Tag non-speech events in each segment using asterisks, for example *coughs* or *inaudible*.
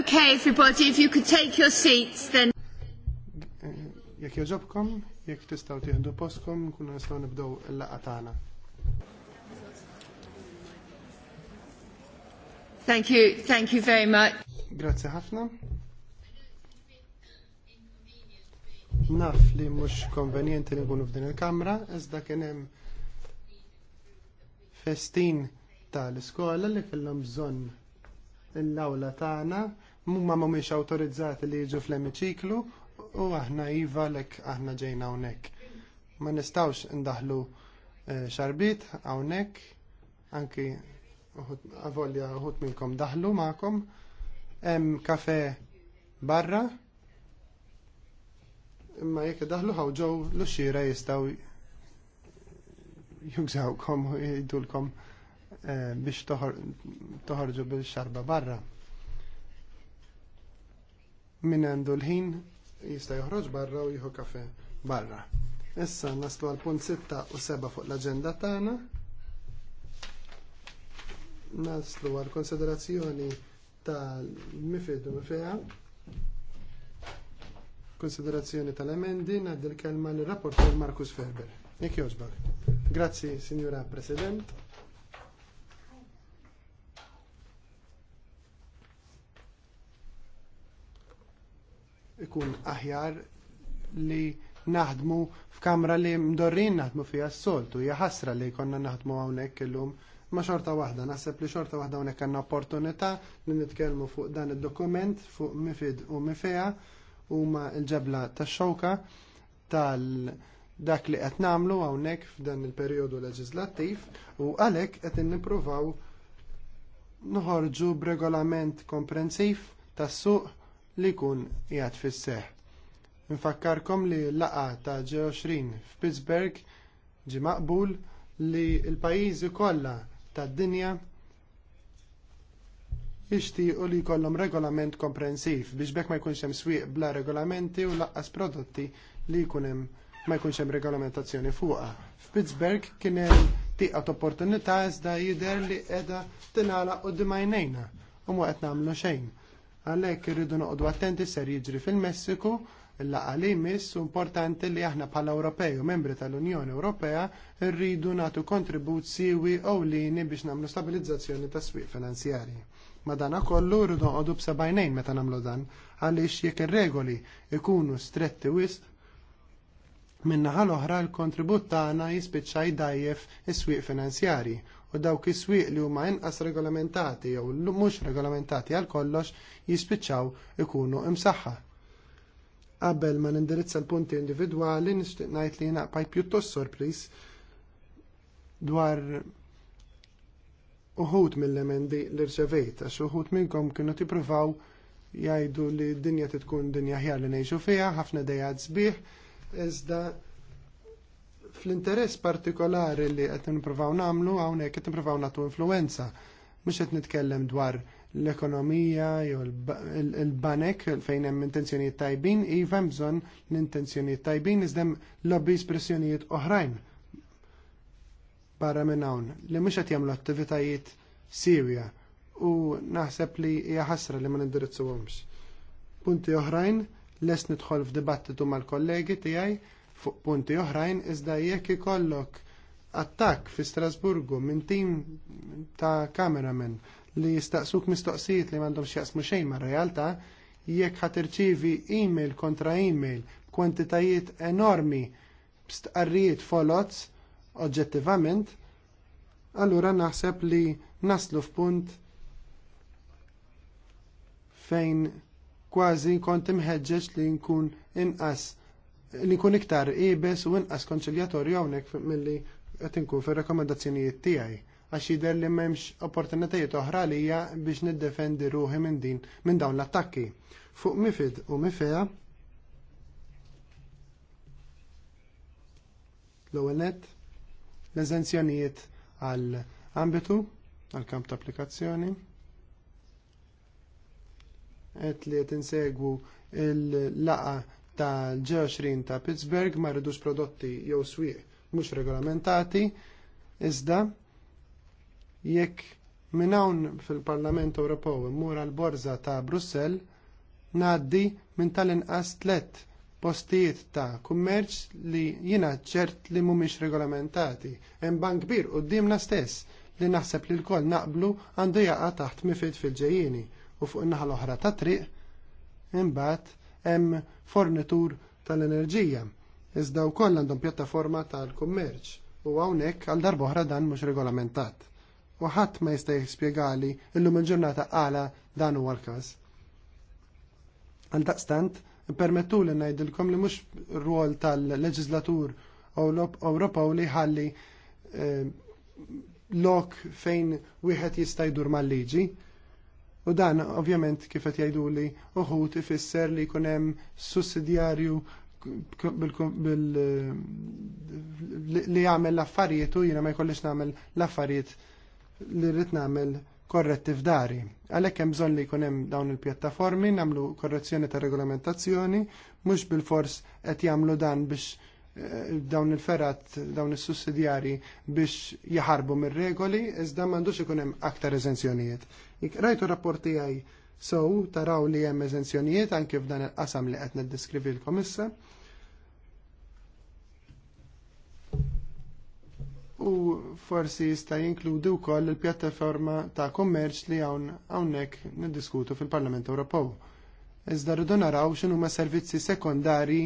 okay, everybody, if you could take your seats, then... Jek joġobkom, jek tistaw tiħdu poskom, kuna nistaw nibdow il-laqa tagħna. Thank you, thank you very much. Grazie ħafna. Naf li mux konvenienti li nkunu f'din il-kamra, iżda kienem hemm festin tal-iskola li kellhom bżonn l-awla tagħna ma mhumiex awtorizzati li jiġu fl-emiċiklu u aħna iva lek aħna ġejna hawnhekk. Ma nistgħux ndaħlu eh, xarbit hawnhekk anki avolja uħut minnkom daħlu ma'kom. Hemm kafe barra imma jekk daħlu ħawġow l-xira jistgħu jugżawkom u jgħidulkom Eh, biex toħorġu bil-xarba barra. Min għandu l-ħin jista' joħroġ barra u jieħu kafe barra. Issa naslu għal punt 6 u 7 fuq l-aġenda tagħna. Naslu għal konsiderazzjoni tal-mifid u mifeja. Konsiderazzjoni tal-emendi ngħaddi l-kelma l-rapporter Markus Ferber. Jekk Grazzi, Signora President. ikun aħjar li naħdmu f'kamra li mdorrin naħdmu fija s-soltu, jaħasra li konna naħdmu għawnek illum ma xorta waħda, naħseb li xorta waħda hawnhekk għandna opportunità li nitkellmu fuq dan id dokument fuq mifid u u huma l-ġebla tax xewka tal dak li qed nagħmlu hawnhekk f'dan il-perjodu leġislattiv u għalhekk qed nippruvaw noħorġu b'regolament komprensiv tas-suq li jkun qiegħed fis-seħħ. Infakkarkom li l laqgħa ta' G20 f'Pittsburgh ġie maqbul li l-pajjiżi kollha tad-dinja jixtiequ li jkollhom regolament komprensiv biex bekk ma jkunx hemm swieq bla regolamenti u lanqas prodotti li jkun hemm ma jkunx hemm regolamentazzjoni fuqha. F'Pittsburgh kien hemm tieqat opportunità iżda jidher li qiegħda tingħalaq quddiem għajnejna u ma qed nagħmlu xejn. Għalhekk irridu noqogħdu attenti ser jiġri fil-Messiku l laqa li jmiss u importanti li aħna bħala Ewropej u membri tal-Unjoni Ewropea rridu nagħtu kontribut siwi ewlieni biex nagħmlu stabilizzazzjoni ta' swieq finanzjarji. Madana kollu rridu noqogħdu b'sebajnejn meta nagħmlu dan għaliex jekk ir-regoli ikunu stretti wisq minnaħa l-oħra l-kontribut tagħna jispiċċa jdajjef is-swieq finanzjarji u dawk is li huma inqas regolamentati jew mhux regolamentati għal kollox jispiċċaw ikunu imsaħħa. Qabel ma nindirizza l-punti individwali nixtieq ngħid li naqbaj pjuttost sorpris dwar uħud mill-emendi li rċevejt għax uħud minnkom kienu tippruvaw jgħidu li d-dinja titkun dinja ħjar li ngħixu fiha, ħafna dejjad sbieħ, iżda fl-interess partikolari li qed nippruvaw nagħmlu hawnhekk qed nippruvaw nagħtu influwenza. Mhux qed nitkellem dwar l-ekonomija jew il-banek fejn hemm intenzjonijiet tajbin, iva hemm bżonn l-intenzjonijiet tajbin iżda hemm lobby espressjonijiet oħrajn barra minn hawn li mhux qed jagħmlu attivitajiet sirja u naħseb li hija ħasra li ma nindirizzawhomx. Punti oħrajn lest nidħol f'dibattitu mal-kollegi tiegħi fuq punti oħrajn iżda jekk ikollok attakk fi Strasburgu minn tim ta' kameramen li jistaqsuk mistoqsijiet li m'għandhom xjaqsmu xejn ma' realtà, jekk ħat irċivi email kontra email kwantitajiet enormi b'stqarrijiet folots oġġettivament, allura naħseb li naslu f'punt fejn kważi kont imħeġġeġ li nkun inqas li kun iktar ibes u inqas konċiljatorju hawnhekk milli qed inkun fir-rakkomandazzjonijiet tiegħi għax jidher li m'hemmx opportunitajiet oħra lija biex niddefendi ruħi minn din minn dawn l-attakki. Fuq mifid u mifeja. l-ewwel nett l-eżenzjonijiet għal ambitu għal kamp ta' applikazzjoni qed li qed insegwu l-laqa ta' G20 ta' Pittsburgh ma rridux prodotti jew swieq mhux regolamentati iżda jekk minn hawn fil-Parlament Ewropew immur għall borza ta' Brussell ngħaddi minn tal-inqas tliet postijiet ta' kummerċ li jiena ċert li mhumiex regolamentati. Hemm bank kbir qudiemna stess li naħseb li lkoll naqblu għandu jaqa' taħt mifid fil-ġejjieni u fuq in-naħa l-oħra ta' triq imbagħad hemm fornitur tal-enerġija. Iżda wkoll għandhom pjattaforma tal-kummerċ u hawnhekk għal darbohra dan mhux regolamentat. U ħadd ma jista' jispjegali illum il-ġurnata qala dan huwa l-każ. Għal daqstant, permettu li ngħidilkom li mhux rwol tal-leġislatur Ewropew li ħalli eh, lok fejn wieħed jista' jdur mal-liġi U dan ovvjament kif qed jgħiduli uħut ifisser li jkun hemm sussidjarju li jagħmel l-affarijiet u jiena ma jkollix nagħmel l-affarijiet li rrid nagħmel korretti f'dari. Għalhekk hemm bżonn li jkun hemm dawn il-pjattaformi nagħmlu korrezzjoni ta' regolamentazzjoni, mhux bilfors qed jagħmlu dan biex eh, dawn il-ferat, dawn is-sussidjari biex jaħarbu mir-regoli, iżda m'għandux ikun hemm aktar eżenzjonijiet. Rajtu rapporti għaj so taraw li hemm eżenzjonijiet anke f'dan il-qasam li qed l issa. U forsi jista' jinkludi wkoll il-pjattaforma ta' kummerċ li hawn hawnhekk niddiskutu fil-Parlament Ewropew. Iżda rridu naraw x'inhu servizzi sekondari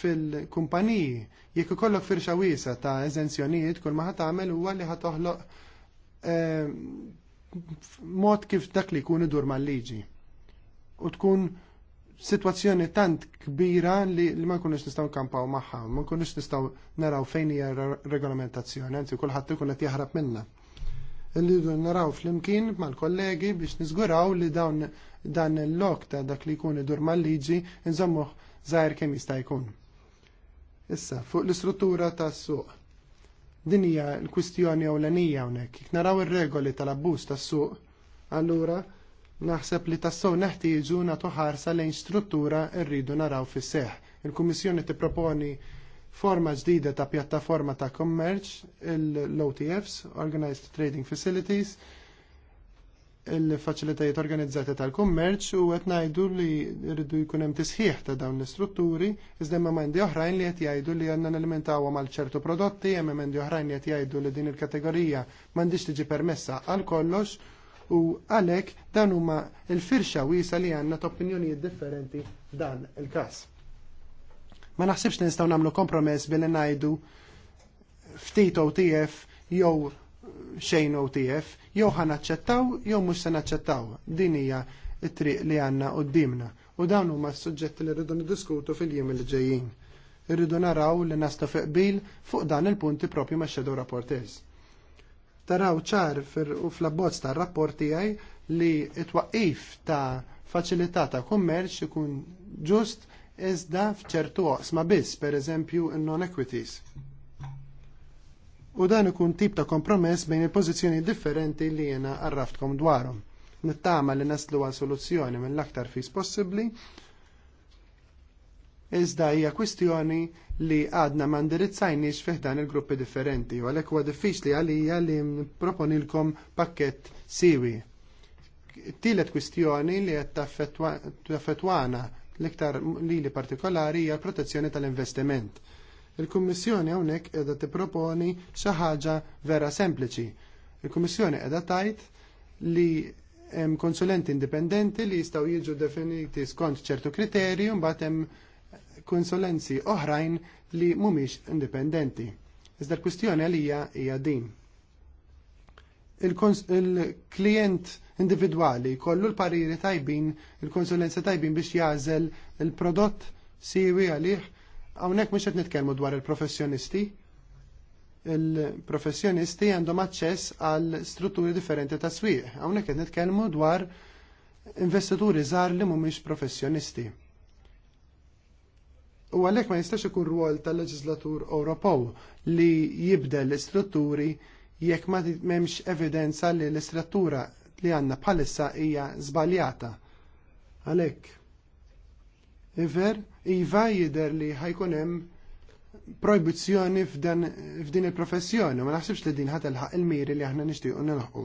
fil-kumpaniji. Jekk ikollok firxa wiesa ta' eżenzjonijiet kull ma ħadd tagħmel huwa li ħad toħloq eh, mod kif dak li jkun idur mal-liġi. U tkun situazzjoni tant kbira li, li ma nkunux nistgħu kampaw magħha, ma nkunux nistgħu naraw fejn hija regolamentazzjoni, anzi kulħadd ikun qed jaħrab minnha. Illi naraw flimkien mal-kollegi biex niżguraw li dawn dan il-lok ta' dak li jkun idur mal-liġi nżommuh żgħir kemm jista' jkun. Issa, fuq l-istruttura tas-suq Din hija l-kwistjoni ewlenija hawnhekk. Jekk naraw ir-regoli tal-abbuż tas-suq, allura naħseb li tassew neħtieġu nagħtu ħarsa lejn struttura rridu naraw fis-seħ. Il-Kummissjoni tipproponi forma ġdida ta' pjattaforma ta' kommerċ l-OTFs, Organized Trading Facilities, il-faċilitajiet organizzati tal-kummerċ u qed ngħidu li rridu jkun hemm tisħiħ ta' dawn l-istrutturi, iżda hemm emendi oħrajn li qed jgħidu li għandna nalimentawha mal ċertu prodotti, hemm emendi oħrajn li qed jgħidu li din il-kategorija m'għandix tiġi permessa għal kollox u għalhekk dan huma l-firxa wiesa li għandna opinjonijiet differenti f'dan il-każ. Ma naħsibx li nistgħu nagħmlu kompromess billi ngħidu ftit OTF jew xejn OTF, jew ħan aċċettaw jew mhux se naċċettaw. Din hija t-triq li għandna dimna U dawn huma s-suġġetti li rridu diskutu fil-jiem li ġejjin. Irridu naraw li nasta feqbil fuq dan il-punti propju ma' xedu Rapporteurs. Taraw ċar u fl-abbozz tar-rapport tiegħi li t waqif ta' faċilità ta' kummerċ ikun ġust iżda f'ċertu oqsma biss, pereżempju in non equities u dan ikun tip ta' kompromess bejn il-pożizzjoni differenti li jena arraftkom dwarhom. Nittama li naslu għal soluzzjoni mill-aktar fis possibbli iżda hija kwistjoni li għadna ma ndirizzajniex fih dan il-gruppi differenti, u għalhekk huwa diffiċli għalija li proponilkom pakkett siwi. Tielet kwistjoni li qed taffetwana l-iktar lili partikolari hija protezzjoni tal-investiment. Il-Kummissjoni hawnhekk qiegħda tipproponi xi ħaġa vera sempliċi. Il-Kummissjoni qiegħda tajt li hemm konsulenti indipendenti li jistgħu jiġu definiti skont ċertu kriterji u mbagħad hemm konsulenzi oħrajn li mhumiex indipendenti. Iżda l-kwistjoni għalija hija din. Il-klient individwali kollu l-pariri tajbin, il-konsulenza tajbin biex jażel il-prodott siwi għalih Hawnhekk mhux qed nitkellmu dwar il-professjonisti. Il-professjonisti għandhom aċċess għal strutturi differenti ta' swieq. Hawnhekk qed nitkellmu dwar investituri żgħar li mhumiex professjonisti. U għalhekk ma jistax ikun rwol tal-leġislatur Ewropew li jibdel l-istrutturi jekk ma memx evidenza li l-istruttura li għanna bħalissa hija żbaljata. Għalhekk Iver, iva jider li ħajkun hemm proibizzjoni f'din il-professjoni, ma naħsibx li din ħatelħaq il-miri li aħna nixtiequ nilħqu.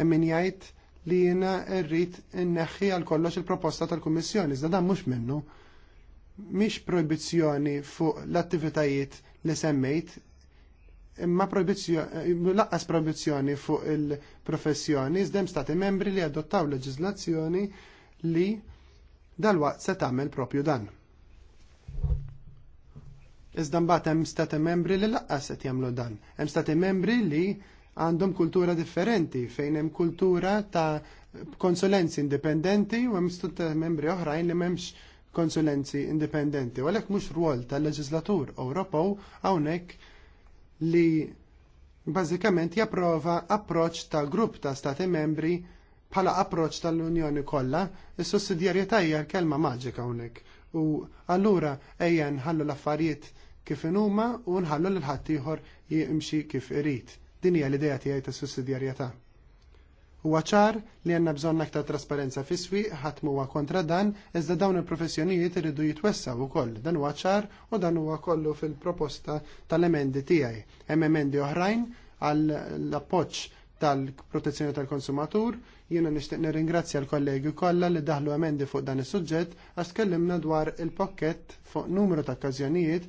Hemm min jgħid li jina rrid inneħħi għal kollox il-proposta tal-Kummissjoni, iżda dan mhux minnu. Mhix proibizzjoni fuq l-attivitajiet li semmejt, imma eh, laqqas proibizzjoni fuq il-professjoni, iżda hemm stati membri li adottaw leġiżlazzjoni li Dalwaqt se tagħmel propju dan. Iżda mbagħad hemm stati membri li laqqas qed jagħmlu dan. Hemm stati membri li għandhom kultura differenti fejn hemm kultura ta' konsulenzi indipendenti u hemm stati membri oħrajn li m'hemmx konsulenzi indipendenti. U għalhekk mhux rwol tal-leġislatur Ewropew hawnhekk li bażikament japprova approċċ ta' grupp ta' stati membri bħala approċ tal-Unjoni kollha, is-sussidjarjetà hija l-kelma maġika hawnhekk. U allura ejja nħallu l-affarijiet kif inhuma u nħallu l ħadd ieħor jimxi kif irid. Din hija l-idea tiegħi tas-sussidjarjetà. Huwa ċar li għandna bżonn aktar trasparenza fis-swieq ħadd huwa kontra dan iżda dawn il-professjonijiet iridu jitwessaw ukoll. Dan huwa ċar u dan huwa kollu fil-proposta tal-emendi tiegħi. Hemm emendi oħrajn għall appoġġ tal-protezzjoni tal-konsumatur Jiena nixtieq nirringrazzja l-kollegi kollha li daħlu emendi fuq dan is-suġġett għax tkellimna dwar il pocket fuq numru ta' okkażjonijiet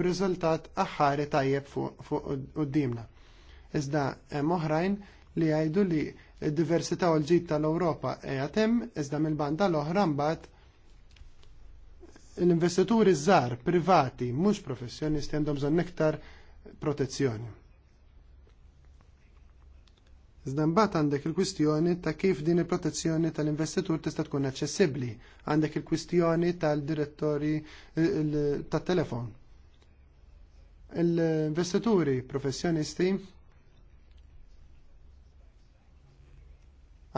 b'riżultat aħħari tajjeb fuq quddiemna. Iżda hemm oħrajn li jgħidu li d-diversità u l-ġid tal-Ewropa hija hemm iżda mill-banda l-oħra mbagħad l-investituri żgħar privati mhux professjonisti għandhom bżonn iktar protezzjoni. Iżda mbagħad għandek il-kwistjoni ta' kif din il-protezzjoni tal-investitur tista' tkun aċċessibbli. Għandek il-kwistjoni tal-direttori tat-telefon. Il-investituri professjonisti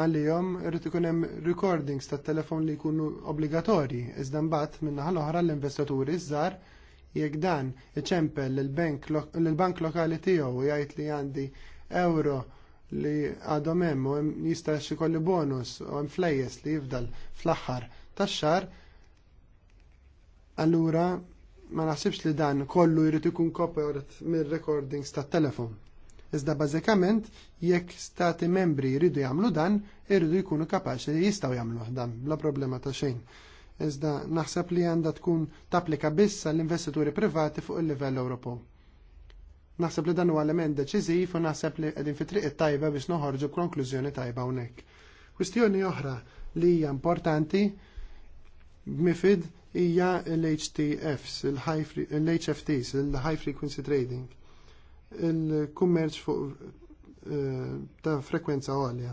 għalijom irrid ikun hemm recordings tat-telefon li jkunu obbligatorji iżda mbagħad minnaħa l-oħra l-investituri żgħar jekk dan iċempel l bank lokali tiegħu jgħid li għandi euro li għadhom hemm u jista' xikolli bonus u hemm flejjes li jifdal fl-aħħar tax xahar allura ma naħsibx li dan kollu jrid ikun kopert mir-recordings tat-telefon. Iżda bażikament jekk stati membri jridu jagħmlu dan, irridu jkunu kapaċi li jistgħu jagħmlu dan bla problema ta' xejn. Iżda naħseb li għandha tkun tapplika biss għall-investituri privati fuq il-livell Ewropew. Naħseb li dan huwa element deċiżiv u naħseb li qegħdin fi triq tajba biex noħorġu konklużjoni tajba hawnhekk. Kwistjoni oħra li hija importanti mifid hija l-HTFs, l-HFTs, il-High Frequency Trading, il-kummerċ fuq eh, ta' frekwenza għolja.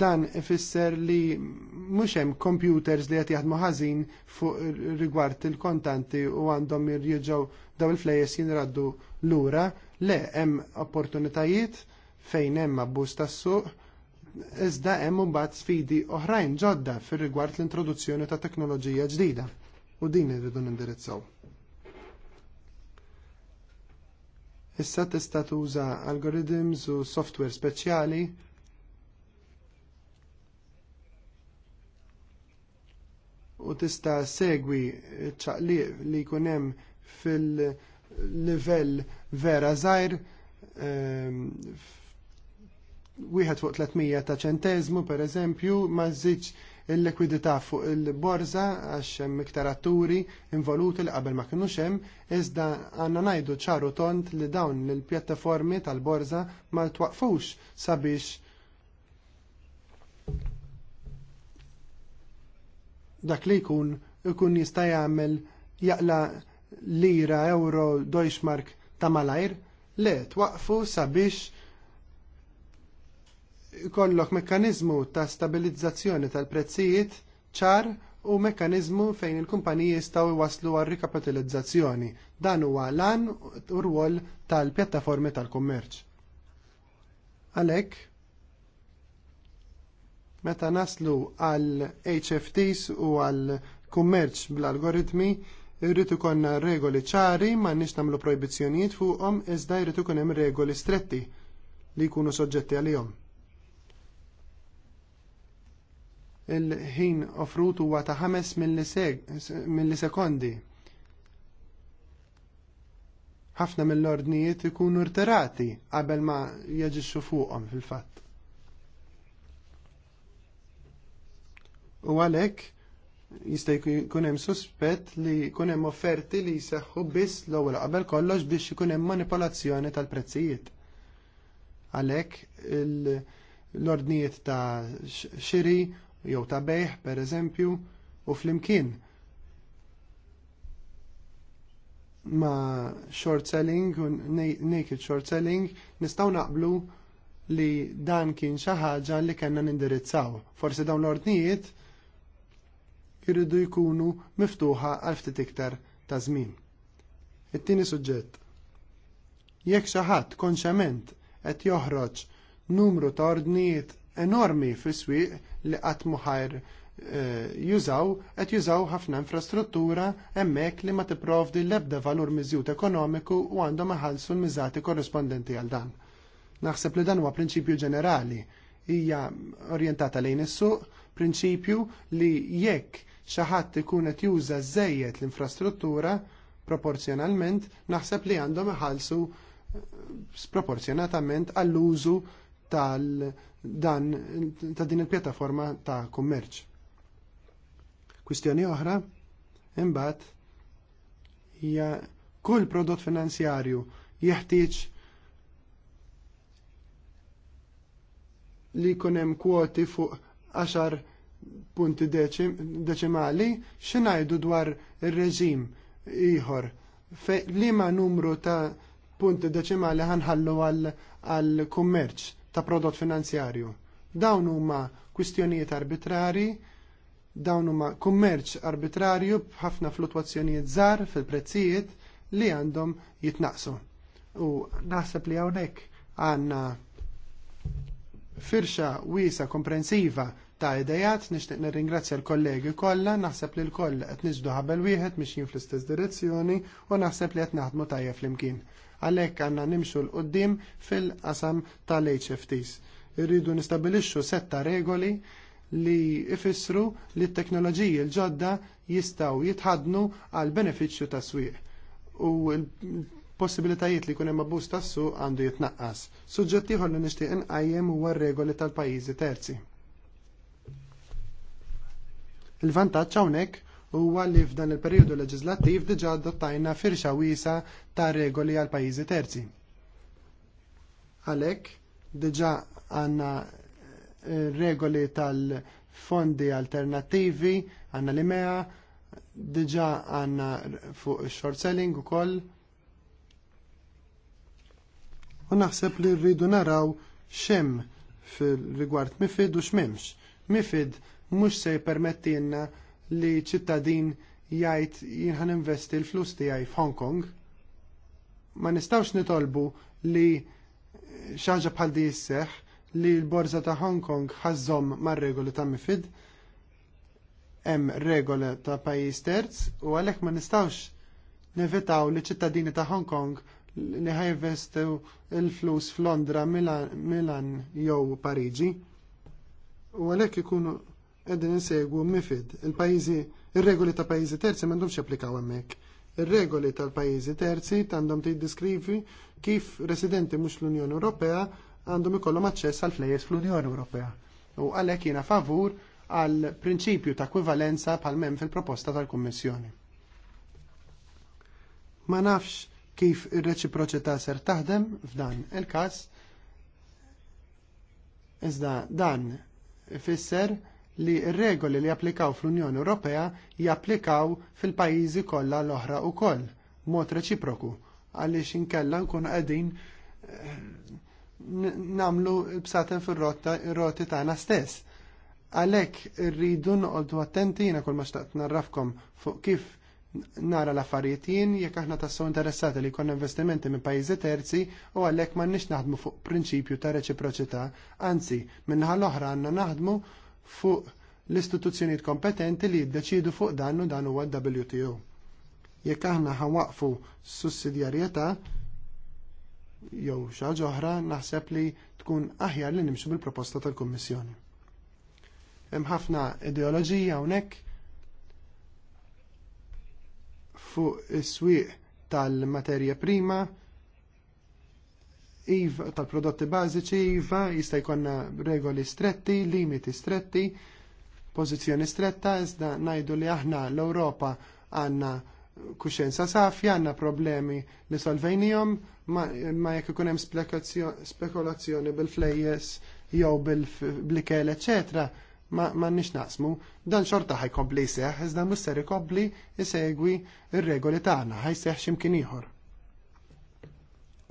Dan ifisser li mhux hemm computers li qed jaħdmu ħażin fuq rigward il-kontanti u għandhom jirġgħu daw il-flejes jinraddu lura, le hemm opportunitajiet fejn hemm abbuż tas-suq, iżda hemm mbagħad sfidi oħrajn ġodda fir-rigward l-introduzzjoni ta' teknoloġija ġdida u din irridu nindirizzaw. Issa tista' tuża algorithms u software speċjali u tista' segwi ċaqliq li jkun hemm fil-livell vera żgħir ehm, wieħed fuq 300 ta' ċentezmu pereżempju ma żidx il-likwidità fuq il-borza għax hemm iktar atturi involuti li qabel ma kinux hemm iżda għandna ngħidu ċaru tont li dawn il-pjattaformi tal-borza ma twaqfux sabiex dak li jkun ikun jista' jagħmel jaqla' lira, euro, Deutschmark ta' malajr, le, twaqfu sabiex kollok mekkanizmu ta' stabilizzazzjoni tal-prezzijiet ċar u mekkanizmu fejn il-kumpaniji jistgħu waslu għal rikapitalizzazzjoni. Dan huwa lan u rwol tal-pjattaformi tal-kummerċ. Għalhekk, meta naslu għal HFTs u għal kummerċ bl-algoritmi, Irrid konna regoli ċari nix nagħmlu projbizzjonijiet fuqhom iżda jrid ikun hemm regoli stretti li jkunu soġġetti għalihom. Il-ħin offrut huwa ta' ħames millisekondi. Ħafna mill-ordnijiet ikunu rterati qabel ma jaġixxu fuqhom fil-fatt. U għalhekk jista' jkun hemm suspett li jkun hemm offerti li jseħħu biss l-ewwel qabel kollox biex ikun hemm manipolazzjoni tal-prezzijiet. Għalhekk l-ordnijiet ta' xiri jew ta' bejħ pereżempju u flimkien ma' short selling u naked short selling nistgħu naqblu li dan kien xi ħaġa li kellna nindirizzaw. Forsi dawn l-ordnijiet jridu jkunu miftuħa għal ftit iktar ta' żmien. It-tieni suġġett. Jekk xi ħadd konxament qed joħroġ numru ta' ordnijiet enormi fis-swieq li qatt muħajr eh, jużaw, qed jużaw ħafna infrastruttura hemmhekk li ma tipprovdi l-ebda valur miżjut ekonomiku u għandhom iħallsu l-miżati korrispondenti għal dan. Naħseb li dan huwa prinċipju ġenerali hija orjentata lejn is-suq, prinċipju li jekk xi ħadd ikun qed juża żejjed l-infrastruttura proporzjonalment naħseb li għandhom iħallsu eh, sproporzjonatament għall-użu tal dan ta' din il-pjattaforma ta' kummerċ. Kwistjoni oħra, imbagħad hija kull prodott finanzjarju jeħtieġ li jkun hemm kwoti fuq punti deċimali, xinajdu dwar il-reġim iħor, li ma numru ta' punti deċimali ħanħallu għal-kummerċ ta' prodott finanzjarju. Dawn huma kwistjonijiet arbitrari, dawn huma kummerċ arbitrarju b'ħafna fluttwazzjonijiet żgħar fil-prezzijiet li għandhom jitnaqsu. U naħseb li hawnhekk għandna firxa wiesa komprensiva ta' idejat, nixtieq nirringrazzja l-kollegi kollha, naħseb li l-koll qed niġdu ħabel wieħed mixjin fl-istess direzzjoni u naħseb li qed naħdmu tajjeb flimkien. Għalhekk għandna nimxu l qudiem fil-qasam tal-HFTs. Irridu nistabilixxu setta regoli li ifissru li t-teknoloġiji l-ġodda jistgħu jitħadnu għal benefiċċju ta' swieq u l possibilitajiet li kunem tas tassu għandu jitnaqqas. Suġġett li nixtieq inqajjem huwa r-regoli tal-pajjiżi terzi. Il-vantaġġ hawnhekk huwa li f'dan il-perjodu leġislattiv diġà adottajna firxa wiesa ta' regoli għal pajjiżi terzi. Għalhekk diġà għandna eh, regoli tal-fondi alternattivi, għandna l-IMEA, diġà għandna fuq short selling ukoll. U naħseb li rridu naraw xhemm fil-rigward mifid u xmemx. Mifid mhux se jenna li ċittadin jgħid jien investi l-flus tiegħi f'Hong Kong. Ma nistawx nitolbu li xaġa bħal di jisseħ li l-borza ta' Hong Kong ħazzom mar-regoli ta' Mifid hemm regola ta' pajjiż terz u għalhekk ma nistawx nevetaw li ċittadini ta' Hong Kong li ħajvestu l-flus f'Londra, Milan, Milan jew Pariġi. U għalhekk ikunu għedin insegwu MIFID. il pajizi ir-regoli ta' pajjiżi terzi m'għandhomx japplikaw hemmhekk. Ir-regoli tal-pajjiżi terzi għandhom tiddiskrivi kif residenti mhux l-Unjoni Ewropea għandhom ikollhom aċċess għal flejers fl-Unjoni Ewropea. U għalhekk jiena favur għal prinċipju ta' ekwivalenza bħal mem fil-proposta tal-Kummissjoni. Ma nafx kif ir-reċiproċità ser taħdem f'dan il-każ Iżda dan ifisser li r-regoli li applikaw fl-Unjoni Ewropea japplikaw fil-pajjiżi kollha l-oħra wkoll mod reċiproku għaliex inkella nkunu qegħdin eh, namlu bsaten fil-rotta roti tagħna stess. Għalhekk rridu noqogħdu attenti jiena kull ma xtaqt narrafkom fuq kif nara l-affarijiet jien jekk aħna tassu interessati li jkollna investimenti minn pajjiżi terzi u għalhekk m'għandniex naħdmu fuq prinċipju ta' reċiproċità, anzi minnaħa l-oħra għandna naħdmu fuq l-istituzzjonijiet kompetenti li jiddeċidu fuq dan u dan huwa WTO. Jekk aħna ħawaqfu sussidjarjetà jew xi ħaġa oħra naħseb li tkun aħjar li nimxu bil-proposta tal-Kummissjoni. Hemm ħafna ideoloġija hawnhekk fuq is-swieq tal-materja prima, iva tal-prodotti bażiċi iva jista' jkollna regoli stretti, limiti stretti, pożizzjoni stretta, iżda ngħidu li aħna l-Ewropa għandna kuxenza safja, għandna problemi li solvejnijom, ma, ma jekk ikun hemm spekulazzjoni bil-flejjes jew bil-blikel, eċetera, ma, ma nix naqsmu. Dan xorta ħajkompli seħ, iżda mhux se ikompli isegwi ir-regoli tagħna, ħajseħħ x'imkien ieħor.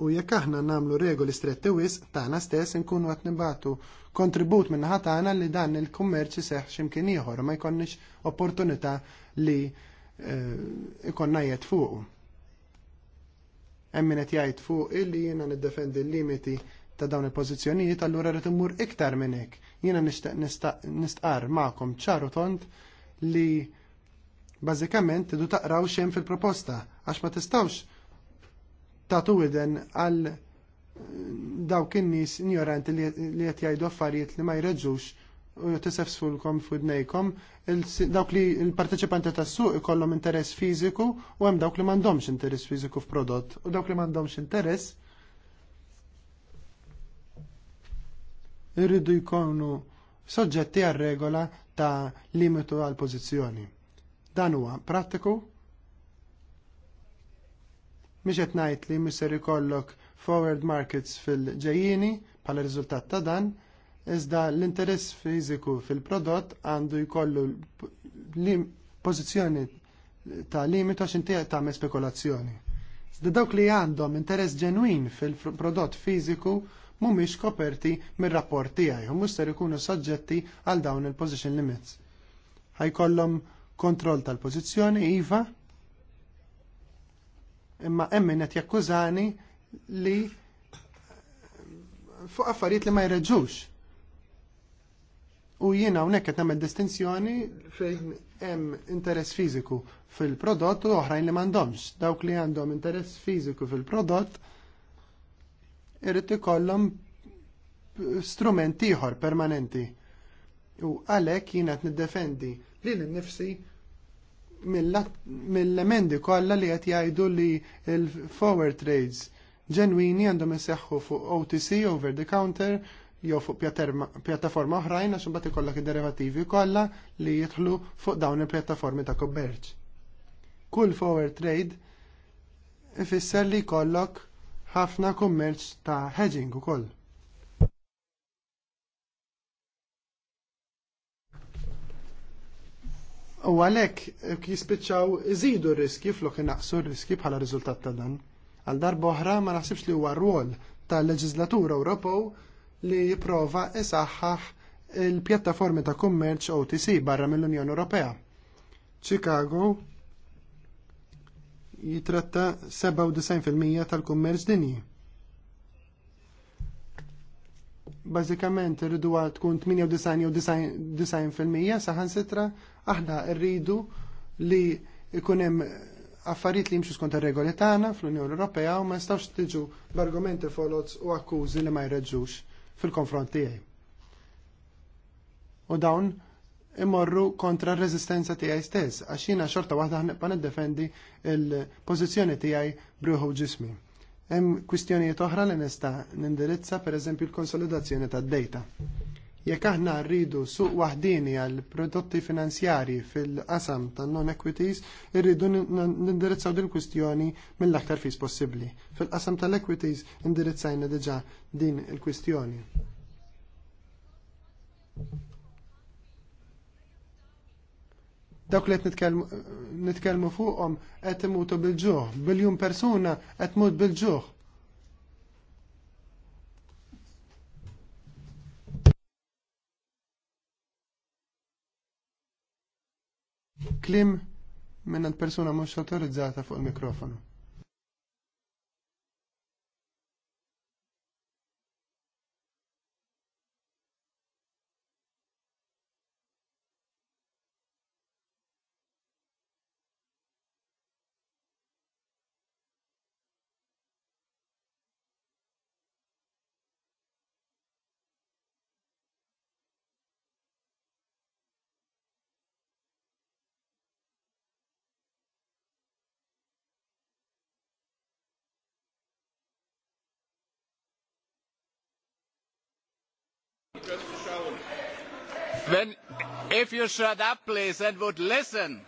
U jekk aħna nagħmlu regoli stretti wisq tagħna stess inkunu qed nibatu kontribut min naħa tagħna li dan il-kummerċ iseħħ x'imkien ieħor ma jkollniex opportunità li eh, ikonna jgħid fuqu. Hemm min qed jgħid fuq illi jiena niddefendi l-limiti ta' dawn il-pożizzjonijiet allura rid immur iktar minn hekk. Jiena nistqar magħkom ċaru tont li bażikament tidu taqraw xejn fil-proposta għax ma tistawx tatu widen għal eh, dawk kinnis nies ignoranti li qed jgħidu affarijiet li ma jreġux u tisefsfulkom f'udnejkom dawk li l-parteċipanti tas-suq ikollhom interess fiżiku u hemm dawk li m'għandhomx interess fiżiku f'prodott u dawk li m'għandhomx interess irridu jkunu soġġetti għal regola ta' limitu għal pożizzjoni. Dan huwa prattiku Mhix qed ngħid li miser ikollok forward markets fil-ġejjini bħala riżultat ta' dan, iżda l-interess fiżiku fil-prodott għandu jkollu pożizzjoni ta' limitu għax inti tagħmel spekulazzjoni. Iżda dawk li għandhom interess ġenwin fil-prodott fiżiku mhumiex koperti mir-rapport tiegħi u mhux ikunu soġġetti għal dawn il-position limits. Ħajkollhom kontroll tal-pożizzjoni iva, imma hemm min qed jakkużani li fuq affarijiet li ma jreġux. U jiena hawnhekk qed nagħmel distinzjoni fejn hemm interess fiżiku fil-prodott u oħrajn li m'għandhomx. Dawk li għandhom interess fiżiku fil-prodott irrid ikollhom strument ieħor permanenti. U għalhekk jiena qed niddefendi lil nnifsi mill-emendi kollha li qed jgħidu li l-forward trades ġenwini għandhom iseħħu fuq OTC over the counter jew fuq pjattaforma oħrajn għax imbagħad ikollok id-derivativi kollha li jidħlu fuq dawn il-pjattaformi ta' kummerċ. Kull forward trade ifisser li jkollok ħafna kummerċ ta' hedging ukoll. U għalhekk eh, jispiċċaw iżidu r-riski flok inaqsu r-riski bħala riżultat ta' dan. Għal darba oħra ma naħsibx li huwa rwol tal-Leġislatura Ewropew li jipprova isaħħaħ il-pjattaformi ta' kummerċ OTC barra mill-Unjoni Ewropea. Chicago jitratta 97% tal-kummerċ dinji. Bażikament irridu tkun 98 jew 90% saħansitra Aħna rridu li ikunem hemm affarijiet li jimxu skont ir-regoli tagħna fl-Unjoni Ewropea u ma jistgħux tiġu b'argumenti folots u akkużi li ma jreġġux fil-konfront tiegħi. U dawn imorru kontra r-reżistenza tiegħi stess għax jiena xorta waħda ħnibqa' niddefendi l-pożizzjoni tiegħi bruħu ġismi. Hemm kwistjonijiet oħra li nista' nindirizza pereżempju l-konsolidazzjoni tad-dejta. Jekk aħna rridu suq waħdini għal prodotti finanzjarji fil-qasam tan non equities, irridu nindirizzaw din il kwistjoni mill-aktar fis possibbli. Fil-qasam tal-equities indirizzajna diġà din il-kwistjoni. Dawk li qed nitkellmu fuqhom qed imutu bil-ġuħ, biljun persuna qed tmut bil-ġuħ klim minn persuna mhux autorizzata fuq il-mikrofonu. When, if you shut up, please, and would listen.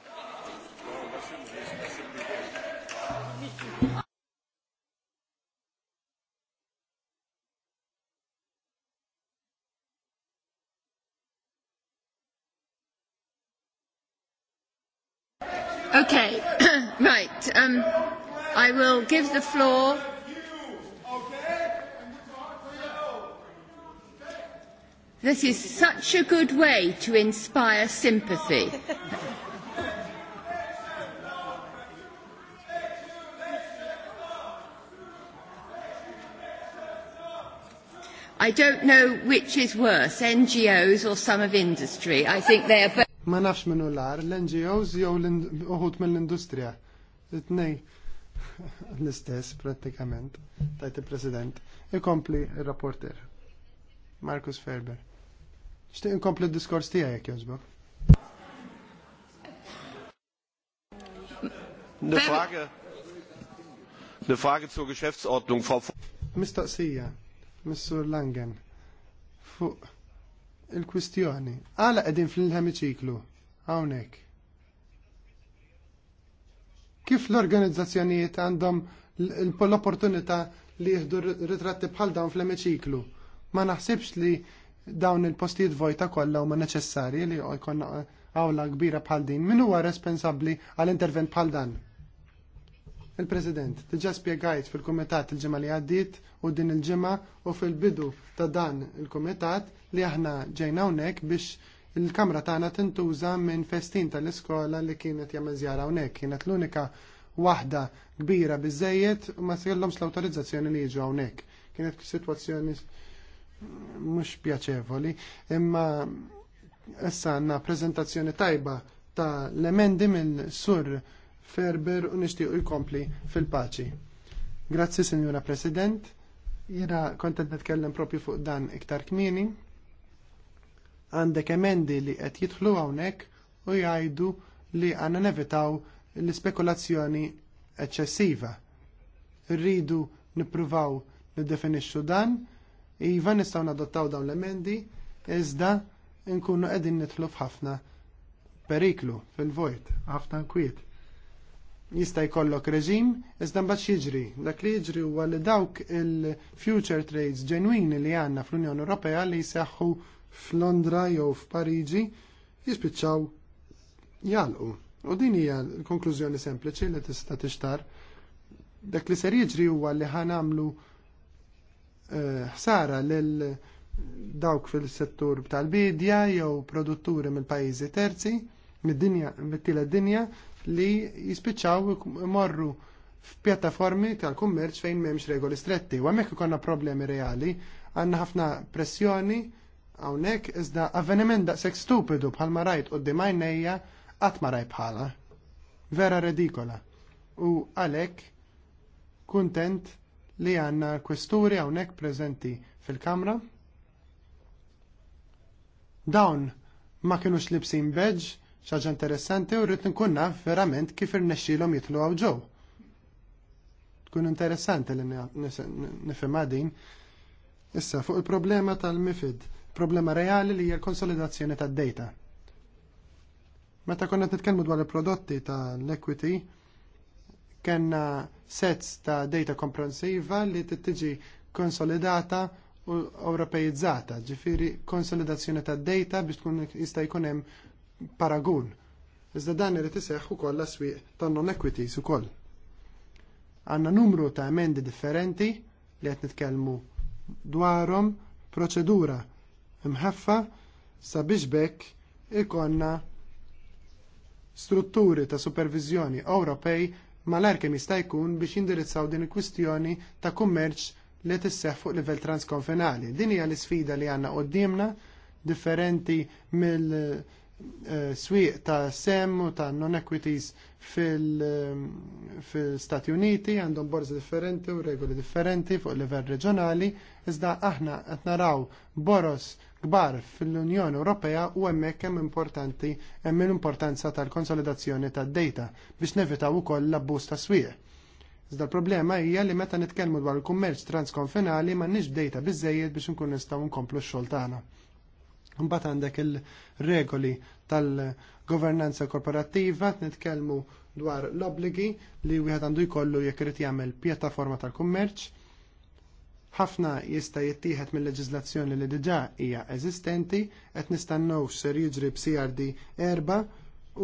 Okay, *coughs* right. Um, I will give the floor This is such a good way to inspire sympathy. I don't know which is worse, NGOs or some of industry. I think they are both. Ma nafx minnu l-ar, l-NGOs jew uħut mill-industrija. Itnej *laughs* l-istess pratikament, tajt il-President. Ikompli il-rapporter, Markus Ferber. Xtieq inkompli d-diskors tiegħek jek jazba? Eine Frage, zur Geschäftsordnung, Frau Mistaqsija, Mr. Langen, fuq il-kwistjoni. Għala qegħdin fl-ħemiċiklu, hawnhekk. Kif l-organizzazzjonijiet għandhom l-opportunità li jieħdu ritratti bħal dawn fl ħemiċiklu Ma naħsibx li dawn il-postijiet vojta kollha huma neċessarji li jkun għawla eh, kbira bħal din. Min huwa responsabbli għall-intervent bħal dan? Il-President, diġa spiegajt fil-Kumitat il-ġimgħa li għaddiet u din il-ġimgħa u fil-bidu ta' dan il-Kumitat li aħna ġejna hawnhekk biex il-kamra tagħna tintuża minn festin tal-iskola li kienet jagħmel żjara hawnhekk. Kienet l-unika waħda kbira biżejjed u ma kellhomx l-awtorizzazzjoni li jiġu hawnhekk. Kienet situazzjoni mhux pjaċevoli, imma issa għandna prezentazzjoni tajba ta' l-emendi minn Sur Ferber u nixtiequ jkompli fil-paċi. Grazzi, Signora President. Jira kontent netkellem propju fuq dan iktar kmieni. Għandek emendi li qed jidħlu hawnhekk u jgħidu li għandna nevitaw l-ispekulazzjoni eċċessiva. Rridu nippruvaw niddefinixxu dan Iva nistgħu nadottaw dawn l-emendi, iżda nkunu qegħdin nitlu f'ħafna periklu fil-vojt, ħafna nkwiet. Jista' jkollok reġim, iżda mbagħad jiġri. Dak li jiġri huwa li dawk il-future trades ġenwini li għandna fl-Unjoni Ewropea li jseħħu f'Londra jew f'Pariġi jispiċċaw jalqu. U din hija l-konklużjoni sempliċi li tista' tixtar. Dak li ser jiġri huwa li ħanamlu ħsara lil dawk fil-settur tal-bidja jew produtturi mill-pajjiżi terzi mid-dinja mit-tielet dinja li jispiċċaw morru f'pjattaformi tal-kummerċ fejn m'hemmx regoli stretti. U hemmhekk ikonna problemi reali, għandna ħafna pressjoni hawnhekk iżda avveniment daqshekk stupidu bħalma rajt quddiem għajnejja qatt ma rajt bħala. Vera redikola. U għalhekk kuntent li għanna kwesturi hawnhekk preżenti fil-kamra. Dawn ma kienu libsin beġ, xaġa interessanti u rrit nkun naf verament kif irnexxilhom jitlu għaw ġew. Tkun interessanti li nifhem din. Issa fuq il-problema tal-MIFID, problema reali li hija l-konsolidazzjoni tad-data. Meta konna nitkellmu dwar il-prodotti tal-equity, Kenna sets ta' data komprensiva li tiġi konsolidata u europeizzata, ġifiri konsolidazzjoni ta' data biex tkun jista' jkun hemm paragun. Iżda dan irid iseħħ ukoll l-aswieq ta' non equities ukoll. Għandna numru ta' emendi differenti li qed nitkellmu dwarhom proċedura mħaffa sabiex bekk ikonna strutturi ta' supervizjoni Ewropej l kemm jista' jkun biex jindirizzaw din il-kwistjoni ta' kummerċ li tisseħ fuq livell transkonfinali. Din hija l-isfida li għandna qudiemna differenti mill-swieq eh, ta' sem u ta' non-equities eh, fil-Stati Uniti għandhom borza differenti u regoli differenti fuq livell reġjonali, iżda aħna qed naraw boros kbar fil-Unjoni Ewropea u hemmhekk hemm importanti hemm l-importanza tal-konsolidazzjoni tad-data biex nevitaw ukoll l-abbuż ta' swieq. Iżda l-problema hija li meta nitkellmu dwar il-kummerċ transkonfinali m'għandniex data biżejjed biex inkunu nistgħu nkomplu x-xogħol tagħna. Imbagħad għandek il-regoli tal-governanza korporattiva, nitkellmu dwar l-obbligi li wieħed għandu jkollu jekk irid jagħmel pjattaforma tal-kummerċ, ħafna jista' jittieħed mill-leġiżlazzjoni li diġà hija eżistenti qed nistennew ser jiġri b'CRD erba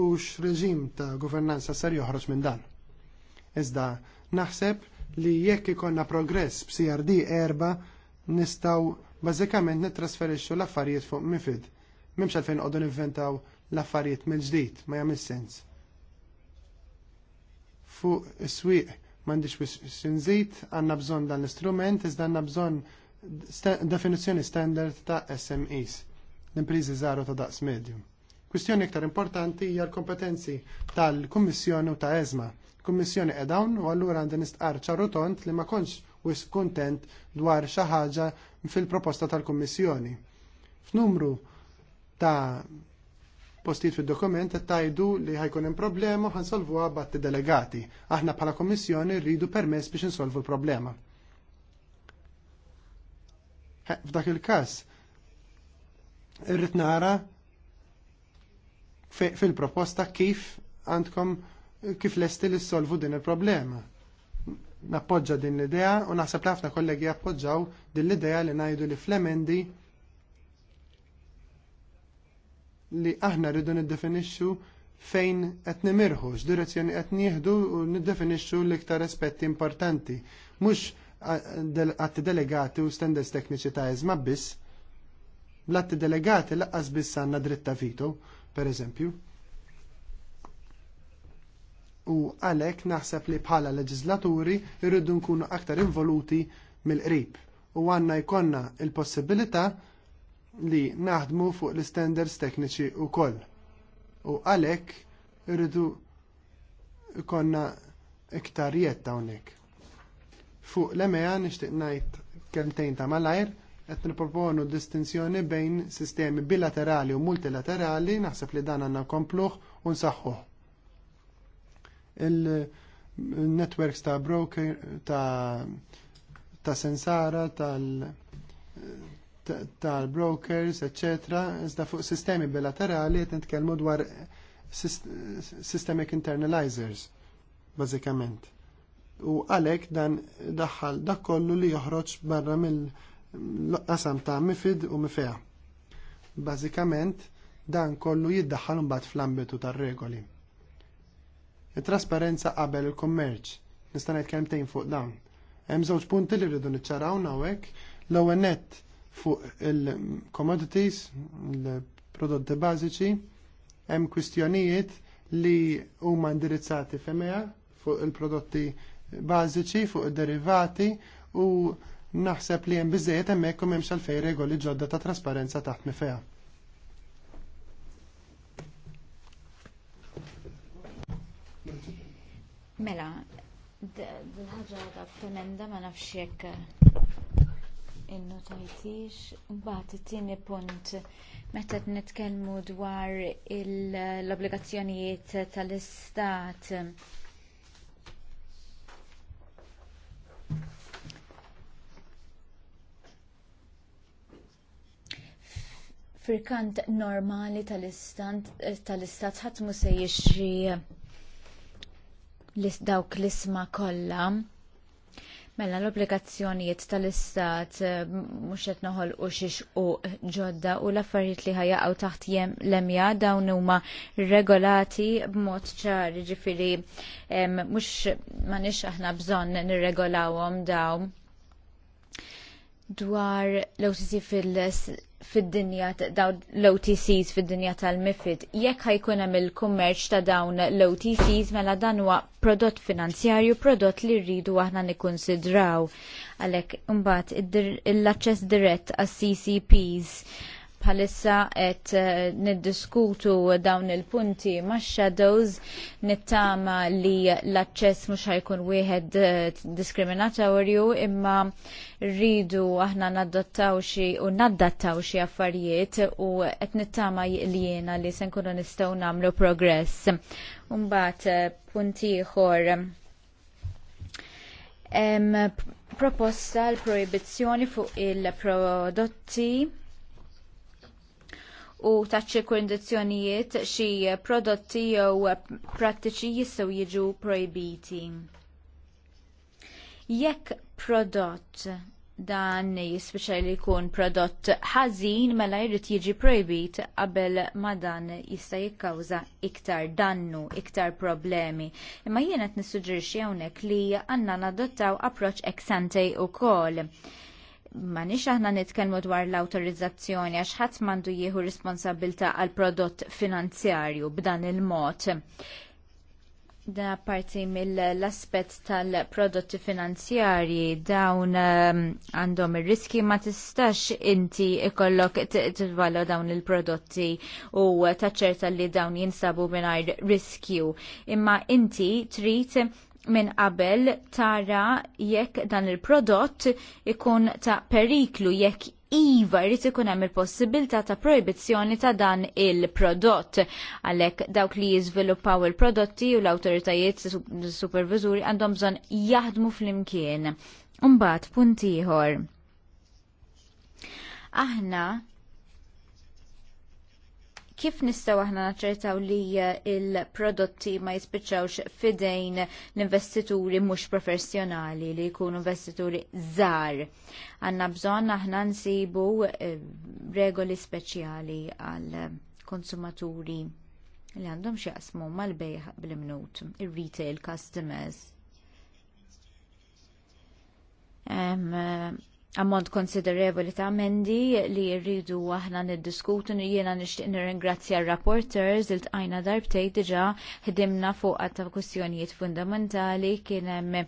u x'reġim ta' governanza ser joħroġ minn dan. Iżda naħseb li jekk ikonna progress b'CRD erba nistgħu bażikament nittrasferixxu l-affarijiet fuq mifid. M'hemmx għalfejn qogħdu ninventaw l-affarijiet mill-ġdid, ma jagħmel sens. Fuq is-swieq mandiċ biex xinżit, għanna bżon dan l-istrument, iżda għanna bżon definizjoni standard ta' SMEs, l-imprizi zaru ta' daqs medju. Kwistjoni iktar importanti hija l-kompetenzi tal-Kummissjoni u ta' ESMA. Kummissjoni edawn u allura għandi istqar ċarutont li ma konx wis kontent dwar xi ħaġa fil-proposta tal-Kummissjoni. F'numru ta' postit fil-dokument tajdu li ħajkun hemm problema ħansolvuha batti delegati. Aħna bħala Kommissjoni rridu permess biex insolvu l-problema. F'dak il-każ irrid nara fil-proposta kif għandkom kif lesti li solvu din il-problema. Nappoġġa din l-idea u naħseb ħafna kollegi appoġġaw din l-idea li ngħidu li fl-emendi li aħna rridu niddefinixxu fejn qed nimirħu, x'direzzjoni qed nieħdu u niddefinixxu l-iktar aspetti importanti. Mhux għatti delegati u standards tekniċi ta' eżma biss. l għatti delegati laqqas biss għandna dritta vito, pereżempju. U għalhekk naħseb li bħala leġislaturi rridu nkunu aktar involuti mill-qrib u għandna jkollna l possibilità li naħdmu fuq l istandards tekniċi wkoll. U għalhekk irridu konna iktar jett hawnhekk. Fuq l-EMEA nixtieq ngħid kemtejn ta' malajr qed nipproponu distinzjoni bejn sistemi bilaterali u multilaterali naħseb li dan għandna kompluħ u saħħuħ. Il-networks ta' broker ta' ta' sensara tal tal-brokers, eċċetera, iżda fuq sistemi bilaterali qed nitkellmu dwar systemic internalizers, bażikament. U għalhekk dan daħħal dak kollu li joħroġ barra mill-qasam ta' mifid u mifeħ. Bażikament dan kollu jiddaħħal mbagħad fl-ambitu tar-regoli. It-trasparenza qabel il-kummerċ. Nista' ngħid kemm fuq dan. Hemm żewġ punti li rridu niċċaraw hawnhekk. L-ewwel nett fuq il-commodities, il-prodotti bażiċi, hemm kwistjonijiet li huma indirizzati f'EMEA fuq il-prodotti bażiċi, fuq id-derivati u naħseb li hemm biżejjed hemmhekk u m'hemmx għalfejn regoli ġodda ta' trasparenza taħt mifeha. Mela, dil-ħagġa ta' tremenda ma nafx innotajtix. Mbagħad it-tieni punt meta nitkellmu dwar l-obbligazzjonijiet tal-istat. Firkant normali tal-istat ħadd mhu se jixtri dawk l-isma kollha Mela l-obbligazzjonijiet tal-istat eh, mhux qed noħolqu xi xquq ġodda u l-affarijiet li ħajaqgħu taħt lemja dawn huma regolati b'mod ċar, jiġifieri mhux m'għandix aħna bżonn nirregolawhom dawn dwar l-OTC fil-dinja daw l-OTCs fil-dinja tal-MIFID. Jekk ħajkun hemm il-kummerċ ta' dawn l-OTCs mela dan huwa prodott finanzjarju, prodott li rridu aħna nikkonsidraw. Għalhekk imbagħad l-aċċess dirett għas-CCPs palissa et eh, niddiskutu dawn il-punti ma' shadows nittama li l-access mux ħajkun wieħed eh, diskriminatorju imma rridu aħna naddattaw xi u naddattaw xi affarijiet u qed nittama li jiena li se nkunu nistgħu nagħmlu progress. Mbagħad eh, punti ieħor proposta l-proibizzjoni fuq il-prodotti u taċċi kundizzjonijiet xi prodotti jew prattiċi jistgħu jiġu projbiti. Jekk prodott dan jispiċa li jkun prodott ħażin mela jrid jiġi projbit qabel ma dan jista' jikkawża iktar dannu, iktar problemi. Imma jien qed nissuġġerixxi hawnhekk li għandna nadottaw approċċ ex ante wkoll ma nix aħna nitkellmu dwar l-autorizzazzjoni għax ħadd m'għandu jieħu responsabilta għal prodott finanzjarju b'dan il-mod. Da parti mill-aspett tal-prodotti finanzjarji dawn ehm, għandhom ir-riski ma tistax inti ikollok titvallu dawn il-prodotti u taċċerta li dawn jinsabu mingħajr riskju. Imma inti trid minn qabel tara jekk dan il-prodott ikun ta' periklu jekk Iva jrid ikun hemm il-possibilità ta' proibizzjoni ta' dan il-prodott. Għalhekk dawk li jiżviluppaw il-prodotti u l-awtoritajiet superviżuri għandhom bżonn jaħdmu flimkien. Imbagħad punt ieħor. Aħna kif nistgħu aħna naċċertaw li eh, il-prodotti ma jispiċċawx fidejn l-investituri mhux professjonali li jkunu investituri żgħar. Għandna bżonn aħna nsibu eh, regoli speċjali għal konsumaturi li għandhom jaqsmu mal-bejħ bil imnut il-retail customers. Eh, ammont konsiderevoli ta' amendi li rridu aħna niddiskutu jiena nixtieq nirringrazzja r rapporteurs il tqajna darbtej diġà ħdimna fuq ta' kwistjonijiet fundamentali kien hemm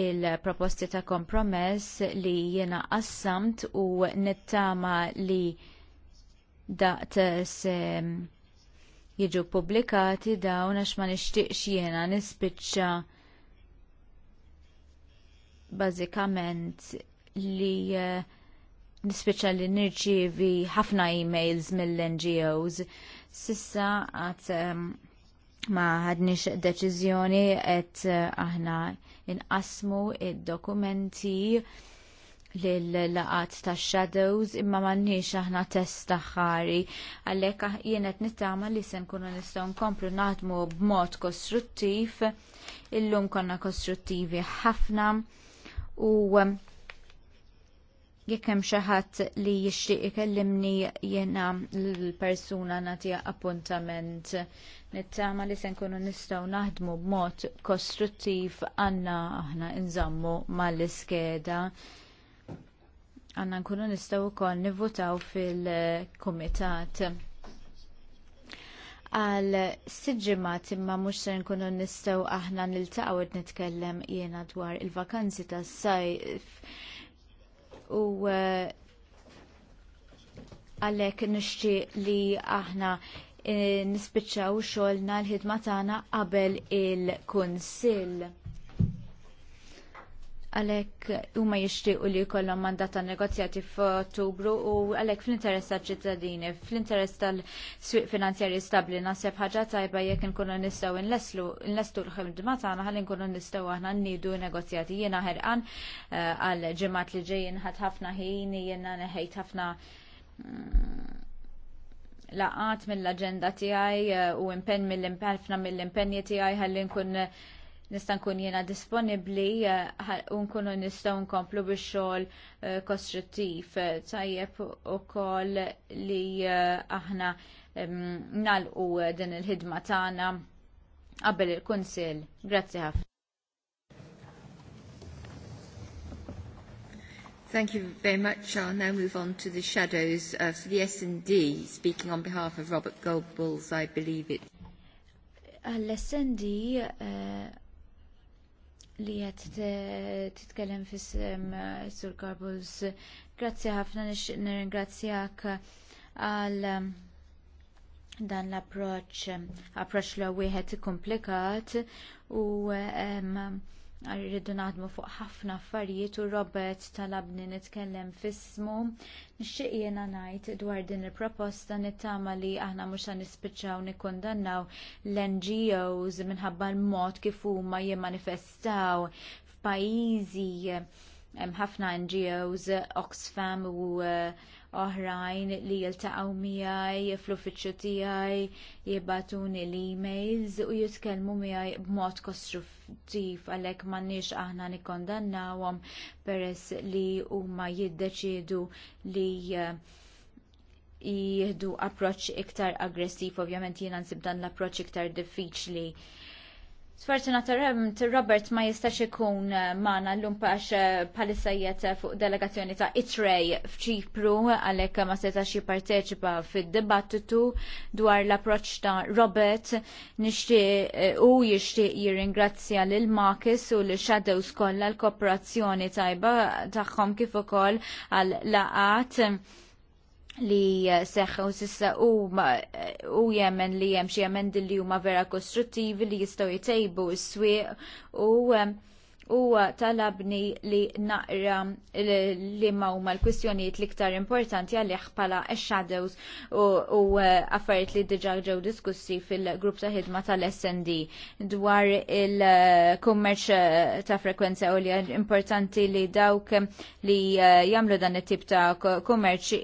il-proposti ta' kompromess li jiena qassamt u nittama li daqt jiġu ppubblikati dawn għax ma nixtieqx jiena nispiċċa bażikament li eh, nispeċa li nirċievi ħafna emails mill-NGOs. Sissa għat eh, ma ħadniex deċiżjoni qed eh, aħna inqasmu id-dokumenti lil-laqat ta' shadows imma m'għandniex aħna test ta' ħari għalhekk jien qed nittama li se nkunu nistgħu nkomplu naħdmu b'mod kostruttiv illum konna kostruttivi ħafna u jekk hemm xi ħadd li jixtieq ikellimni jiena l-persuna nagħti appuntament nittama li se nkunu nistgħu naħdmu b'mod kostruttiv għandna aħna nżammu mal-iskeda għandna nkunu nistgħu wkoll nivvutaw fil-kumitat għal siġimat imma mhux se nkunu nistgħu aħna niltaqgħu nitkellem jiena dwar il-vakanzi tas-sajf u uh, għalek nixċi li aħna eh, nispiċċaw xolna l-ħidma tagħna qabel il-Kunsill għalhekk huma jixtiequ li jkollhom mandat ta' negozjati f'Ottubru u għalhekk fl-interess tal-ċittadini, fl-interess tal-swieq finanzjarji stabbli naħseb ħaġa tajba jekk inkunu nistgħu nleslu nlestu l-ħidma tagħna ħalli nkunu nistgħu aħna nniedu negozjati. Jiena ħerqan eh, għal ġimgħat li ġejjin ħadd ħafna ħini, jiena neħejt ħafna mm, laqat mill-agenda tiegħi eh, u impenn mill-impenn ħafna mill-impenji tiegħi ħalli nkun nista' nkun jena disponibbli eh, unkun nkunu nkomplu bix-xogħol eh, kostruttiv tajjeb koll li eh, aħna nalqu din il-ħidma tagħna qabel il kunsil Grazzi ħafna. Thank you very much. I'll now move on to the shadows of the S&D, speaking on behalf of Robert Goldbulls, I believe it. Uh, snd li qed titkellem fis sur Garbus. Grazzi ħafna nirringrazzjak għal dan l approċċ approċċ l wieħed komplikat u rridu naħdmu fuq ħafna affarijiet u Robert talabni nitkellem fismu. Nixtieq jiena ngħid dwar din il-proposta nittama li aħna mhux se nispiċċaw nikkundannaw l-NGOs minħabba l-mod kif huma jimmanifestaw f'pajjiżi hemm ħafna NGOs, Oxfam u uh, oħrajn li jiltaqgħu miegħi fl-uffiċċju tiegħi jibatuni l-emails u jitkellmu miegħi b'mod kostruttiv għalhekk m'għandniex aħna nikkondannawhom peress li huma jiddeċiedu li eh, jieħdu approċċ iktar aggressiv, ovvjament jiena nsib dan l-approċċ iktar diffiċli Sfortunatament um, Robert ma jistax ikun uh, mana l-lum għax uh, palissajiet uh, fuq delegazzjoni ta' Itrej f'ċipru għalhekk ma setax jipparteċipa fid-dibattitu dwar l-approċċ ta' Robert nixtieq u jixtieq jirringrazzja lil makis u l shadows kollha l-kooperazzjoni tajba tagħhom kif ukoll għal laqat li eh, seħħu sissa eh, u jemen li jem xie jemen dilli huma vera kostruttivi li jistaw jtejbu s-swieq u um, huwa talabni li naqra li huma l-kwistjonijiet l-iktar importanti għalih bħala shadows u eh, affarijiet li diġà ġew diskussi fil-grupp ta' ħidma tal-SND dwar il-kummerċ eh, ta' frekwenza u li importanti li dawk li eh, jagħmlu dan it-tip ta' kummerċ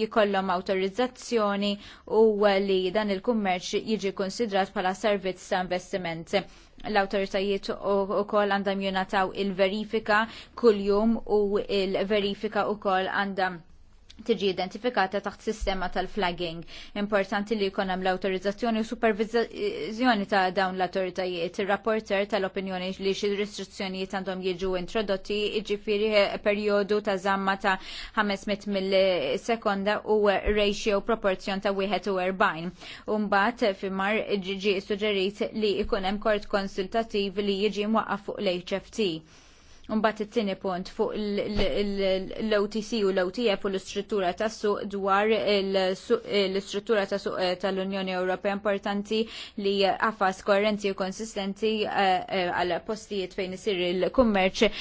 jikollhom awtorizzazzjoni u li dan il-kummerċ jiġi konsidrat bħala servizz ta' investiment l-autoritajiet u kol għandam jonataw il-verifika kull-jum u il-verifika u kol għandam tiġi identifikata taħt sistema tal-flagging. Importanti li jkun hemm l-awtorizzazzjoni u supervizjoni ta' dawn l-autoritajiet. Ir-rapporter tal-opinjoni li xi restrizzjonijiet għandhom jiġu introdotti, jiġifieri eh, perjodu ta' żamma ta' 500 mill-sekonda u ratio proporzjon ta' U Umbagħad eh, fimar ġiġi suġġerit li jkun hemm kort konsultattiv li jiġi mwaqqaf fuq l-HFT Mbagħad it-tieni punt fuq l-OTC u l-OTF u l-istruttura tas-suq dwar l-istruttura tas-suq eh, tal-Unjoni Ewropea importanti li għafas korrenti u konsistenti eh, eh, għal postijiet fejn isir il-kummerċ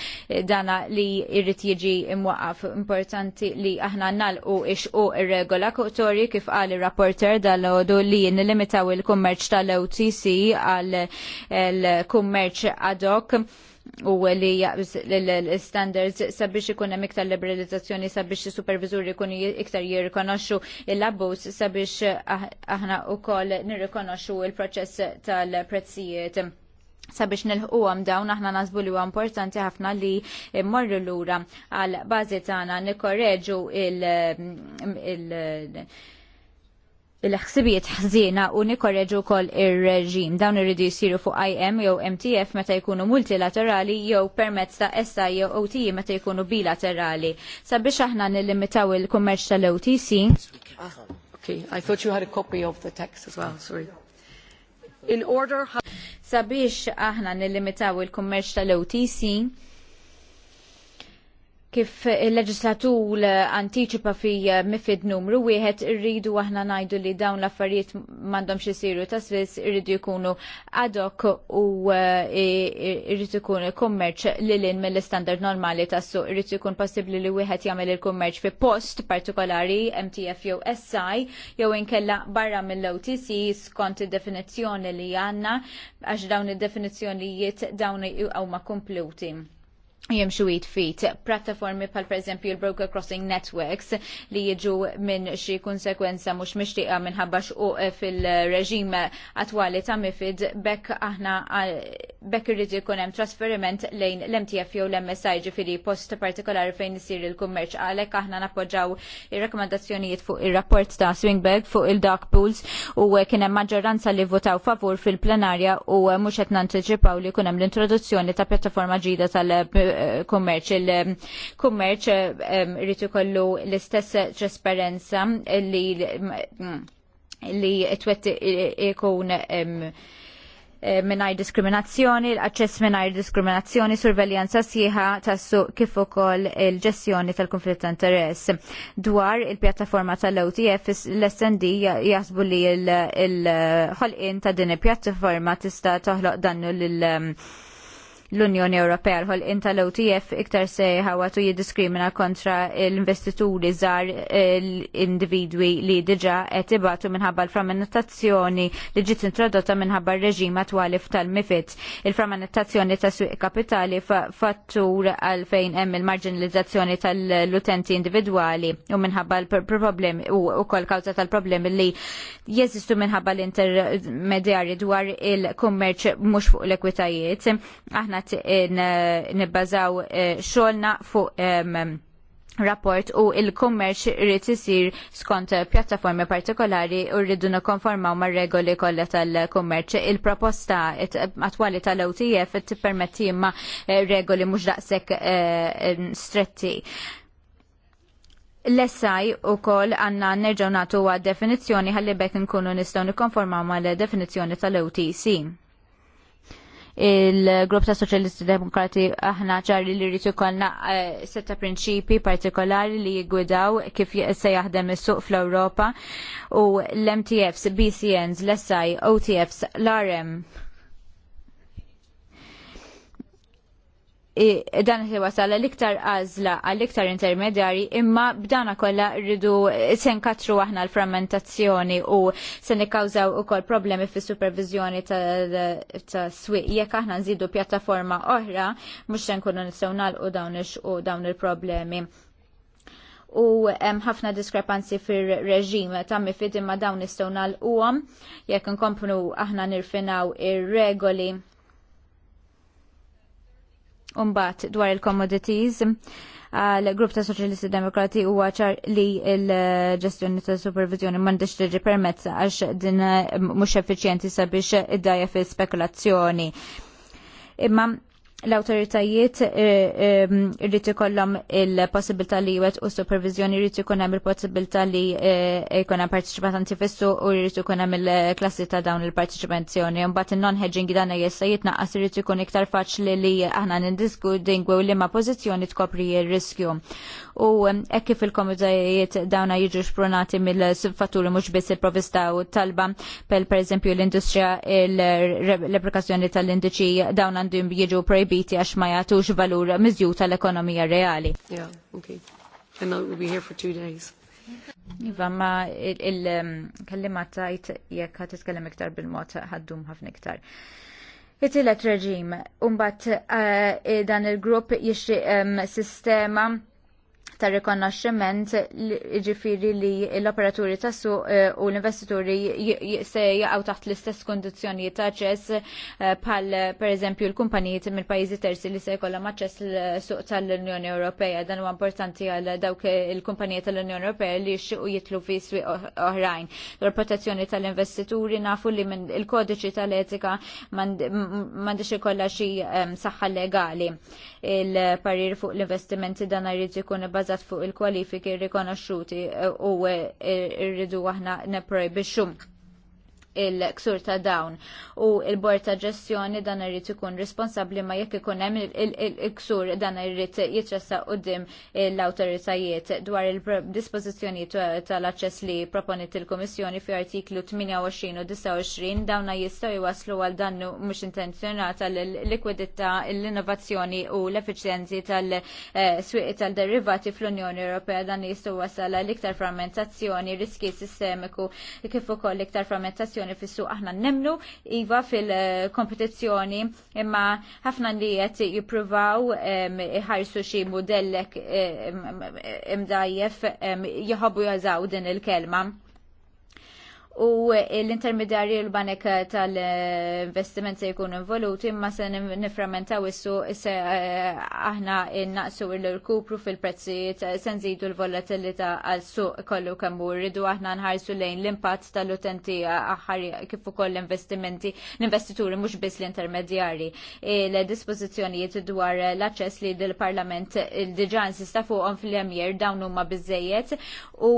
dana li jrid jiġi imwaqaf importanti li aħna u ix ir-regola kotori kif qal il rapporter dal ħodu li nilimitaw il-kummerċ tal-OTC għal il kummerċ ad ok u li l-standards sabiex ikun hemm iktar liberalizzazzjoni sabiex il-superviżuri jkunu iktar jirrikonoxxu l-abbuż sabiex ah- aħna wkoll nirrikonoxxu l proċess tal-prezzijiet sabiex nilħu għam dawn aħna nasbu li importanti ħafna li morru l-ura għal bazi tagħna nikkorreġu il-, il il-ħsibijiet ħżiena u nikorreġu kol ir-reġim. Dawn irridu jisiru fuq IM jew MTF meta jkunu multilaterali jew permezz ta' SA jew OTI meta jkunu bilaterali. Sabiex aħna nillimitaw il-kummerċ tal-OTC. Okay, I thought you had a copy of the text as well, sorry. In order... Sabiex aħna nillimitaw il-kummerċ tal-OTC, kif il-leġislatur antiċipa fi eh, mifid numru wieħed irridu aħna najdu li dawn l-affarijiet mandom xisiru ta' svis irridu jkunu adok u eh, irridu il kummerċ li lin mill-standard normali ta' suq irridu jkun possibli li wieħed jagħmel il-kummerċ fi post partikolari MTF jew SI jew inkella barra mill-OTC skont id-definizzjoni li għandna għax dawn id-definizzjonijiet dawn huma kompluti jimxu fit. Plattaformi pal per eżempju il-Broker Crossing Networks li jiġu minn xi konsekwenza mhux mixtieqa minħabba u fil-reġim attwali ta' mifid bekk aħna bekk irrid ikun hemm trasferiment lejn l-MTF jew l-MSI ġifieri post partikolari fejn isir il-kummerċ għalhekk aħna nappoġġaw ir-rakkomandazzjonijiet fuq ir-rapport ta' Swingberg fuq il-Dark Pools u kien hemm maġġoranza li votaw favur fil-plenarja u mhux qed nanticipaw li jkun hemm l-introduzzjoni ta' pjattaforma ġdida tal il-kummerċ. Il-kummerċ rrit ikollu l-istess trasparenza li li twetti ikun minnaj diskriminazzjoni, l-aċċess minnaj diskriminazzjoni, surveljanza sieħa tassu kif ukoll il-ġestjoni tal-konflitt ta' interess. Dwar il-pjattaforma tal-OTF, l-SND jasbu li l-ħolqin ta' din il-pjattaforma tista' toħloq dannu l- l-Unjoni Ewropea l inta tal-OTF iktar se ħawatu jiddiskrimina kontra l-investituri zar l-individwi li diġà qed ibatu minħabba l-frammentazzjoni li ġiet introdotta minħabba r-reġim attwali tal-MIFID. Il-frammentazzjoni ta' suq kapitali fattur għalfejn hemm il marginalizzazzjoni tal-utenti individwali u minħabba l-problemi u wkoll kawża tal-problemi li jeżistu minħabba l intermedjari dwar il-kummerċ mhux fuq l-ekwitajiet. Aħna qed eh, nibbażaw eh, xogħolna fuq rapport u il-kummerċ irrid isir skont pjattaformi partikolari u rridu nikkonformaw mar regoli kollha tal-kummerċ. Il-proposta attwali tal-OTF tippermetti imma eh, regoli mhux daqshekk stretti. L-essaj u koll għanna nerġaw natu għad definizjoni ħalli bekk nkunu nistaw nikkonformaw mal definizjoni tal-OTC il-grupp ta' Soċjalisti Demokrati aħna ċarli li rritu kolna eh, setta prinċipi partikolari li jigwidaw kif se jaħdem is-suq fl-Ewropa u l-MTFs, BCNs, l-SI, OTFs, l-RM dan li wasal l-iktar għazla għall-iktar intermedjari imma b'dana kollha rridu sen katru aħna l-frammentazzjoni u se nikkawżaw ukoll problemi fis supervizjoni ta' swieq jekk aħna nżidu pjattaforma oħra mhux se nkunu nistgħu nagħlqu dawn u dawn il-problemi u hemm ħafna diskrepanzi fir-reġim ta' mifid imma dawn nistgħu nagħlquhom jekk nkomplu aħna nirfinaw ir-regoli Umbat dwar il-commodities, l-grupp ta' Soċjalisti Demokrati huwa ċar li l-ġestjoni ta' supervizjoni m'għandix tiġi permezz għax din eh, mhux effiċjenti sabiex iddajja fi spekulazzjoni. Imma l-autoritajiet eh, eh, irrid ikollhom il-possibilità li jwet u supervizjoni irrid ikun hemm il-possibilità li jkun eh, hemm partiċipanti fissu u irrid ikun hemm il-klassi ta' dawn il-partiċipazzjoni. Imbagħad in-non-hedging dan jista' jitnaqqas irrid ikun iktar faċli li aħna nindisku dingwew li ma' pożizzjoni tkopri r-riskju. U hekk kif il-komitajiet dawna jiġu xprunati mill subfatturi mhux biss il-provista u talba pel pereżempju l-industrija l-replikazzjoni tal-indiċi dawn għandhom jiġu projbi proibiti għax ma jagħtux valur miżjud tal-ekonomija reali. Yeah, okay. And we'll be here for two days. Iva, ma il-kallima um, tajt jekk ħat titkellem iktar bil mot ħaddum ħafna iktar. Itilet reġim, umbat uh, eh, dan il-grupp jixri um, sistema ta' rikonoxximent ġifiri li l-operaturi ta' su eh, u l-investituri se jaqgħu taħt l-istess kondizjoni ta' ċess eh, per pereżempju l-kumpanijiet mill-pajjiżi terzi li se jkollhom aċċess l-suq tal-Unjoni Ewropea. Dan huwa importanti għal dawk il-kumpanijiet tal-Unjoni Ewropea li jixtiequ jitlu fi swieq oħrajn. L-protezzjoni tal-investituri nafu li minn il-kodiċi tal-etika m'għandix ikollha xi eh, saħħa legali. Il-parir fuq l-investimenti dan jrid ikun bbażat fuq il-kwalifiki rikonoxxuti eh, u eh, rridu aħna neprojbixxu il-ksur ta' dawn u il-bord ta' ġestjoni dan irrid ikun responsabbli ma jekk ikun hemm il-ksur dan irrid jitressa qudiem l-awtoritajiet dwar il-dispożizzjonijiet tal-aċċess li proponit il-Kummissjoni fi artiklu 28 u 29 dawna jistgħu jwaslu għal dannu mhux intenzjonata l-likwidità, l-innovazzjoni u l-effiċjenzi tal-swieq eh, tal-derivati fl-Unjoni Ewropea dan jistgħu wasal l-iktar frammentazzjoni, riski sistemiku kif ukoll l-iktar frammentazzjoni kompetizzjoni fis-suq aħna nemnu iva fil-kompetizzjoni imma ħafna li qed jippruvaw iħarsu xi mudellek imdajjef jħobbu jażaw din il-kelma u l-intermedjarji l-banek tal-investiment se jkunu involuti imma se niframentaw issu se eh, aħna naqsu l-rkupru fil-prezzijiet se nżidu l-volatilità għal suq kollu kemmu rridu aħna nħarsu lejn l-impatt tal-utenti aħħar kif ukoll l-investimenti l-investituri mhux biss l-intermedjarji. l dispożizzjonijiet dwar l-aċċess li dil-Parlament diġà s'ista' fuqhom fil-Emjer dawn huma biżejjed u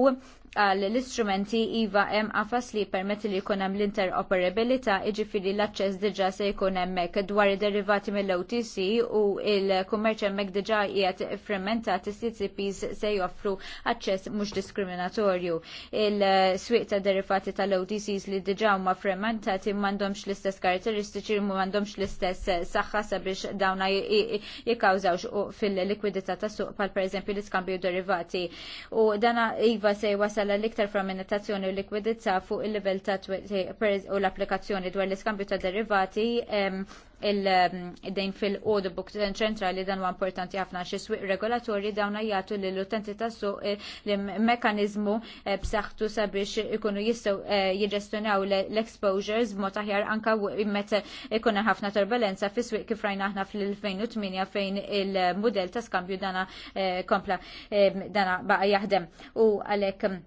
għal l-istrumenti iva hemm qafas li permetti li jkun hemm l-interoperabilità, jiġifieri l-aċċess diġà se jkun hemmhekk dwar id-derivati mill-OTC u l-kummerċ hemmhekk diġà qiegħed frammentat is-CCPs se joffru aċċess mhux diskriminatorju. Il-swieq ta' derivati tal-OTCs li diġà huma frammentati m'għandhomx l-istess karatteristiċi u m'għandhomx l-istess saħħa sabiex dawna jikkawżawx fil-likwidità tas-suq pal pereżempju l-iskambju derivati. U dana iva se wasal tħalla l-iktar frammentazzjoni u likwidità fuq il-level ta' u l-applikazzjoni dwar l-iskambju ta' derivati il-dejn fil-order book ċentrali dan huwa importanti ħafna xi swieq regolatorji dawn jagħtu lill utenti tas-suq eh, mekkaniżmu eh, b'saħħtu sabiex ikunu jistgħu eh, jiġestjonaw l-exposures b'mod aħjar anke meta ikun ħafna turbulenza fi swieq kif rajna aħna fl-2008 fejn il-mudell ta' skambju dana kompla dana baqa' jaħdem u għalhekk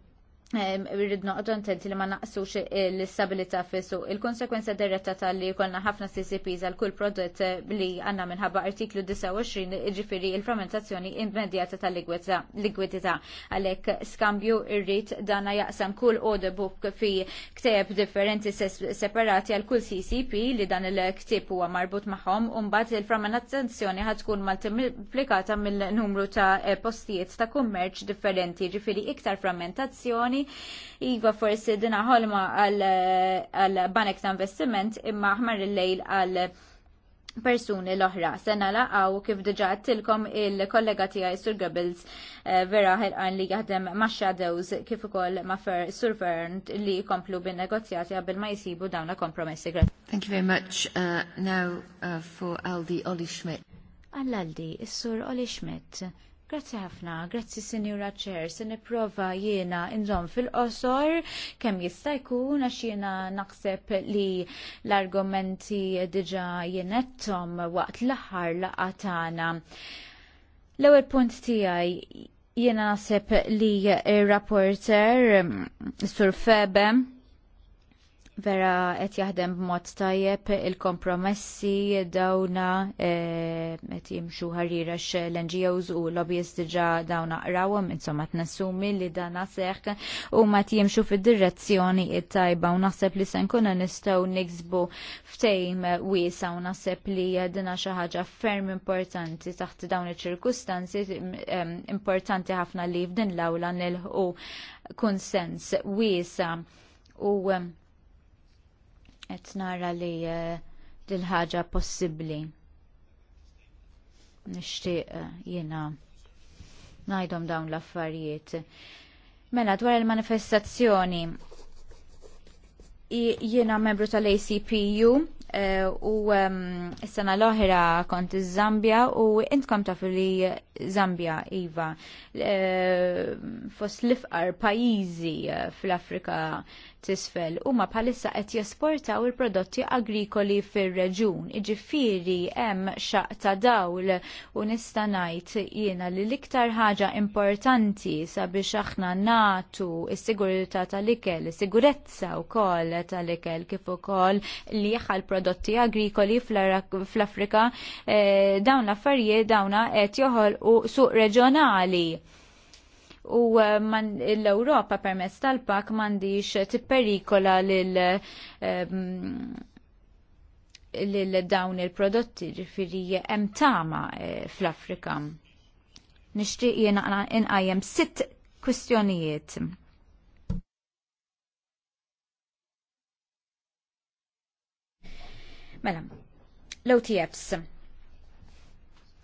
rrid noqgħod attenti li ma naqsux l-istabilità fissu. Il-konsekwenza diretta tal-li jkollna ħafna CCPs għal kull prodott li għandna minħabba artiklu 29 ġifieri il-fermentazzjoni immedjata tal-likwidità. Għalhekk skambju rrid dana jaqsam kull order book fi ktieb differenti separati għal kull CCP li dan il ktieb huwa marbut magħhom u mbagħad il-fermentazzjoni ħad tkun multiplikata mill-numru ta' postijiet ta' kummerċ differenti, ġifieri iktar frammentazzjoni kompani. Iva forsi dina ħolma għal banek ta' investiment imma ħmar il-lejl għal persuni l-oħra. Sena laqaw kif diġa għattilkom il-kollega tijaj Sur Goebbels eh, vera ħelqan li jaħdem ma' Shadows kif ukoll ma' Fer Sur Vernd li jkomplu bin negozjati qabel ma' jisibu dawna kompromessi. Thank you very much. Uh, now uh, for Aldi Oli Schmidt. Għall-Aldi, Sur Oli Schmidt. Grazzi ħafna, grazzi Sinjura Chair. se nipprova jiena inżom fil-qosor kemm jista' jkun għax jiena naħseb li l-argumenti diġà jienettom waqt l-aħħar laqa' tagħna. L-ewwel punt tiegħi jiena naħseb li r rapporter Sur Febe vera qed jaħdem b'mod tajjeb il-kompromessi dawna eh, qed jimxu ħarira l-NGOs u lobbyist diġà dawna qrawhom insomma tnassumi li dana seħħ u ma jimxu fid-direzzjoni tajba u naħseb li se nkunu nistgħu niksbu ftejm wiesa u naħseb li dina xi ħaġa ferm importanti taħt dawn iċ-ċirkustanzi importanti ħafna li f'din l-awla nilħu konsens wiesa u um, qed nara li eh, din ħaġa possibbli. Nixtieq eh, jiena ngħidhom dawn l-affarijiet. Mela dwar il-manifestazzjoni jiena membru tal-ACPU u eh, ehm, s-sena l-oħra kont iż-Zambja u intkom taf li Zambja Iva fost l-ifqar pajizi fl-Afrika tisfel huma bħalissa qed jesportaw il-prodotti agrikoli fir-reġun. Iġifieri hemm xaq ta' dawl u nista' ngħid jiena li l-iktar ħaġa importanti sabiex aħna nagħtu s-sigurità tal-ikel, is-sigurezza wkoll tal-ikel kif ukoll li jaħal prodotti agrikoli fl-Afrika eh, dawn l-affarijiet dawna qed joħolqu suq reġjonali u eh, l-Europa permezz tal-pak mandiċ tipperikola lil ehm, l dawn il-prodotti ġifiri hemm tama eh, fl-Afrika. Nixtieq jiena inqajjem sitt kwistjonijiet. Mela, l-OTFs,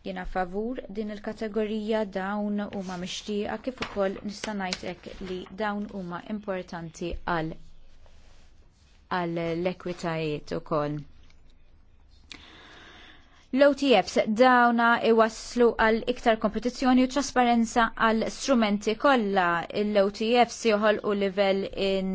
Jiena favur din il-kategorija dawn huma mixtieqa kif ukoll nista' ngħidlek li dawn huma importanti għal għall ekwitajiet ukoll. L-OTFs dawna iwasslu għal iktar kompetizzjoni u trasparenza għal strumenti kollha. L-OTFs joħol u livell in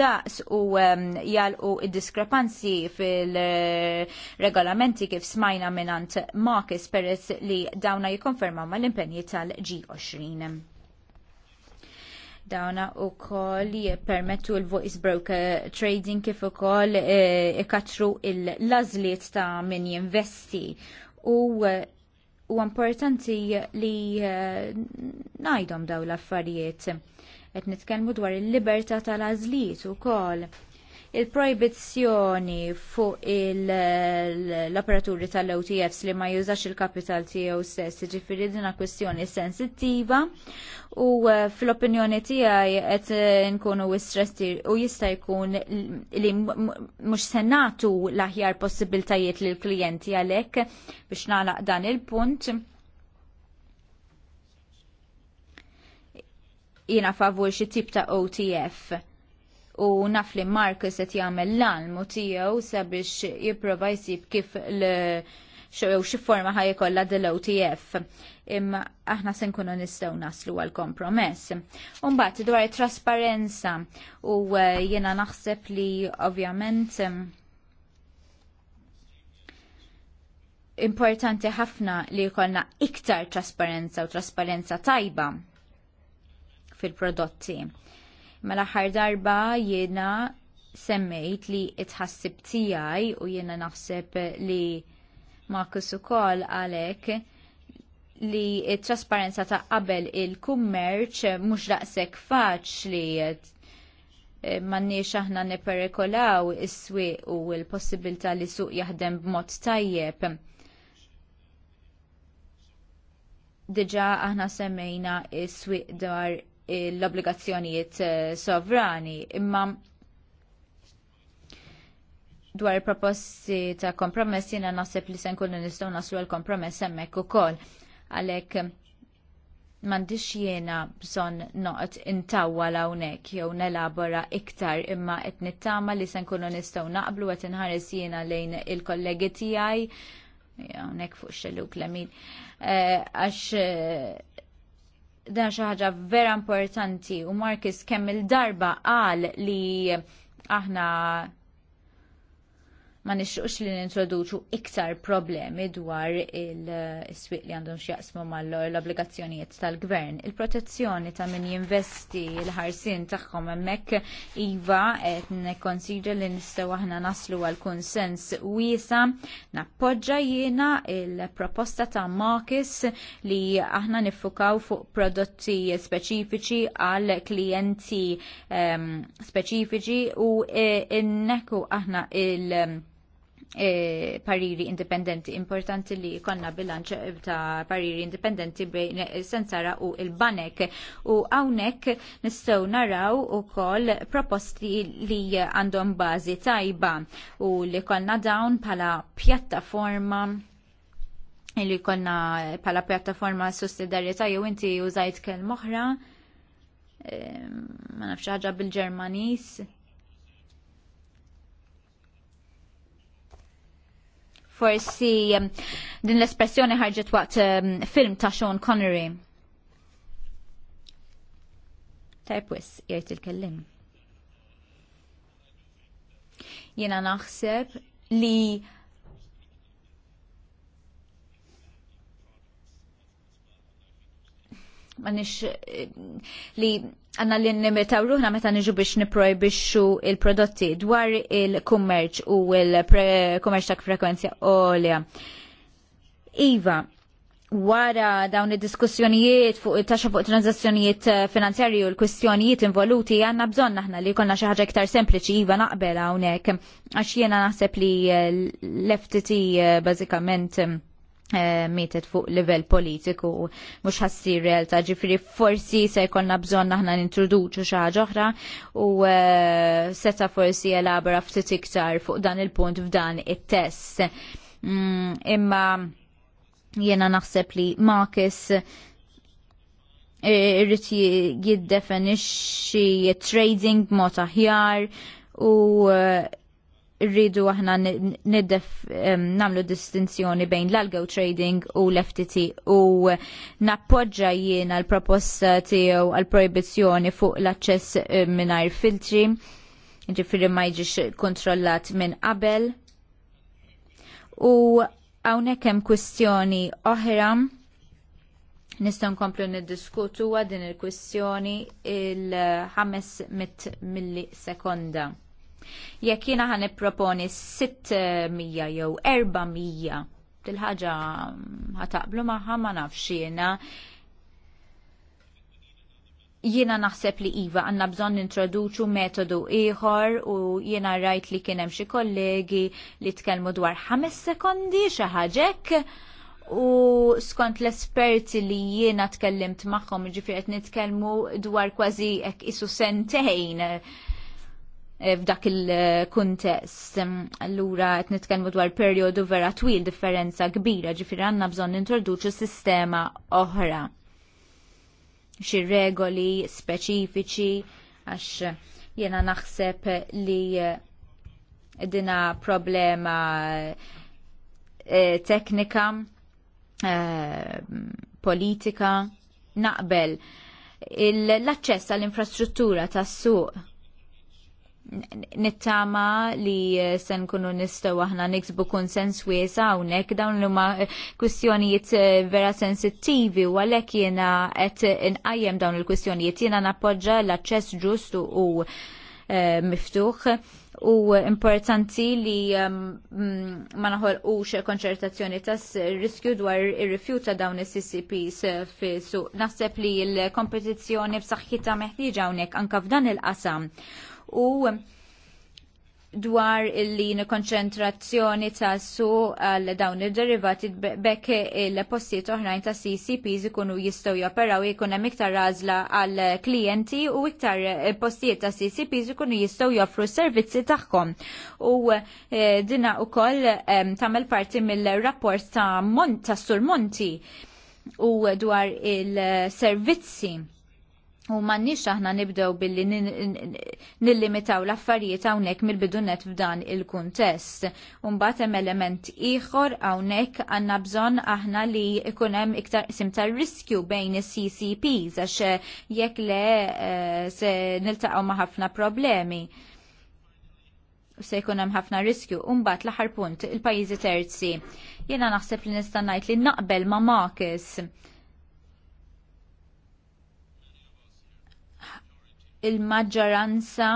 daqs u um, jgħal id-diskrepanzi fil-regolamenti kif smajna minant Marcus peress li dawna jikonfermaw mal-impenji tal-G20. Dawna wkoll permettu l-voice broker trading kif ukoll eh, ikatru l lazliet ta' min jinvesti u eh, u importanti li eh, ngħidhom dawn l-affarijiet. Qed nitkellmu dwar il-libertà tal u ukoll il-proibizzjoni fuq l-operaturi tal-OTFs li ma jużax il-kapital tiegħu stess, jiġifieri din kwestjoni sensittiva u uh, fl-opinjoni tiegħi qed uh, nkunu stresti u jista' jkun li mhux se nagħtu l-aħjar possibiltajiet lill klijenti għalhekk biex nagħlaq dan il-punt. Jiena favur xi tip ta' OTF u naf li Marcus qed jagħmel l-almu tiegħu sabiex jipprova jsib kif l xew xi forma ħaj ikollha dil-OTF. Imma aħna se nkunu nistgħu naslu għal kompromess. Umbagħad dwar it trasparenza u eh, jiena naħseb li ovvjament eh, importanti ħafna li jkollna iktar trasparenza u trasparenza tajba fil-prodotti. Mela ħar darba jiena semmejt li itħassib tiegħi u jiena naħseb li kussu kol għalhekk li t trasparenza ta' qabel il-kummerċ mhux daqshekk faċli m'għandniex aħna niperikolaw is-swieq u l-possibilità li suq jaħdem b'mod tajjeb. Diġà aħna semmejna is-swieq dar l-obbligazzjonijiet eh, sovrani imma dwar il-proposti ta' kompromess jiena naħseb li se nkunu nistgħu naslu l-kompromess hemmhekk ukoll għalhekk m'għandix jiena bżonn intawwa la hawnhekk jew nelabora iktar imma qed nittama li se nkunu nistgħu naqblu qed inħares jiena lejn il-kollegi tiegħi hawnhekk fuq xelluk lemin eh, għax eh, dan xi ħaġa vera importanti u Marcus kemm il-darba qal li aħna ma nixxuqx li nintroduċu iktar problemi dwar il-swiq li għandhom xjaqsmu mal l-obbligazzjonijiet tal-gvern. Il-protezzjoni ta' min jinvesti l-ħarsin tagħhom hemmhekk iva qed nikkonsidra li nistgħu aħna naslu għal kunsens wiesa nappoġġa jiena il-proposta ta' Marcus li aħna niffukaw fuq prodotti speċifiċi għal klijenti ehm, speċifiċi u eh, inneku aħna il- E, pariri indipendenti. Importanti li konna bilanċ ta' pariri indipendenti bejn sensara u il-banek. U għawnek nistaw naraw u kol proposti li għandhom bazi tajba u li konna dawn pala pjattaforma li konna pala pjattaforma sussidarieta jew inti użajt kelm oħra e, ma nafx ħaġa bil-Ġermanis forsi um, din l-espressjoni ħarġet waqt um, film ta' Sean Connery. Tajpwis, jgħid il-kellim. Jena naħseb li ma nix eh, li għanna li nimetaw ruħna meta niġu biex niprojbixxu il-prodotti dwar il-kummerċ u il-kummerċ ta' frekwenzja olja. Iva, wara dawn id-diskussjonijiet fuq it-taxxa fuq tranzazzjonijiet eh, finanzjarji u l-kwistjonijiet involuti għandna bżonn aħna li jkollna xi ħaġa iktar sempliċi iva naqbel hawnhekk għax jiena naħseb li eh, l-FTT eh, bażikament Eh, mietet fuq livell politiku u mux ħassir realtà ġifiri forsi se jkollna bżonn aħna nintroduċu xi ħaġa oħra u eh, seta forsi elabra ftit iktar fuq dan il-punt f'dan it-test. Mm, imma jena naħseb li Marcus eh, irrit jiddefinixxi trading b'mod aħjar u uh, rridu aħna niddef namlu distinzjoni bejn l-algo trading u l-FTT u nappoġġa jiena l-proposta tiegħu għal proibizzjoni fuq l-aċċess eh, mingħajr filtri, ġifieri ma jiġix kontrollat minn qabel. U hawnhekk hemm kwistjoni oħra Nista' nkomplu niddiskutu din il-kwistjoni il mit millisekonda. sekonda Jekk jiena ħan proponi 600 jew 400 dil-ħaġa mm, ħataqblu magħha ma nafx jina. Jiena naħseb li Iva għanna bżon nintroduċu metodu ieħor u jiena rajt li kien hemm xi kollegi li tkellmu dwar ħames sekondi xi u skont l-esperti li jiena tkellimt magħhom ġifiret nitkellmu dwar kważi ek isu sentejn Eh, f'dak il-kuntest. Allura qed nitkellmu dwar perjodu vera twil differenza kbira ġifir għandna bżonn introduċu sistema oħra. Xi regoli speċifiċi għax jena naħseb li eh, dina problema eh, teknika, politika, naqbel l-aċċess għall-infrastruttura tas-suq nittama li eh, se nkunu nistaw aħna niksbu konsens wiesa hawnhekk dawn huma kwistjonijiet eh, vera sensittivi u għalhekk jiena qed inqajjem dawn il-kwistjonijiet jiena nappoġġa l-aċċess ġust u eh, miftuħ u importanti li ehm, mm, ma naħolqux konċertazzjoni tas riskju dwar ir-rifjuta dawn is-CCPs fi su Naħseb li l-kompetizzjoni b'saħħitha meħtieġa hawnhekk anke f'dan il-qasam u dwar il-lin konċentrazzjoni ta' su għal dawn id-derivati bekke il-postiet oħrajn ta' CCPs ikunu jistaw joperaw jkun hemm iktar għażla għal klijenti u iktar postiet ta' CCPs ikunu jistaw joffru servizzi tagħhom. U eh, dina u koll tagħmel parti mill-rapport ta' Mont ta' Sur Monti u dwar il-servizzi U mannix aħna nibdew billi nillimitaw l-affarijiet hawnhekk mill-bidunet f'dan il-kuntest. Umbagħad hemm element ieħor hawnhekk għandna bżonn aħna li ikun hemm iktar isim tar-riskju bejn is-CCPs għax eh, jekk le eh, se niltaqgħu ma' ħafna problemi. Se jkun hemm ħafna riskju. Umbagħad l-aħħar punt il-pajjiżi terzi. Jiena naħseb li nista' ngħid li naqbel ma' Marcus il-maġġoranza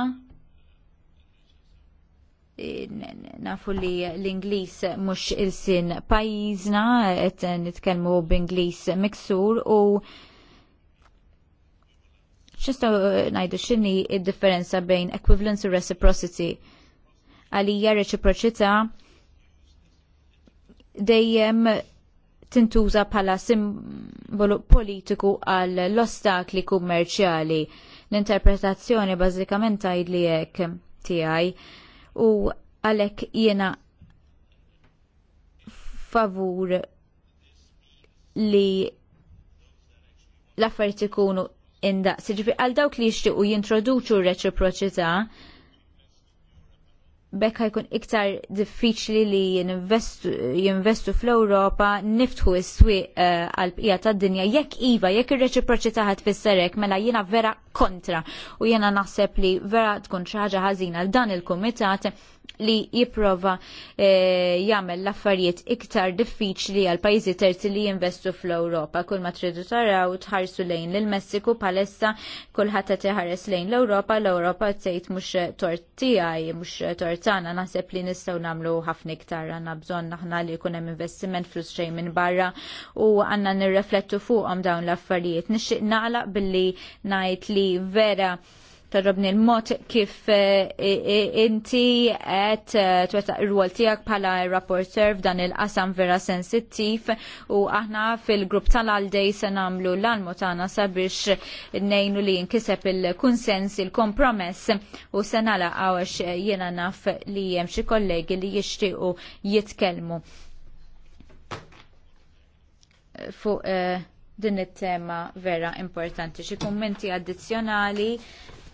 eh, nafu li l-Inglis mhux il-sin pajjiżna qed nitkellmu b'Inglis miksur u xistaw ngħidu x'inhi id-differenza bejn equivalence u reciprocity għalija reċiproċità dejjem tintuża bħala simbolu politiku għal l-ostakli kummerċjali L-interpretazzjoni bażikament tgħid li hekk tiegħi u għalhekk jiena favur li l-affarijiet ikunu indaqs. Ġifi għal dawk li jixtiequ jintroduċu r reċiproċità bekk jkun iktar diffiċli li jinvestu fl-Ewropa niftħu s-swieq eh, għal bqija tad-dinja jekk iva, jekk ir-reċiproċità ħadd fis-serek, mela jiena vera kontra u jiena naħseb li vera tkun xi ħaġa ħażina l dan il-kumitat li jiprova eh, jagħmel l-affarijiet iktar diffiċli għal pajjiżi terzi li jinvestu fl-Ewropa. Kull ma tridu taraw tħarsu lejn lil messiku palessa kulħadd qed iħares lejn l-Ewropa, l-Ewropa tgħid mhux tort tiegħi, mhux tortana naħseb li nistgħu nagħmlu ħafna iktar għandna bżonn aħna li jkun hemm investiment flus xejn minn barra u għandna nirreflettu fuqhom dawn l-affarijiet. Nixtieq naqlaq billi ngħid li vera tarrabni l-mod kif eh, inti għet eh, twettaq r rwol tijak pala rapporter f'dan il-qasam vera sensittiv u aħna fil-grupp tal-għaldej se namlu l-almu sabiex nejnu li jinkiseb il-konsens il-kompromess u se nala għawax jena naf li jemxie xi kollegi li u jitkelmu fuq eh, din it-tema vera importanti. Xi kummenti addizzjonali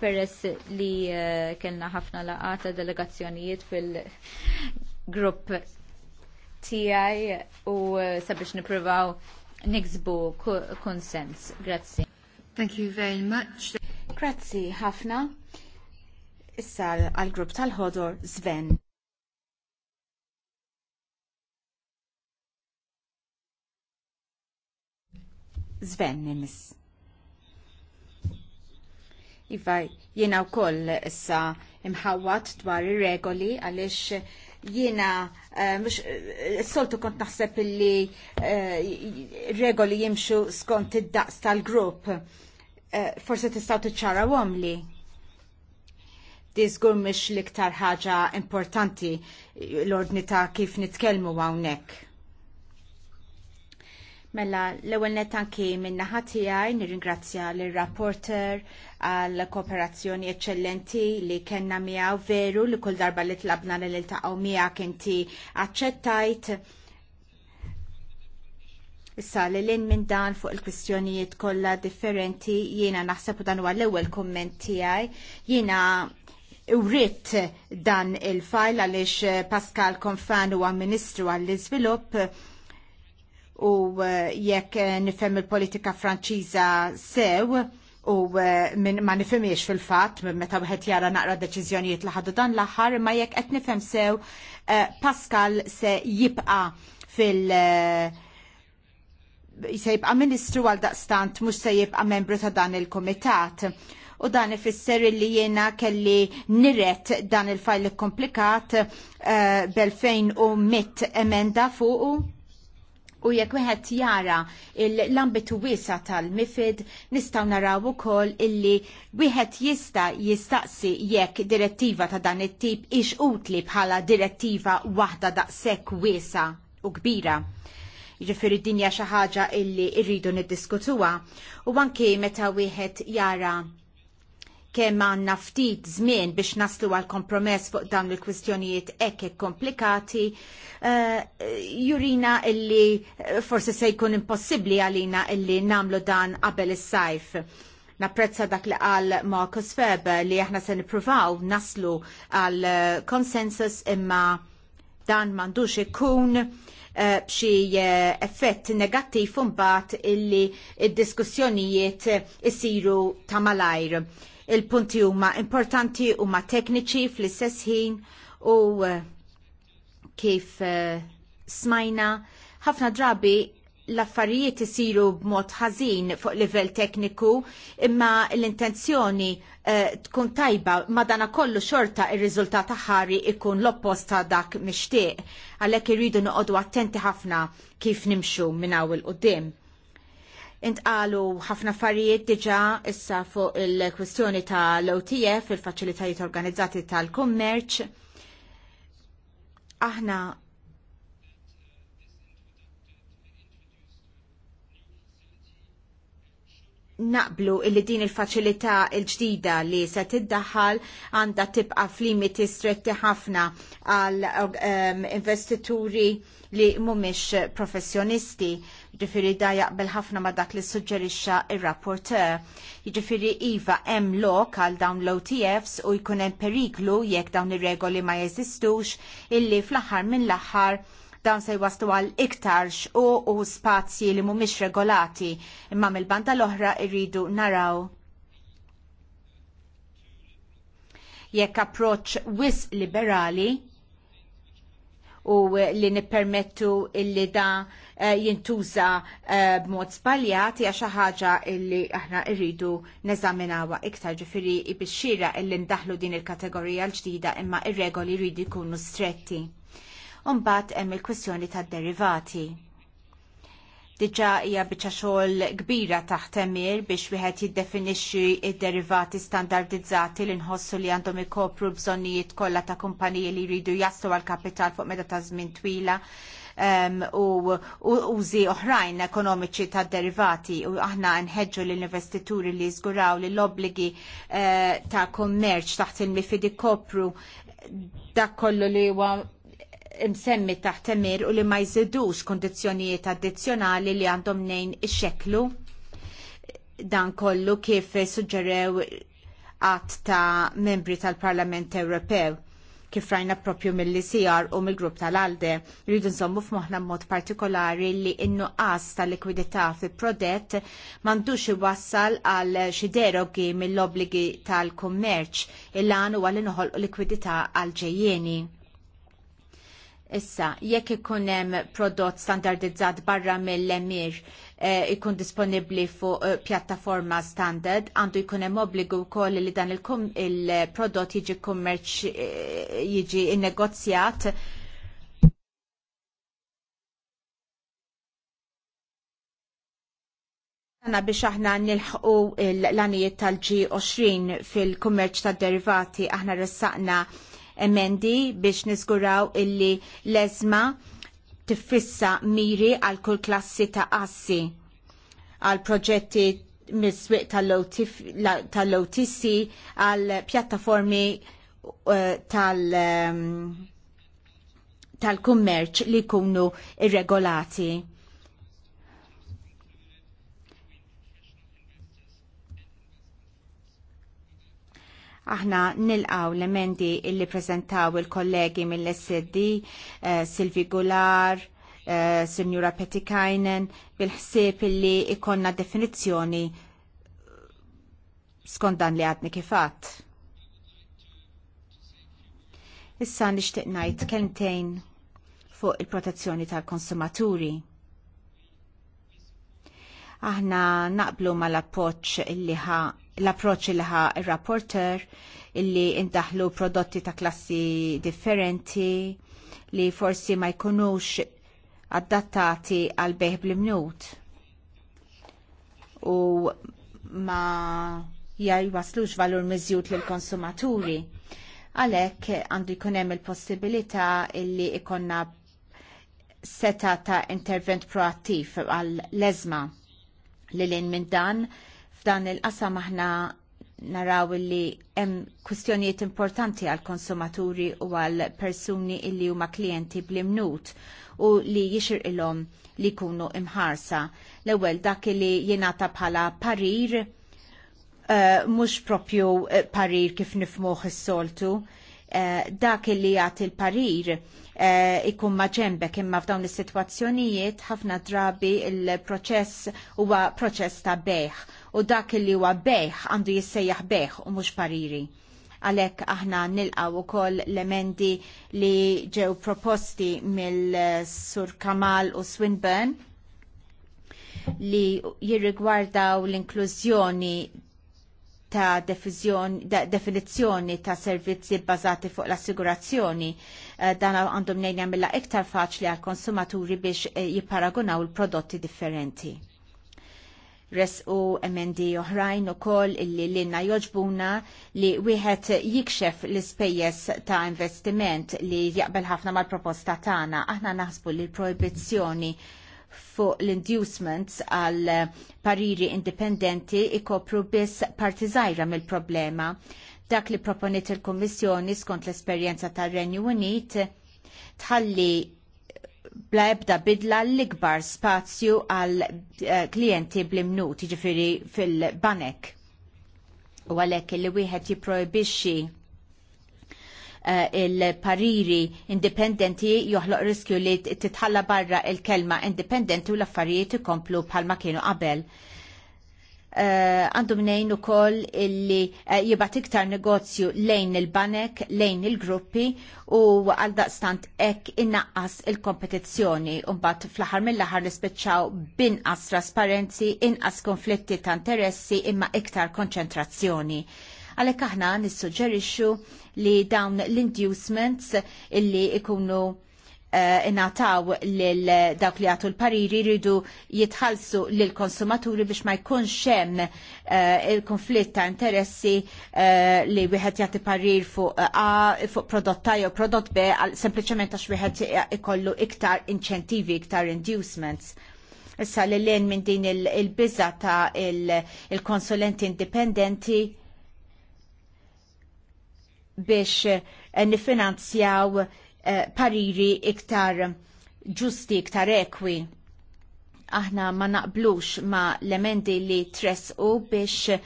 peress li eh, kellna ħafna laqata delegazzjonijiet fil-grupp TI u eh, sabiex nippruvaw niksbu konsens. Grazzi. Thank you very much. Grazzi ħafna. Issa għal-grupp tal-ħodor Sven. Sven nimis. Iva, jiena u koll issa imħawat dwar ir-regoli għalix jiena eh, mux eh, soltu kont naħseb li eh, regoli jimxu skont id-daqs tal-grupp. Forse tistaw tiċċara għomli. Dizgur mux liktar ħaġa importanti l-ordni ta' kif nitkelmu għawnek Mela, l-ewel net anki minna ħatijaj, nirringrazzja l-rapporter għal kooperazzjoni eccellenti li kenna miegħu veru li kull darba li tlabna li l-taqaw mija kenti aċċettajt. Issa li l minn dan fuq il-kwistjonijiet kollha differenti jiena naħseb dan huwa l-ewwel kumment tiegħi. Jiena urrit dan il-fajl għaliex Pascal Konfan huwa Ministru għall izvilup u eh, jekk eh, nifhem il-politika Franċiża sew u eh, min, ma nifhimiex fil-fatt meta wieħed jara naqra deċiżjonijiet li ħadu dan l-aħħar ma jekk qed nifhem sew Pascal se jibqa' fil- se jibqa' ministru għal daqstant mhux se jibqa' membru ta' dan il-kumitat u dan ifisser li jiena kelli niret dan il-fajl komplikat uh, bel fejn u mit emenda fuqu u jekk wieħed jara l-ambitu wiesa tal-MIFID nistgħu naraw ukoll illi wieħed jista' jistaqsi jekk direttiva ta' dan it-tip ix utli bħala direttiva waħda daqshekk wiesa u kbira. Ġifiri dinja xi ħaġa illi rridu niddiskutuha u anke meta wieħed jara kemm għandna ftit żmien biex naslu għal kompromess fuq dawn il-kwistjonijiet hekk komplikati, uh, jurina illi forsi se jkun impossibbli għalina illi namlu dan qabel is-sajf. Napprezza dak li qal Marcus Weber li aħna se nippruvaw naslu għal konsensus imma dan m'għandux ikun eh, b'xi eh, effett negattiv mbagħad illi id-diskussjonijiet isiru ta' malajr il-punti huma importanti huma tekniċi fl-istess ħin u eh, kif eh, smajna ħafna drabi l-affarijiet isiru b'mod ħażin fuq livell tekniku imma l-intenzjoni eh, tkun tajba madana kollu xorta ir-riżultat ħari ikun l-oppost ta' dak mixtieq għalhekk irridu noqogħdu attenti ħafna kif nimxu minn hawn il qudiem Intqalu ħafna affarijiet diġa issa fuq il-kwistjoni tal-OTF, il-faċilitajiet organizzati tal-kummerċ. Aħna naqblu illi din il-faċilità il-ġdida li se tiddaħħal għandha tibqa' f'limiti stretti ħafna għal ehm, investituri li mhumiex professjonisti Ġifiri da jaqbel ħafna ma dak li suġġerixxa ir-rapporteur. Jiġifieri iva hemm lok għal dawn l-OTFs u jkun hemm periklu jekk dawn ir-regoli ma jeżistux illi fl-aħħar minn l-aħħar dawn se jwaslu għal iktar u u spazji li mhumiex regolati imma mill-banda l-oħra irridu naraw jekk approċċ wis liberali u li nippermettu illi da Eh, jintuża eh, b'mod spaljat hija xi ħaġa li aħna rridu neżaminawha iktar ġifieri bixxira li ndaħħlu ndaħlu din il-kategorija l-ġdida imma ir-regoli jridu jkunu stretti. Umbagħad hemm il-kwistjoni tad-derivati diġa hija biċċa xogħol kbira taħt emir biex wieħed jiddefinixxi d derivati standardizzati li nħossu li għandhom ikopru bżonnijiet kollha ta' kumpaniji li jridu jaslu għal kapital fuq meta ta' żmien twila u użi oħrajn ekonomiċi ta' derivati u aħna nħedġu l-investituri li jżguraw li l-obligi eh, ta' kommerċ taħt il-mifidi kopru da' kollu li huwa msemmi taħt emir u li ma jżidux kondizjonijiet addizzjonali li għandhom nejn ixxeklu dan kollu kif suġġerew għat ta' membri tal-Parlament Ewropew kif rajna propju mill-ICR u mill-grupp tal-ALDE. Rridu nżommu f'moħna mod partikolari li innuqqas tal-likwidità fi prodett mandux iwassal għal xi derogi mill-obligi tal-kummerċ il-għan u għal inħolqu likwidità għal ġejjeni. Issa, jekk ikun hemm prodott standardizzat barra mill-emir, Eh, ikun disponibbli fuq eh, pjattaforma standard, għandu jkun hemm obbligu wkoll li dan il-prodott jiġi kummerċ eh, jiġi innegozjat Għana biex aħna nilħqu l-għanijiet tal-G20 fil-kummerċ tad derivati aħna ressaqna emendi biex nizguraw illi l-ezma tifissa miri għal kull klassi ta' assi għal proġetti mis-swiq tal-OTC għal pjattaformi eh, tal- ehm, tal-kummerċ li jkunu irregolati. Aħna nilqaw l-emendi illi prezentaw il-kollegi mill-SD, uh, eh, Silvi Gular, uh, eh, Signora Petikajnen, bil-ħsieb illi ikonna definizjoni skont dan li għadni kifat. Issa nixtieq ngħid kelmtejn fuq il-protezzjoni tal-konsumaturi. Aħna naqblu mal-appoġġ illi ħa l-approċ li ħa il-rapporter illi indaħlu prodotti ta' klassi differenti li forsi ma jkunux adattati għal beħ bl-imnut u ma jajwaslux valur miżjut l-konsumaturi. Għalek għandu jkunem il-possibilita illi ikonna seta ta' intervent proattiv għal lezma li l-in minn dan F'dan il-qasam aħna naraw li hemm kwistjonijiet importanti għal konsumaturi u għal persuni illi huma klijenti bl-imnut u li jixir ilhom li jkunu imħarsa. L-ewwel dak li jingħata bħala parir uh, mhux propju eh, parir kif nifmuh is-soltu, uh, dak li jagħti l-parir Eh, ikun maġembek imma f'dawn is-sitwazzjonijiet ħafna drabi il-proċess huwa proċess ta' beħ u dak li huwa beħ għandu jissejjaħ beħ u mhux pariri għalek aħna nilqaw ukoll l-emendi li ġew proposti mill-Sur Kamal u Swinburne li jirrigwardaw l-inklużjoni ta' definizzjoni ta' servizzi bbażati fuq l-assigurazzjoni Eh, dan għandhom nejn jagħmilha iktar faċli għal konsumaturi biex eh, jipparagunaw il-prodotti differenti. Res u emendi oħrajn ukoll illi l-inna joġbuna li wieħed jikxef l-ispejjeż ta' investiment li jaqbel ħafna mal-proposta tagħna. Aħna naħsbu li l-proibizzjoni fuq l-inducements għal pariri indipendenti ikopru biss parti żgħira mill-problema Dak li proponiet il-Kommissjoni skont l-esperjenza tar-Renju Unit tħalli bla ebda bidla l-ikbar spazju għal eh, klienti bl-imnut, ġifiri fil-banek. U għalek li wieħed jiprojbixxi eh, il-pariri indipendenti joħloq riskju li titħalla barra il-kelma indipendenti u l-affarijiet ikomplu bħalma kienu qabel. Eh, għandu mnejn u ukoll illi eh, jibat jibgħat iktar negozju lejn il-banek, lejn il-gruppi u għaldaqstant daqstant hekk innaqqas il-kompetizzjoni u mbagħad fl-aħħar mill-aħħar nispiċċaw binqas trasparenzi, inqas konflitti ta' interessi imma iktar konċentrazzjoni. Għalhekk aħna nissuġġerixxu li dawn l-inducements illi ikunu Eh, inataw lil dawk li għatu l-pariri rridu jitħalsu lil konsumaturi biex ma jkunx hemm eh, il-konflitt ta' interessi eh, li wieħed jagħti parir fuq A fuq prodott A jew prodott B sempliċement għax wieħed ikollu iktar inċentivi, iktar inducements. Issa li l minn din il-biża ta' il-konsulenti indipendenti biex nifinanzjaw Eh, pariri iktar ġusti, iktar ekwi. Aħna ma naqblux ma l-emendi li u biex eh,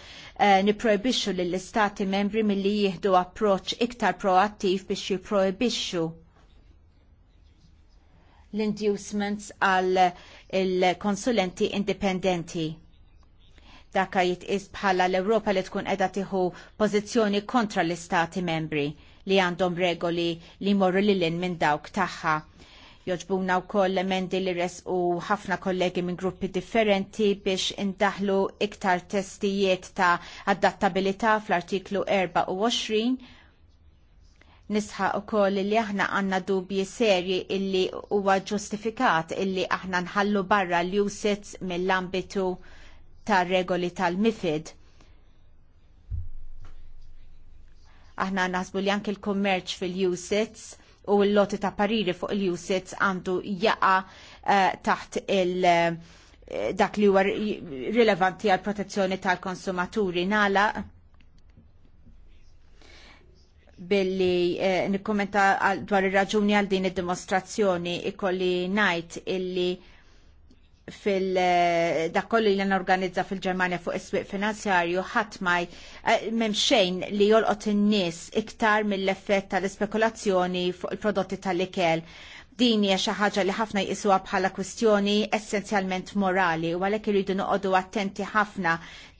niprojbixxu lill-istati membri milli jieħdu approċ iktar proattiv biex jiprojbixxu l-inducements għal il-konsulenti indipendenti. Daka jitqis bħala l-Ewropa li tkun edha tiħu pożizzjoni kontra l-istati membri li għandhom regoli li morru li l-in minn dawk tagħha. Joġbuna u koll emendi li res u ħafna kollegi minn gruppi differenti biex indaħlu iktar testijiet ta' adattabilità fl-artiklu 24 nisħa u koll li aħna għanna dubji serji illi huwa ġustifikat illi aħna nħallu barra l-usits mill-ambitu ta' regoli tal-mifid. Aħna naħsbu li anke l-kummerċ fil-usits u l-loti ta' pariri fuq il-usits għandu jaqa eh, taħt il- eh, dak li huwa rilevanti għal protezzjoni tal-konsumaturi nala billi nikkumenta eh, nikkommenta dwar ir-raġuni għal din id-dimostrazzjoni ikolli ngħid illi fil eh, dakolli li n-organizza fil ġermania fuq is-swieq finanzjarju ħadd ma eh, m'hemm xejn li jolqot in-nies iktar mill-effett tal ispekulazzjoni fuq il-prodotti tal-ikel. Din hija xi ħaġa li ħafna jqisuha bħala kwistjoni essenzjalment morali u għalhekk iridu noqogħdu attenti ħafna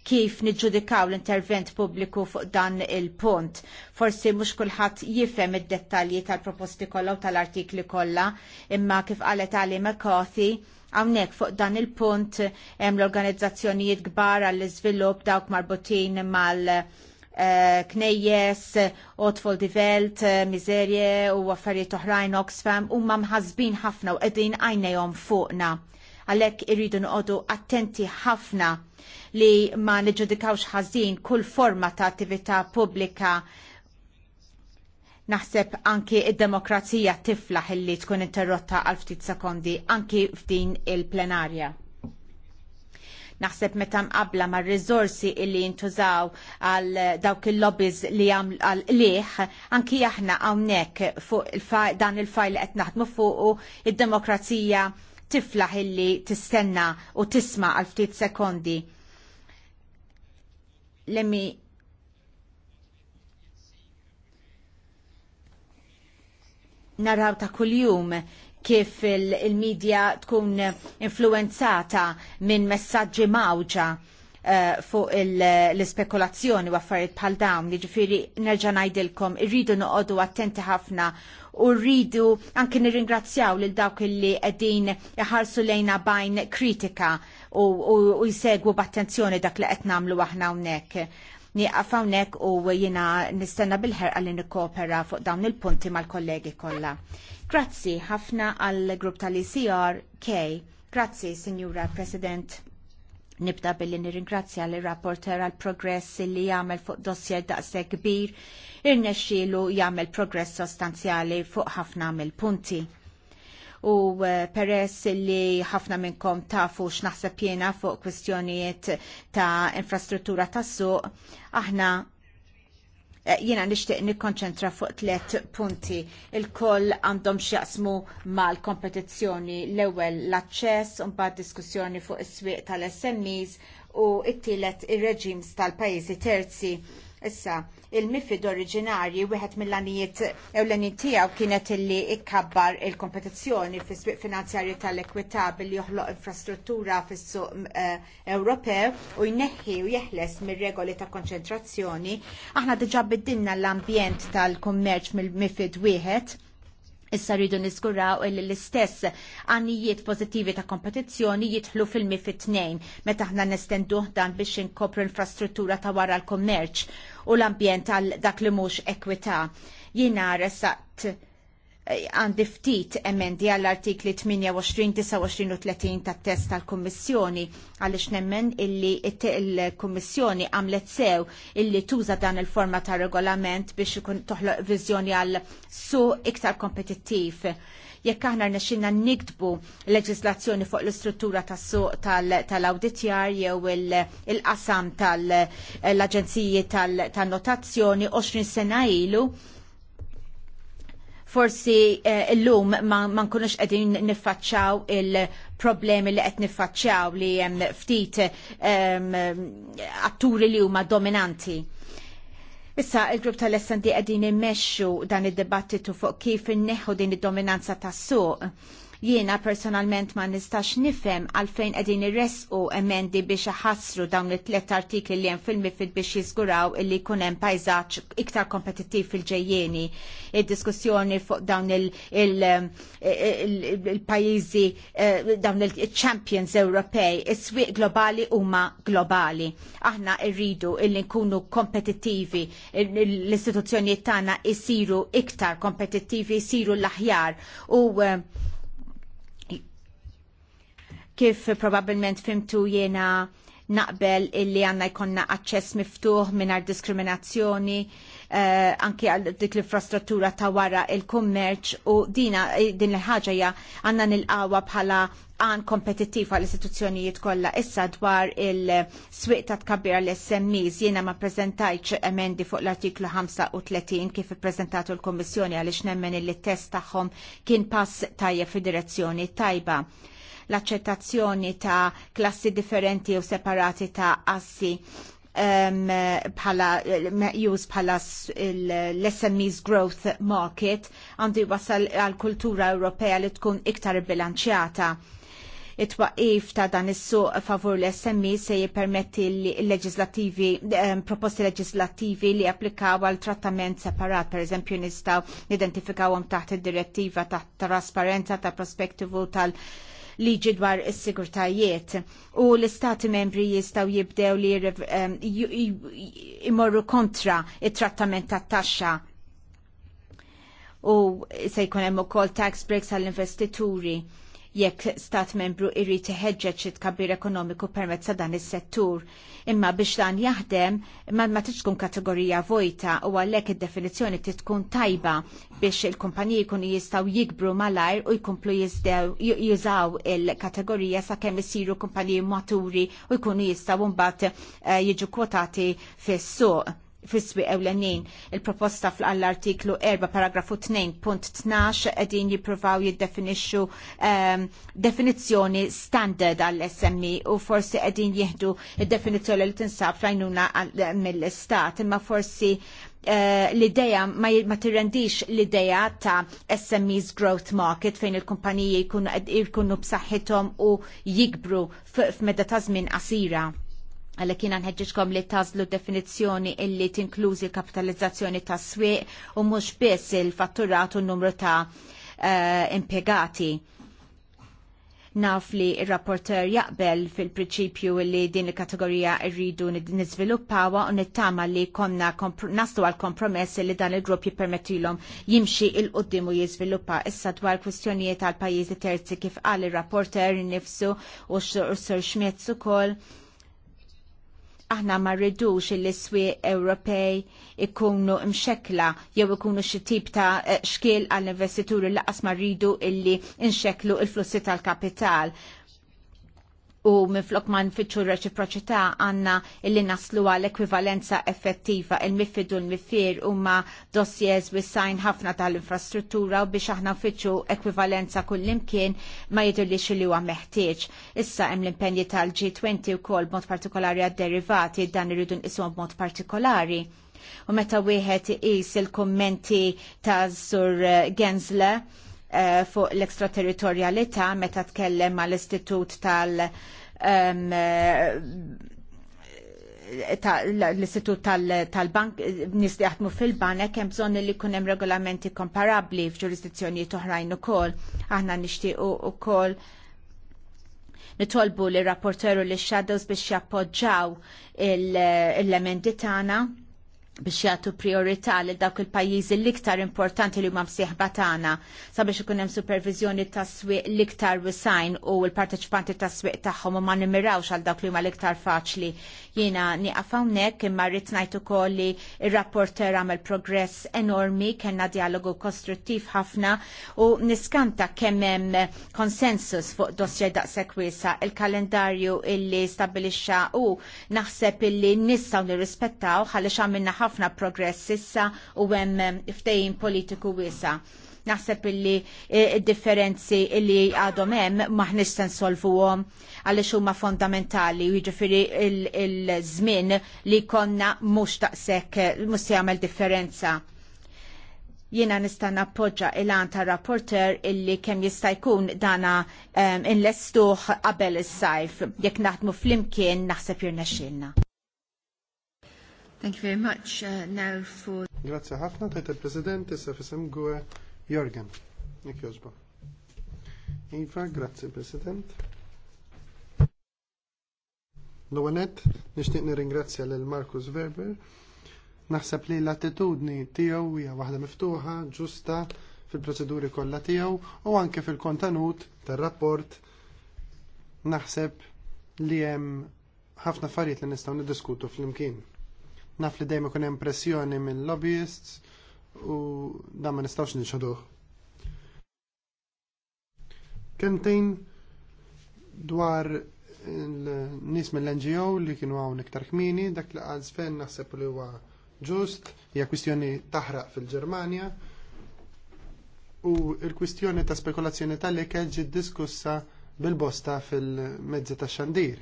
kif niġġudikaw l-intervent pubbliku fuq dan il-punt. Forsi mhux kulħadd jifhem id-dettalji tal-proposti kollha u tal-artikli kollha, imma kif qalet Ali McCarthy, Hawnhekk fuq dan il-punt hemm l-organizzazzjonijiet kbar għall-iżvilupp dawk marbutin mal eh, knejjes, Otfol Divelt, Welt, eh, Miserje u affarijiet oħrajn Oxfam huma mħazbin ħafna u qegħdin għajnejhom fuqna. Għalhekk irridu noqogħdu attenti ħafna li ma niġġudikawx ħażin kull forma ta' attività pubblika Naħseb anki id-demokrazija tiflaħ illi tkun interrotta għal ftit sekondi anki f'din il-plenarja. Naħseb meta mqabla ma' rizorsi illi jintużaw għal dawk il-lobbies li għam għal liħ, anki aħna hawnhekk fuq dan il-fajl qed naħdmu fuq id-demokrazija tiflaħ illi tistenna u tisma' għal ftit sekondi. Lemmi naraw ta' kuljum kif il-medja il tkun influenzata minn messaġġi mawġa eh, fuq l-spekulazzjoni u affarijiet bħal dawn, jiġifieri nerġa' ngħidilkom irridu noqogħdu attenti ħafna u rridu anke nirringrazzjaw lil dawk illi qegħdin iħarsu lejna bajn kritika u, u, u jsegwu b'attenzjoni dak li qed nagħmlu aħna hawnhekk nieqaf hawnhekk u jiena nistenna bil-ħerqa li nikkopera fuq dawn il-punti mal-kollegi kollha. Grazzi ħafna għall grupp tal-ICR K. Grazzi, Signora President. Nibda billi nirringrazzja l rapporter għal progress li jagħmel fuq dossier daqshekk kbir, irnexxielu jagħmel progress sostanzjali fuq ħafna mill-punti u eh, peress li ħafna minnkom tafu x'naħseb jiena fuq kwistjonijiet ta' infrastruttura tas-suq, aħna eh, jiena nixtieq nikkonċentra fuq tliet punti. Il-koll għandhom x'jaqsmu mal-kompetizzjoni l-ewwel l-aċċess u mbagħad diskussjoni fuq is-swieq tal-SMEs u t tielet ir-reġims tal-pajjiżi terzi Issa, il-mifid oriġinarji wieħed mill-għanijiet ewlenin tiegħu kienet illi ikkabbar il-kompetizzjoni fis swieq finanzjarji tal-ekwità billi joħloq infrastruttura fis-suq eh, Ewropew u jneħħi u jeħles mir-regoli ta' konċentrazzjoni. Aħna diġà biddinna l-ambjent tal-kummerċ mill-mifid wieħed Issa rridu niskuraw li l-istess għannijiet pozittivi ta' kompetizzjoni jitħlu fil-mifid tnejn meta aħna nestenduh dan biex inkopru infrastruttura ta' wara l-kommerċ u l-ambjent għal dak li mhux ekwità. Jina ressaqt għandi ftit emendi għall-artikli 28, 29 u 30 tat test tal-Kummissjoni għaliex nemmen illi il-Kummissjoni għamlet sew illi tuża dan il-forma ta' regolament biex ikun toħloq viżjoni għal su iktar kompetittiv jekk aħna rnexxinna nikdbu leġislazzjoni fuq l-istruttura tas-suq tal-awditjar jew il-qasam tal-aġenziji tan-notazzjoni 20 sena ilu forsi eh, l-lum ma nkunux qegħdin niffaċċaw il-problemi li qed niffaċċaw li hemm ftit ehm, atturi li huma dominanti. Issa il-grupp tal-SND qegħdin immexxu dan id-dibattitu fuq kif inneħħu din id-dominanza tas-suq Jiena personalment ma nistax nifhem għalfejn qegħdin irresqu emendi biex ħassru dawn it-tlet artikli li hemm fil-mifid biex jiżguraw illi jkun hemm pajzaġġ iktar kompetittiv fil-ġejjeni. Id-diskussjoni fuq dawn il-pajjiżi eh, dawn il-champions Ewropej, is-swieq globali huma globali. Aħna rridu illi nkunu kompetittivi, l-istituzzjonijiet tagħna jsiru iktar kompetittivi, jsiru l-aħjar u eh, Kif probabilment fimtu jena naqbel illi għanna jkonna aċċess miftuħ minar diskriminazzjoni eh, anki għal dik l-infrastruttura ta' wara il-kummerċ u dina eh, din l-ħaġa ja għanna nil-qawa bħala għan kompetittiv għal istituzzjonijiet kollha issa dwar il-swiq ta' tkabbir l smis jiena ma prezentajċ emendi fuq l-artiklu 35 kif ippreżentatu l-Kommissjoni għaliex nemmen il-test tagħhom kien pass tajjeb fi direzzjoni tajba l-accettazzjoni ta' klassi differenti u separati ta' assi bħala meqjus bħala l-SMEs Growth Market għandu wasal għal kultura Ewropea li tkun iktar bilanċjata. It-twaqif ta' dan is-suq favur l-SMI se jippermetti l-leġislativi, proposti leġislativi li applikaw għal trattament separat, per eżempju nistaw identifikawhom taħt id-direttiva taħt trasparenza ta' prospektivu tal- liġi dwar is-sigurtajiet u l-istati membri jistgħu jibdew li imorru kontra it-trattament tat-taxxa u se jkun hemm ukoll tax breaks għall-investituri jekk stat membru irrid iħeġġeġ it-kabbir ekonomiku permezz ta' dan is-settur. Imma biex dan jaħdem ma ma tkun kategorija vojta u għalhekk id-definizzjoni tkun tajba biex il-kumpaniji jkunu jistgħu jikbru malajr u jkomplu jużaw il-kategorija sakemm isiru kumpaniji maturi u jkunu jistgħu mbagħad eh, jiġu kwotati fis-suq fiswi ewlenin il-proposta fl-artiklu 4 paragrafu 2.12 edin jipruvaw jiddefinixxu um, ehm, definizjoni standard għall-SMI e u forsi edin jihdu id-definizjoni li tinsab fl-għajnuna eh, mill-istat imma forsi Uh, l-ideja ma, ma tirrendix l-ideja ta' SMEs Growth Market fejn il-kumpaniji jkunu b'saħħithom u jikbru f'medda ta' żmien qasira Għalli jina nħedġiġkom li tazlu definizjoni illi tinklużi l-kapitalizzazzjoni ta' swieq u mux biss il-fatturat u numru ta' uh, impiegati. Naf li il-rapporter jaqbel fil-prinċipju li din il-kategorija irridu nizviluppawa u nittama li konna naslu għal kompromess li dan il-grupp jipermettilom jimxi il-qoddim u jizviluppa issa dwar kwistjonijiet għal pajjiżi terzi kif għal il-rapporter nifsu u s-sur xmietz ukoll aħna ma rridux il iswie Ewropej ikunu mxekla jew ikunu xi tip ta' eh, xkiel għall investituri laqas ma rridu illi nxeklu il-flussi tal-kapital u minflok ma nfittxu reċiproċità għanna illi naslu għal ekwivalenza effettiva il mifidu l-mifir u ma dossiers wissajn ħafna tal-infrastruttura u biex aħna nfittxu ekwivalenza kullimkien ma jidu li xilli huwa meħtieġ. Issa hemm l-impenji tal-G20 u kol mod partikolari għad-derivati dan irridu nqisu mod partikolari. U meta wieħed iqis il-kommenti ta' Sur Gensler, eh, fuq l ekstraterritorialità meta tkellem mal istitut tal- Eh, l-istitut tal-bank nis fil-banek hemm bżonn li jkun hemm regolamenti komparabbli f'ġurisdizzjonijiet oħrajn ukoll. Aħna nixtiequ ukoll nitolbu li rapporteru li shadows biex jappoġġaw l-emendi tagħna biex jagħtu priorità li dawk il-pajjiżi l-iktar importanti li huma msieħba tagħna sabiex ikun hemm supervizjoni taswiq swieq l-iktar wisajn u l-parteċipanti tas-swieq tagħhom ma nimmirawx għal dawk li huma l-iktar faċli. Jiena nieqaf hawnhekk imma rrid ngħid ukoll li r-rapporter għamel progress enormi, kellna dialogu kostruttiv ħafna u niskanta kemm hemm konsensus fuq dossier daqshekk wiesa il-kalendarju illi stabbilixxa u naħseb illi nistgħu nirrispettaw ħalli x'għamilna ħafna ħafna progress issa u hemm ftehim politiku wiesa' naħseb illi e, differenzi illi għadhom hemm maħniex se nsolvuhom għaliex huma fondamentali u jiġifieri il-żmien li konna mhux taqshekk mhux se jagħmel differenza. Jiena nista' nappoġġa il-għan ta' rapporter illi kemm jista' jkun dana um, inlestuħ qabel is-sajf jekk naħdmu flimkien naħseb jirnexxilna. Thank you very much uh, now for... Grazie ħafna, tajt il-President, issa fissam għu Jorgen. Nik jozba. Iva, grazie President. L-għanet, nishtiq nir-ingrazzja l-Markus Weber. Naħseb li l-attitudni tijaw hija waħda miftuħa, ġusta, fil-proċeduri kollha tiegħu u anke fil-kontenut tar-rapport naħseb li hemm ħafna affarijiet li nistgħu niddiskutu flimkien. Naf li dejjem ikun hemm pressjoni minn lobbyists u dan ma nistgħux nixħduh. Kentejn dwar il-nis mill-NGO li kienu għaw iktar kmini, dak li għal sfen naħseb li huwa ġust, hija kwistjoni taħraq fil-Ġermanja. U il-kwistjoni ta' spekulazzjoni tal-ikel ġi diskussa bil-bosta fil-mezzi ta' xandir.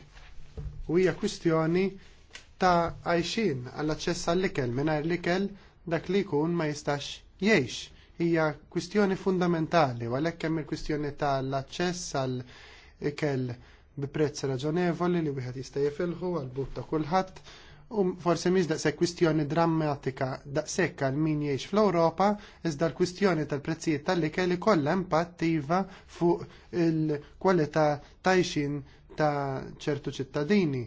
U hija kwistjoni ta' għajxin għall-aċċess għall-ikel mingħajr l-ikel dak li jkun ma jistax jgħix. Hija kwistjoni fundamentali u għalhekk hemm il-kwistjoni tal-aċċess għall-ikel bi prezz raġonevoli li wieħed jista' jifilħu għall-but ta' kulħadd u forsi forse miex daqseg kwistjoni drammatika daqshekk għal min jiex fl ewropa iżda l-kwistjoni tal-prezzijiet tal ikel ikollha impattiva fuq il-kwalità tajxin ta' ċertu ċittadini.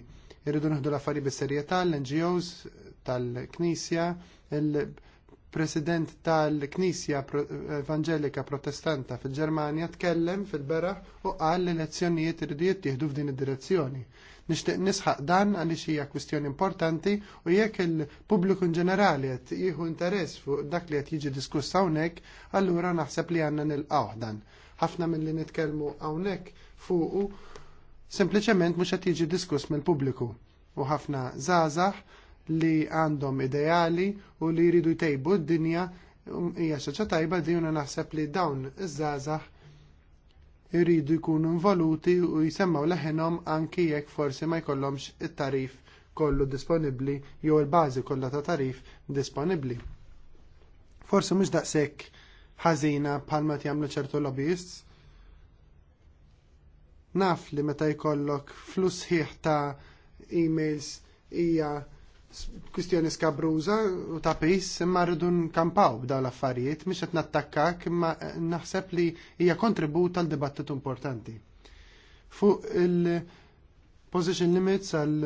Irridu nħdu l-affari bis-serjetà l-NGOs tal-Knisja, il-President tal-Knisja Evangelika Protestanta fil-Ġermanja tkellem fil-beraħ u qal l-elezzjonijiet irridu jittieħdu f'din id-direzzjoni. Nixtieq nisħaq dan għaliex hija kwistjoni importanti u jekk il-pubbliku in ġenerali qed jieħu interess fuq dak li qed jiġi diskuss hawnhekk, allura naħseb li għandna nilqgħu dan. Ħafna milli nitkellmu hawnhekk fuqu sempliċement mhux qed jiġi diskuss mill-pubbliku u ħafna żgħażagħ li għandhom ideali u li jridu jtejbu d-dinja um, hija xaċa tajba di naħseb li dawn iż-żgħażagħ jridu jkunu involuti u jisemmaw leħenom anki jekk forsi ma jkollhomx it-tarif kollu disponibbli jew il-bażi kollha ta' tarif disponibbli. Forsi mhux daqshekk ħażina bħalma jagħmlu ċertu lobbyists, Naf li meta jkollok flus ħieħ ta' emails hija kwistjoni skabruża u ta' pis imma rridu nkampaw b'dawn l-affarijiet mhix qed nattakkak imma naħseb li hija kontribut għal dibattitu importanti. Fuq il- Position limits għal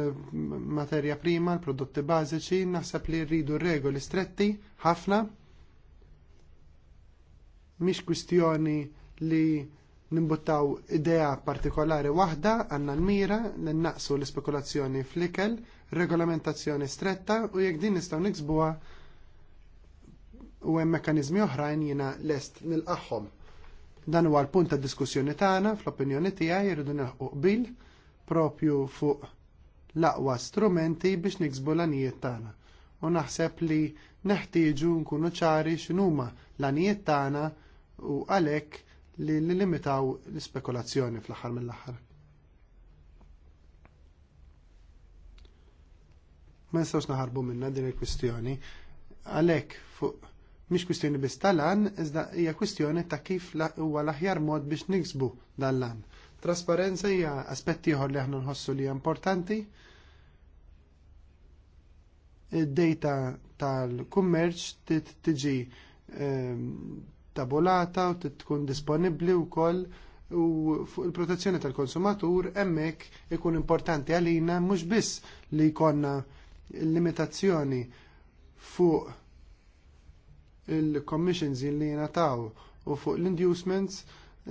materja prima, l prodotti bażiċi, naħseb li rridu regoli stretti, ħafna. Mhix kwistjoni li nimbuttaw idea partikolari waħda għanna l-mira li naqsu l-spekulazzjoni fl-ikel, regolamentazzjoni stretta u jekk din nistgħu niksbuha u hemm mekkaniżmi oħrajn jiena lest nilqaħħom. Dan huwa l-punt tad diskussjoni tagħna fl-opinjoni tiegħi jridu nilħqu qbil propju fuq l-aqwa strumenti biex niksbu l-anijiet tagħna. U naħseb li neħtieġu nkunu ċari x'inhuma l-anijiet tagħna u għalhekk li limitaw l-spekulazzjoni fl-aħħar mill-aħħar. Ma nistawx naħarbu minna din il-kwistjoni għalhekk fuq mhix kwistjoni biss tal an iżda hija kwistjoni ta' kif huwa l-aħjar mod biex niksbu dan l Trasparenza hija aspetti ieħor li aħna nħossu li hija importanti. Id-data tal-kummerċ tiġi ehm, tabulata u tkun disponibbli wkoll u fuq il-protezzjoni tal-konsumatur hemmhekk ikun importanti għalina mhux biss li jkollna limitazzjoni fuq il-commissions li jingħataw u fuq l-inducements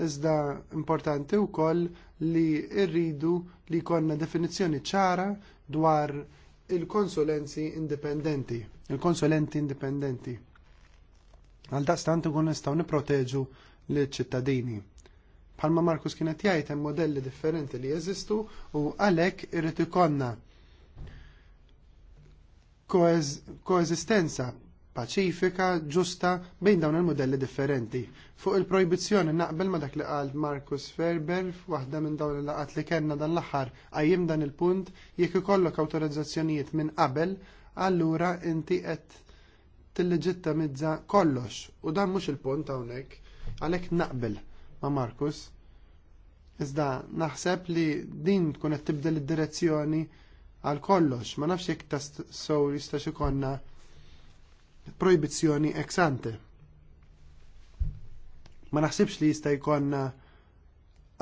iżda importanti wkoll li rridu li jkollna definizzjoni ċara dwar il-konsulenzi indipendenti, il-konsulenti indipendenti. Għal daqstant ikun nistgħu nipproteġu lill-ċittadini. Bħalma Markus kienet jgħid hemm modelli differenti li jeżistu u għalhekk irid ikollna koeżistenza paċifika, ġusta bejn dawn il-modelli differenti. Fuq il-projbizzjoni naqbel ma dak li qal Markus Ferber waħda minn dawn il-laqat li kellna dan l-aħħar qajjim dan il-punt jekk ikollok awtorizzazzjonijiet minn qabel, allura inti qed tilleġittamizza kollox u dan mhux il-punt hawnhekk għalhekk naqbel ma' Markus. Iżda naħseb li din tkun qed tibdel id-direzzjoni għal kollox, ma nafx jekk sew jistax ikonna proibizzjoni ex ante. Ma naħsibx li jista' jkollna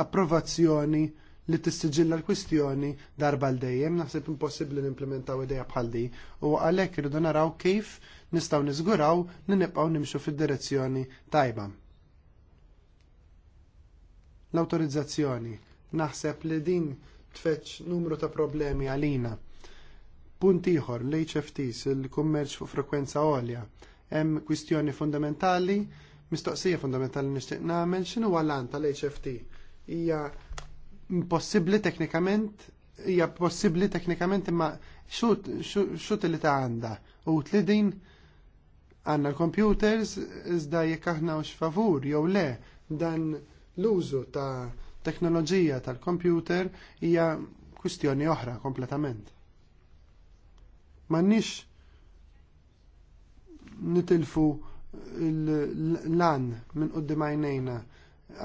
approvazzjoni li tistiġilla l-kwistjoni darba l-dejjem, naħseb impossibbli nimplementaw ideja bħal di, u għalhekk irridu naraw kif nistgħu niżguraw li nibqgħu nimxu fid-direzzjoni tajba. L-awtorizzazzjoni. Naħseb li din tfetx numru ta' problemi għalina. Punt ieħor l-HFTs, il-kummerċ fuq frekwenza għolja. Hemm kwistjoni fundamentali, mistoqsija fundamentali nixtieq nagħmel x'inhu għall-għan tal-HFT. Hija impossibbli teknikament hija possibbli teknikament imma xut li ta' għandha. U tlidin għandna l-computers iżda jekk aħna u favur jew le dan l-użu ta' teknoloġija tal-computer hija kwistjoni oħra kompletament. nix nitilfu l-lan minn qudiem għajnejna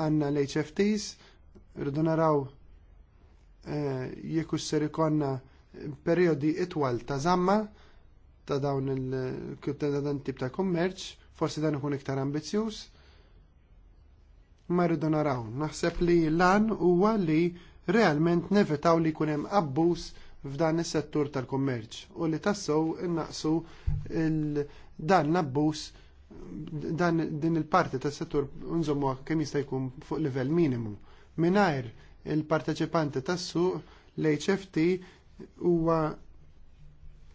għandna l-HFTs Rridu naraw eh, jekk ser ikonna periodi itwal ta' zamma ta' dawn il-tip ta' kummerċ, forsi dan ikun iktar ambizzjuż. Ma rridu naraw, naħseb li lan huwa li realment nevitaw li jkun hemm abbuż f'dan is-settur tal-kummerċ u li tassew innaqsu dan l-abbuż dan din il-parti tas settur nżommu kemm jista' jkun fuq livell minimu. Mingħajr il-parteċipanti tas-suq l-HFT huwa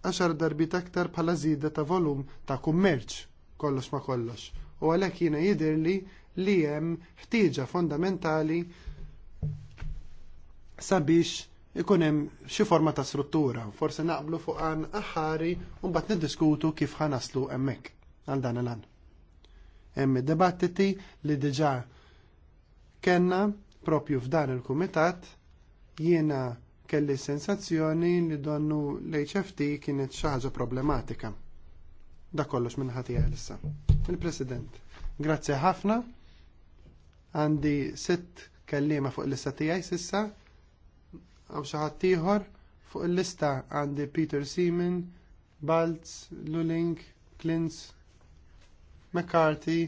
għaxar darbit aktar bħala żieda ta' volum ta' kummerċ kollox ma kollox. U għalhekk jiena jidhirli li hemm ħtieġa fondamentali sabiex ikun hemm xi forma ta' struttura, forsi naqblu fuq għan aħħari u mbagħad niddiskutu kif ħanaslu hemmhekk għal dan l-għan. Hemm dibattiti li diġà kellna propju f'dan il-kumitat jiena kelli sensazzjoni li donnu l-HFT kienet xi ħaġa problematika. Da kollox minn ħatija issa. Il-President, grazzi ħafna. Għandi sitt kellima fuq l-lista tiegħi sissa. Għaw xi ħadd ieħor fuq il-lista għandi Peter Seaman, Baltz, Luling, Klintz, McCarthy,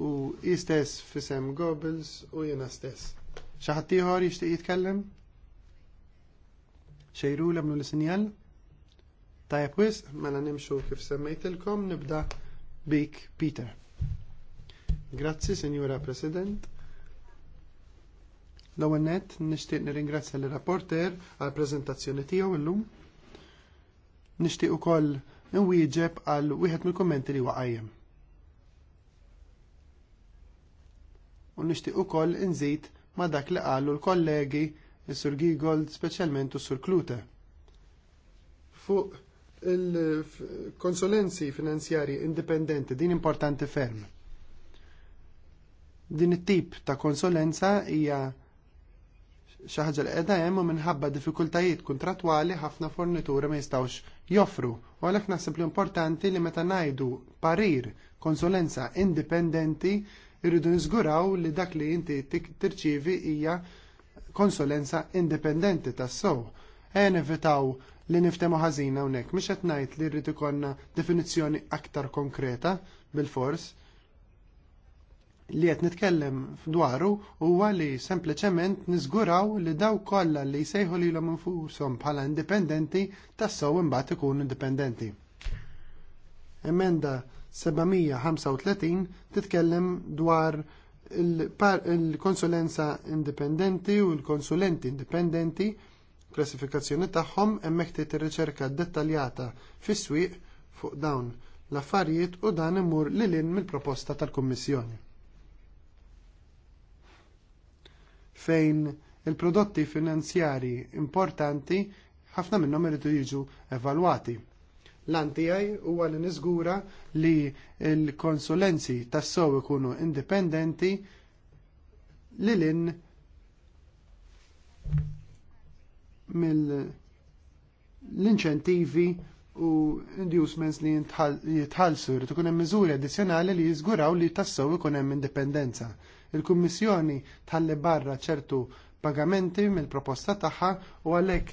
u istess fisem Goebbels u jena stess. ħadd ieħor jixtieq jitkellem? Xejru l-għamlu l-sinjal? Tajab wis, mela nimxu kif semmejtilkom, nibda bik Peter. Grazzi, senjura President. L-ewwel nett nixtieq nirringrazzja l-rapporter għall preżentazzjoni tiegħu llum. Nixtieq ukoll nwieġeb għal wieħed mill-kummenti li waqajjem u nixtieq ukoll inżid ma' dak li qalu l-kollegi is-Sur Gigold speċjalment u s-Sur Klute. Fuq il-konsulenzi finanzjarji indipendenti din importanti ferm. Din it-tip ta' konsulenza hija xi ħaġa li qiegħda hemm u minħabba diffikultajiet kuntrattwali ħafna fornituri ma jistgħux joffru. U għalhekk naħseb li importanti li meta ngħidu parir konsulenza indipendenti irridu niżguraw li dak li inti tirċievi hija konsulenza indipendenti tas-sow. E nevitaw li niftemu ħażina hawnhekk. mhux qed ngħid li rridu ikollna definizzjoni aktar konkreta bil-fors li qed nitkellem dwaru huwa li sempliċement niżguraw li daw kollha li jsejħu lilhom infushom bħala indipendenti tassew imbagħad ikunu indipendenti. Emenda 735 titkellem dwar il-konsulenza indipendenti u l-konsulenti indipendenti, klassifikazzjoni tagħhom hemmhekk trid ir-riċerka dettaljata fis-swieq fuq dawn l-affarijiet u dan imur lil hinn mill-proposta tal-Kummissjoni. Fejn il-prodotti finanzjarji importanti ħafna minnhom iridu jiġu evalwati L-antijaj huwa li niżgura li l-konsulenzi tas ikunu indipendenti li l-in mill-inċentivi u inducements li jitħallsu jrid ikun hemm miżuri addizzjonali li jiżguraw li tassew ikun hemm indipendenza. Il-Kummissjoni tħalli barra ċertu pagamenti mill-proposta tagħha u għalhekk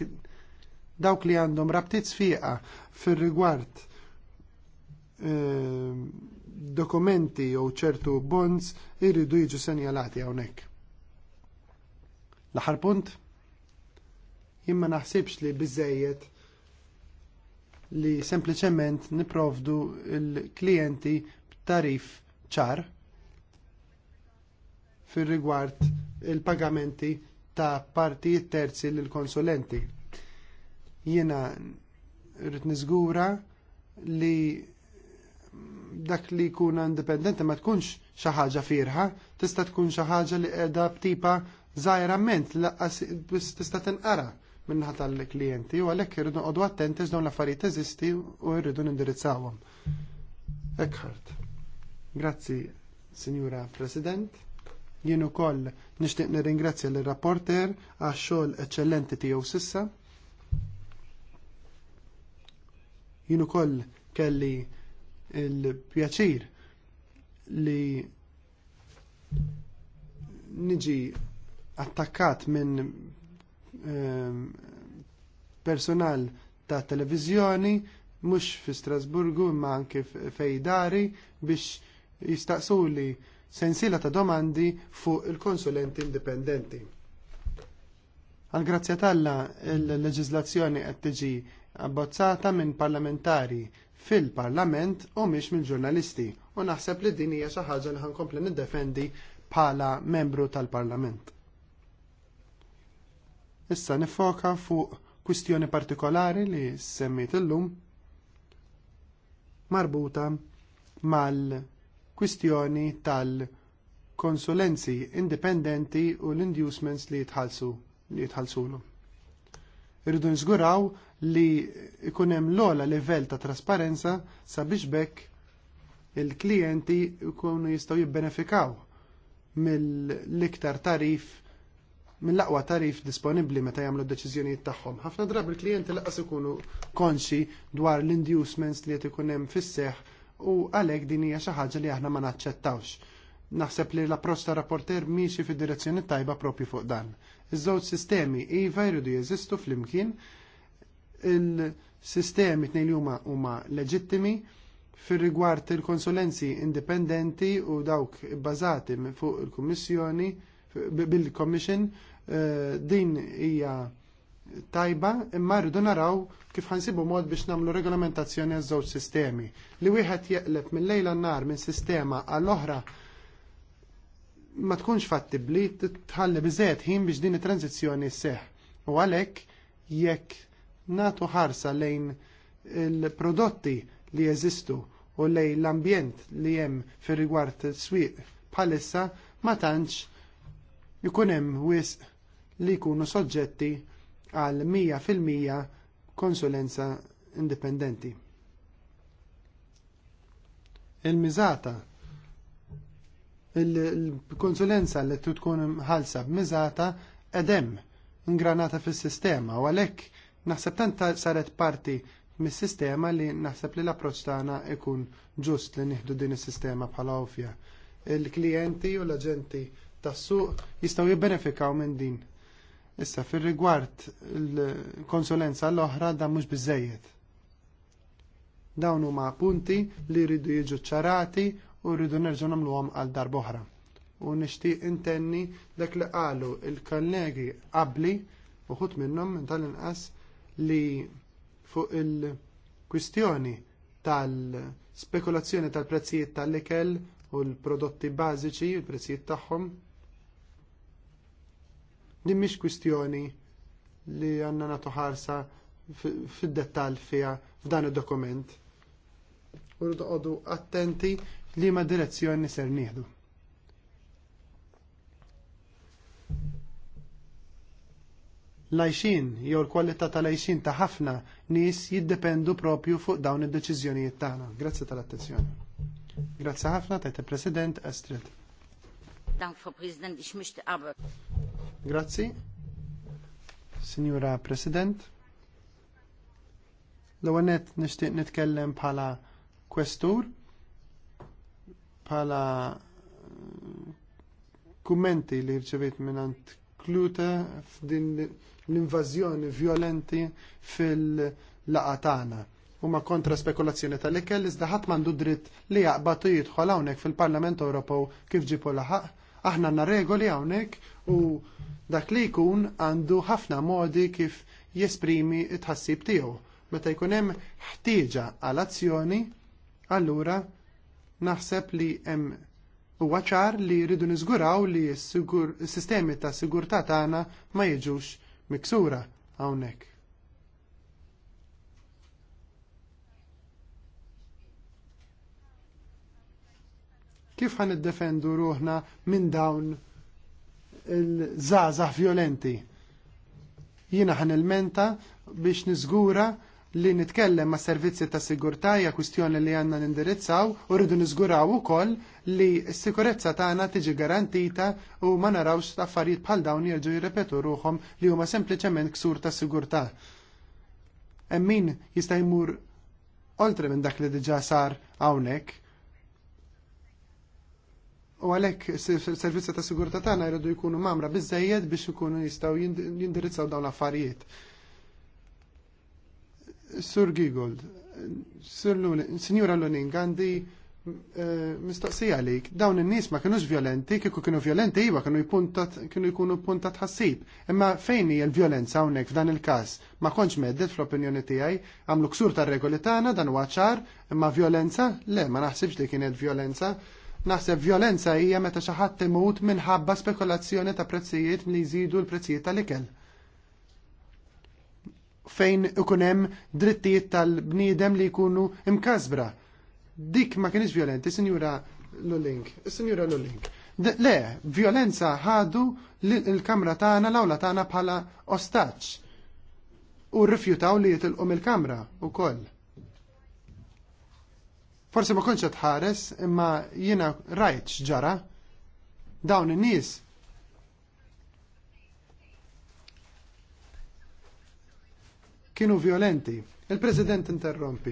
dawk li għandhom rabtiet sfiqa fir-rigward eh, dokumenti jew ċertu bonds irridu jiġu senjalati hawnhekk. L-aħħar punt ma naħsibx li biżejjed li sempliċement niprovdu l-klijenti b'tarif ċar fir rigward il-pagamenti ta' partijiet terzi lill konsulenti Jiena rrid niżgura li dak li kuna indipendenti ma tkunx xi ħaġa firħa, tista' tkun xi ħaġa li qiegħda btipa żgħirament tista' tinqara minnaħat tal-klijenti u għalhekk irridu għodu attenti x'dawn l-affarijiet eżisti u rridu nindirizzawhom. Eckhart. Grazzi, Signora President. Jien ukoll nixtieq nirringrazzja lir rapporter għax xogħol eċċellenti tiegħu sissa. Jien ukoll kelli il-pjaċir li niġi attakkat minn ehm, personal ta' televizjoni mhux fi Strasburgu imma anke fej dari biex jistaqsuli sensiela ta' domandi fuq il-konsulenti indipendenti. Għal grazzja talla l-leġizlazzjoni qed tiġi abbozzata minn parlamentari fil-parlament u mhix minn ġurnalisti u naħseb li din hija xi ħaġa li ħankompli niddefendi bħala membru tal-parlament. Issa nifoka fuq kwistjoni partikolari li semmit illum marbuta mal-kwistjoni tal-konsulenzi indipendenti u l-inducements li jitħallsu li jitħallsulhom. Irridu nżguraw li ikunem hemm l-ola livell ta' trasparenza sabiex bekk il-klijenti ikunu jistgħu jibbenefikaw mill-iktar tarif mill-aqwa tarif disponibbli meta jagħmlu d-deċiżjonijiet tagħhom. Ħafna drabi il-klijenti laqas ikunu konxi dwar l-inducements li qed ikun hemm fis-seħħ u għalhekk din hija xi ħaġa li aħna ma naċċettawx. Naħseb li l-approċċ ta' rapporter miexi fid-direzzjoni tajba propju fuq dan. Iż-żewġ sistemi iva jridu jeżistu flimkien il-sistemi tnejn li huma huma leġittimi fir rigward il-konsulenzi indipendenti u dawk bbażati fuq il-Kummissjoni bil-Commission eh, din hija tajba imma rridu naraw kif ħansibu mod biex nagħmlu regolamentazzjoni għaż-żewġ sistemi. Li wieħed jeqleb mill-lejla nar minn sistema għall-oħra ma tkunx fattibli tħalli biżet ħin biex din it-tranzizzjoni seħ. U għalhekk jekk natu ħarsa lejn il-prodotti li jeżistu u lejn l-ambjent li hemm fir-rigward swieq bħalissa ma tantx ikun hemm wisq li jkunu soġġetti għal 100% konsulenza indipendenti. Il-miżata il-konsulenza li tu tkun ħalsa b'miżata edem ingranata fis-sistema u għalhekk naħseb tanta saret parti mis-sistema li naħseb li l-approċċ tagħna ikun ġust li nieħdu din is-sistema bħala ovvja. Il-klijenti u l-aġenti tas-suq jistgħu jibbenefikaw minn din. Issa fir-rigward il-konsulenza l-oħra dan mhux biżejjed. Dawn huma punti li jridu jiġu ċarati u rridu nerġgħu nagħmluhom għal darb'oħra. U nixtieq intenni dak li qalu l kollegi qabli uħut minnhom minn tal-inqas li fuq il-kwistjoni tal-spekulazzjoni tal-prezzijiet tal-ikel u l-prodotti bażiċi, l prezzijiet tagħhom. Din mhix kwistjoni li għandna nagħtu ħarsa fid-dettall fiha f'dan id-dokument. U rridu attenti li ma direzzjoni ser nieħdu. Lajxin jew l-kwalità tal-lajxin ta' ħafna nies jiddependu propju fuq dawn id-deċiżjonijiet tagħna. Grazzi tal-attenzjoni. Grazzi ħafna tajt il-President Astrid. Dank, fuq President, ich möchte Grazzi. Signora President. L-għanet nishtiq nitkellem bħala kwestur pala mm, kummenti li rċevit minnant Klute f'din l-invażjoni violenti fil-laqatana. Huma kontra spekulazzjoni tal-ikel iżda ħadd m'għandu dritt li jaqbatu jidħol hawnhekk fil-Parlament Ewropew kif ġipu laħaq. Aħna għandna regoli hawnhekk u dak li jkun għandu ħafna modi kif jesprimi t tħassib tiegħu. Meta jkun hemm ħtieġa għal azzjoni, allura naħseb li hemm huwa ċar li rridu niżguraw li s-sistemi ta' sigurtà tagħna ma jiġux miksura hawnhekk. Kif ħan iddefendu ruħna minn dawn il-żgħażagħ violenti? Jiena ħan il-menta biex niżgura li nitkellem ma' servizzi ta' sigurtà hija kwistjoni li għandna nindirizzaw u rridu niżguraw ukoll li s-sikurezza tagħna tiġi garantita u ma narawx affarijiet bħal dawn jerġgħu jirrepetu ruhom li huma sempliċement ksur ta' sigurtà. Emmin min jista' jmur oltre minn dak li diġà sar hawnhekk. U għalhekk servizzi ta' sigurtà tagħna jridu jkunu mamra biżejjed biex ikunu jistgħu jindirizzaw dawn l-affarijiet. Sur Gigold, Sinjura Lunin, għandi eh, mistoqsija għalik, dawn in-nies ma kinux violenti, kieku kienu violenti iwa kienu kienu jkunu punta tħassib. Imma fejn hija l-vjolenza hawnhekk f'dan il-każ? Ma kontx meddet fl-opinjoni tiegħi, għamlu ksur tar-regoli tagħna dan huwa ċar, imma violenza? Le, ma naħsibx li kienet violenza. Naħseb violenza hija meta xi ħadd imut minħabba spekulazzjoni ta' prezzijiet li jżidu l-prezzijiet tal-ikel fejn ikun hemm drittijiet tal-bniedem li jkunu imkazbra. Dik ma kienx violenti, sinjura Lulling. Sinjura Lulling. Le, violenza ħadu l-kamra tagħna l-awla tagħna bħala ostaġġ. U rrifjutaw li jitilqu mill-kamra wkoll. Forse ma kontx ħares imma jiena rajt x'ġara. Dawn in-nies kienu violenti. Il-President interrompi.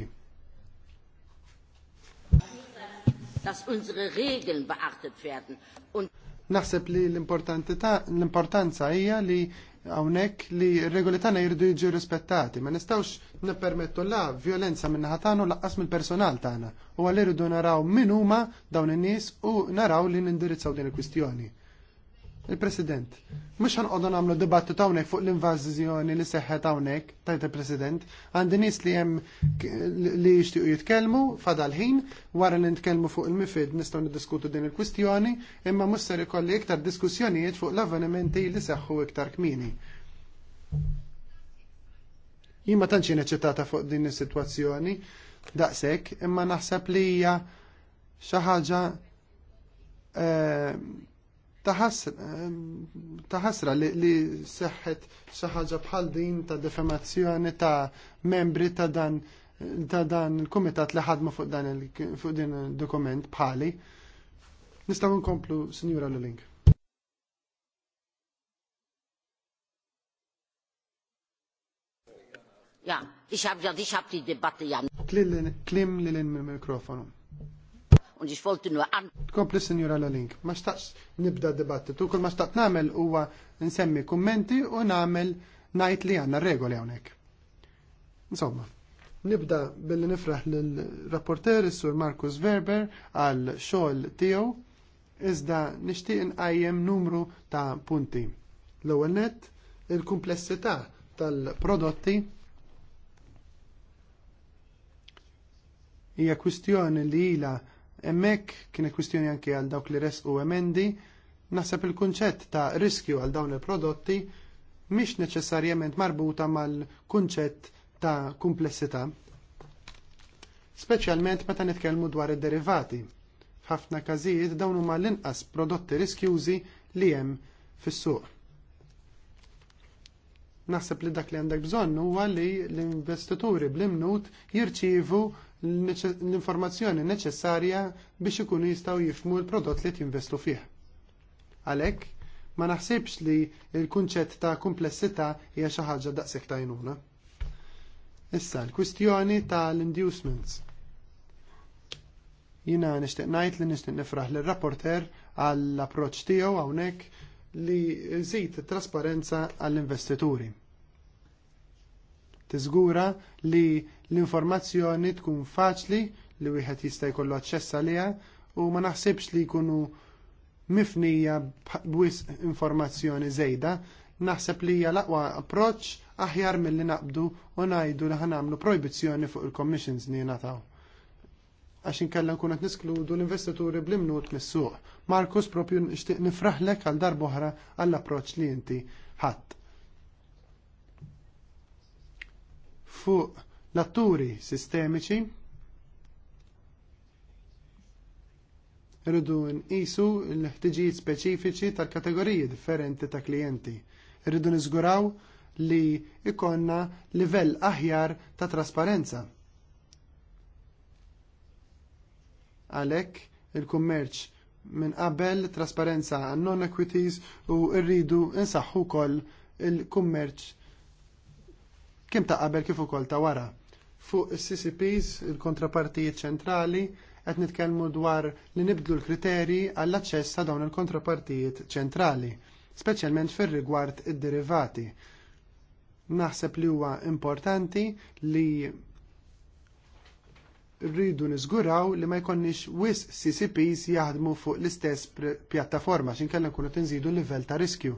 Dass unsere Regeln beachtet werden. Naħseb li l-importanza hija li hawnhekk li r-regoli tagħna jirdu jiġu rispettati. Ma nistgħux nippermettu la violenza minn naħa tagħna laqqas mill-personal tagħna. U għal irridu naraw min huma dawn in-nies u naraw li nindirizzaw din il-kwistjoni. Il-President, mux ħanqodu namlu dibattu tawnek fuq l-invażjoni li seħħet tawnek, tajt il-President, għandi nis li jem li jishtiqu jitkelmu, fadal ħin, wara li nitkelmu fuq il-mifid nistaw diskutu din il-kwistjoni, imma mux ser ikolli iktar diskussjonijiet fuq l-avvenimenti li seħħu iktar kmini. Jima tanċina ċittata fuq din is-sitwazzjoni, daqsek, imma naħseb li hija xi ħaġa eh, taħasra li, li seħħet xi ħaġa bħal din ta' defamazzjoni ta' membri ta' dan ta' dan il-kumitat li ħadmu fuq dan fuq din il-dokument bħali. Nistgħu nkomplu, signora Luling. Ja, ich hab ja, ich hab die Debatte ja. Klim lil mikrofonu und ich wollte Kompli Signora Lalink, ma staqs nibda Tu kol ma staqt namel huwa nsemmi kummenti u namel najt li għanna regoli għonek. Insomma, nibda billi nifraħ l-rapporter sur Markus Verber għal xogħol tiegħu iżda nixtieq nqajjem numru ta' punti. L-ewwel nett il-kumplessità tal-prodotti hija kwistjoni li ilha Emmek kienet kwistjoni anke għal dawk li resqu emendi, naħseb il-kunċett ta' riskju għal dawn il-prodotti mhix neċessarjament marbuta mal-kunċett ta' kumplessità. Speċjalment meta nitkellmu dwar id-derivati. F'ħafna każijiet dawn huma l-inqas prodotti riskjużi li hemm fis-suq naħseb li dak li għandek bżonn huwa li l-investituri bl-imnut jirċievu l-informazzjoni neċessarja biex ikunu jistgħu jifhmu l-prodott li tinvestu fih. Għalhekk, ma naħsibx li l-kunċett ta' kumplessità hija xi ħaġa daqshekk tajnuna. Issa, l-kwistjoni tal-inducements. Jina nixtieq ngħid li nixtieq nifraħ lir rapporter għall approċċ tiegħu hawnhekk li żid it trasparenza għall-investituri. Tiżgura li L-informazzjoni tkun faċli li wieħed jista' jkollu aċċess għaliha u ma naħsibx li jkunu mifnija b'wis informazzjoni żejda, naħseb li hija l-aqwa approċċ aħjar milli naqbdu u ngħidu li ħanamlu projbizzjoni fuq il-commissions li nataw. Għax inkella nkun qed niskludu l-investituri bl-imnut mis-suq. Markus propju nixtieq nifraħlek għal darbohra għall-approċċ li inti ħadd. Fuq Natturi sistemiċi irridu nqisu l-ħtiġijiet speċifiċi tal-kategoriji differenti ta' klijenti. Irridu niżguraw li ikonna livell aħjar ta' trasparenza. Għalhekk il-kummerċ minn qabel trasparenza għan non equities u rridu nsaħħu wkoll il-kummerċ kemm ta' qabel kif ukoll ta' wara. Fuq is-CCPs, il-kontrapartijiet ċentrali, qed nitkellmu dwar li nibdlu l-kriterji għall-aċċess ta' dawn il-kontrapartijiet ċentrali, speċjalment fir-rigward id-derivati. Naħseb li huwa importanti li rridu niżguraw li ma jkollniex wis CCPs jaħdmu fuq l-istess pjattaforma x'inkella nkunu tinżidu l-livell ta' riskju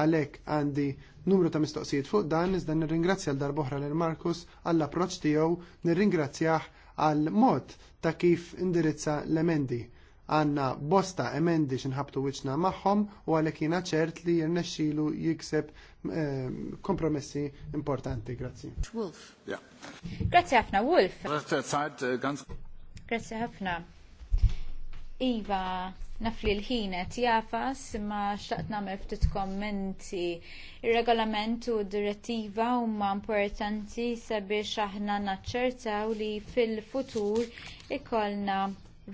għalek għandi numru ta' mistoqsijiet fuq dan iżda nirringrazzja l darboħra lil Markus għall approċ tiegħu, nirringrazzjah għal mod ta' kif indirizza l-emendi. Għanna bosta emendi xinħabtu wiċna maħħom u għalek jina ċert li jirnexxilu jikseb ehm, kompromessi importanti. Grazzi. Grazzi ħafna, Wolf. Grazzi eh, ħafna. Iva, naf li l-ħinet jafas ma xtaqt namel ftit kommenti. Ir-regolament u direttiva huma importanti sabiex aħna naċċertaw li fil-futur ikollna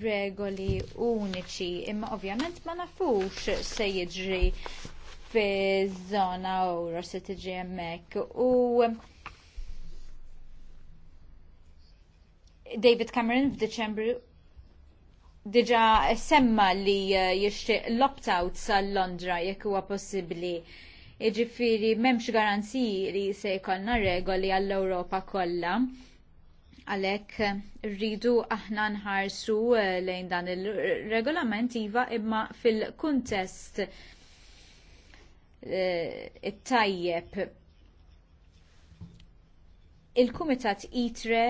regoli uniċi. Imma ovvjament ma nafux se jiġri fi żona ora se tiġi hemmhekk. U David Cameron f'Deċembru diġa semma li eh, jixtieq l-opt-out sal-Londra jekk huwa possibbli. Jiġifieri m'hemmx garanziji li se jkollna regoli għall-Ewropa kollha. Għalhekk eh, rridu aħna nħarsu eh, lejn dan il-regolament iva imma fil-kuntest it-tajjeb. Il-Kumitat ITRE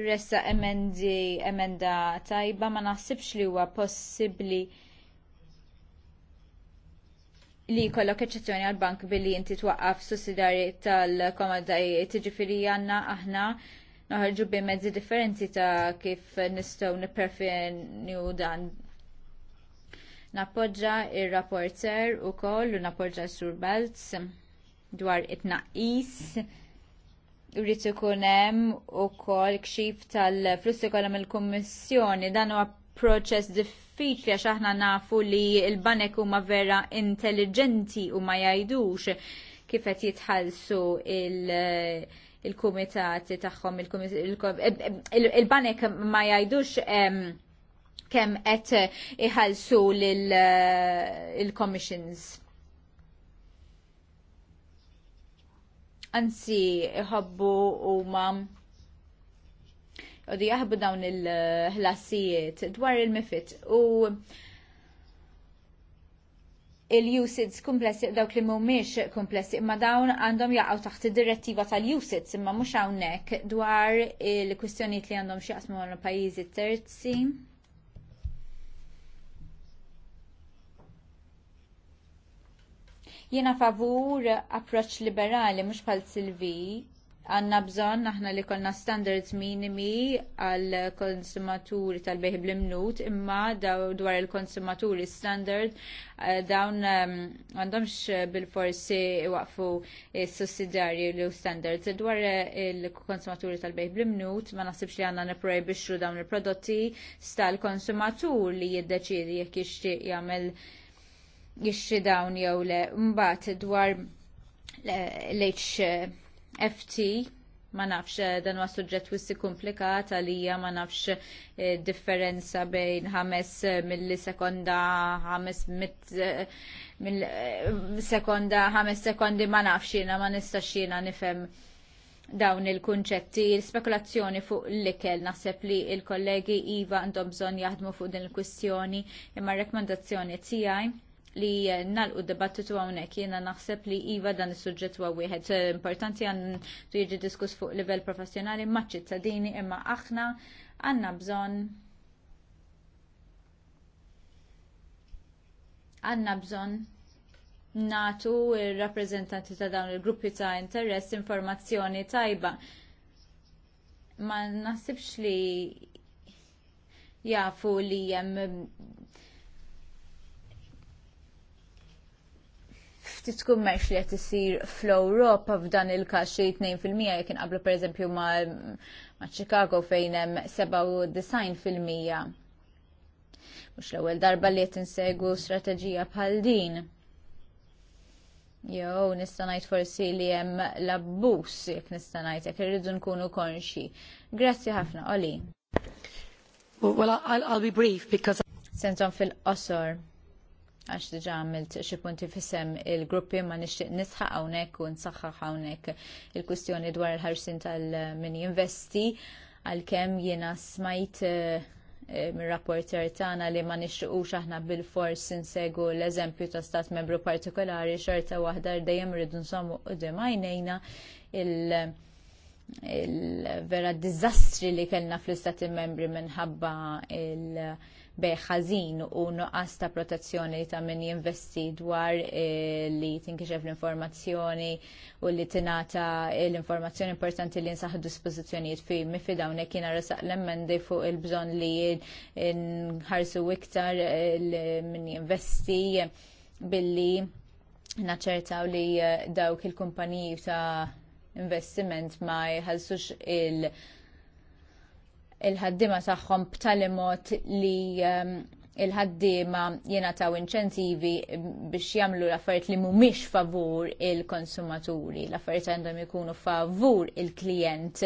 ressa emendi emenda tajba ma naħsibx li huwa possibbli li jkollok eċċezzjoni għall bank billi inti twaqqaf sussidjarji tal-komodajiet ġifiri għandna aħna noħarġu bi mezzi differenti ta' kif nistgħu nipperfenju dan. Nappoġġa r rapporter ukoll u nappoġġa s-sur Belz dwar it-tnaqqis Rrit ikun hemm ukoll kxif tal-flussi kollha mill-Kummissjoni dan huwa proċess diffiċli għax aħna nafu li l-banek huma vera intelligenti u ma jgħidux kif qed jitħallsu il- il-kumitati tagħhom e- e- il-banek ma jgħidux kemm qed iħallsu il eh, commissions anzi iħobbu huma u di jaħbu dawn il-ħlasijiet dwar il-mifit u il-usage komplessi dawk li mhumiex komplessi imma dawn għandhom jaqgħu taħt id-direttiva tal-usage imma mhux hawnhekk dwar il-kwistjonijiet li għandhom xi jaqsmu għal pajjiżi terzi. Jiena favur approċċ liberali mhux bħal Silvi. Għanna bżonn aħna li konna standards minimi għal konsumaturi tal-beħi bl-imnut imma dwar il-konsumaturi standard eh, dawn ehm, għandhomx bil-forsi waqfu s-sussidjarji li standards dwar eh, il-konsumaturi tal-beħi bl-imnut ma nasibx li għanna niprojbixxu dawn il-prodotti stal konsumatur li jiddeċiedi jekk jixtieq jagħmel jixxi dawn jew le mbagħad dwar l-HFT ma nafx eh, dan huwa suġġett wissi komplikat għalija ma nafx eh, differenza bejn ħames eh, sekonda ħames mit mill sekonda ħames sekondi ma nafx jiena ma nistax jiena nifhem dawn il-kunċetti, l-spekulazzjoni fuq l-ikel, naħseb li l kollegi Iva għandhom bżonn jaħdmu fuq din il-kwistjoni, imma r rekkomandazzjoni tiegħi li nalqu d-debattitu għawnek jena naħseb li iva dan is-suġġett huwa wieħed eh, importanti għan jiġi diskuss fuq livell professjonali maċ ċittadini imma aħna għanna bżon għanna bżon natu il-rappresentanti ta' dawn il-gruppi ta' interess informazzjoni tajba. Ma nasibx li jafu li jem ftit kummerċ li qed isir fl-Ewropa f'dan il-każ xi 2% jekk inqabblu pereżempju ma' Chicago fejn hemm fil-Mija. Mhux l-ewwel darba li qed insegwu strateġija bħal din. Jo, nista' ngħid forsi li hemm l-abbuż jekk nista' ngħid jekk irridu nkunu konxi. Grazzi ħafna, Oli. Well, I'll, I'll be brief because... Sentom fil-qosor għax diġa għamilt xi punti fisem il-gruppi ma nixtieq nisħaq hawnhekk u nsaħħaħ hawnhekk il-kwistjoni dwar il-ħarsin tal-min jinvesti għalkemm jiena smajt eh, mir-rapporter tagħna li ma nixtiequx aħna bil-fors insegu l-eżempju ta' stat membru partikolari xorta waħda dejjem rridu nsomu qudiem għajnejna il- il-vera diżastri li kellna fl-istati membri minħabba il- bej ħażin u nuqqas ta' protezzjoni ta' min jinvesti dwar eh, li tinkixef l-informazzjoni u li tingħata eh, l-informazzjoni importanti li nsaħ dispożizzjonijiet fi mifi dawn hekk jiena resaq l-emendi fuq il-bżonn li nħarsu iktar eh, min jinvesti billi naċċertaw li dawk il-kumpaniji ta' investiment ma jħallsux il- il-ħaddima tagħhom b'tali mod li ehm, il-ħaddima jena taw inċentivi biex jamlu l-affarijiet li mhumiex favur il-konsumaturi. L-affarijiet għandhom ikunu favur il-klient.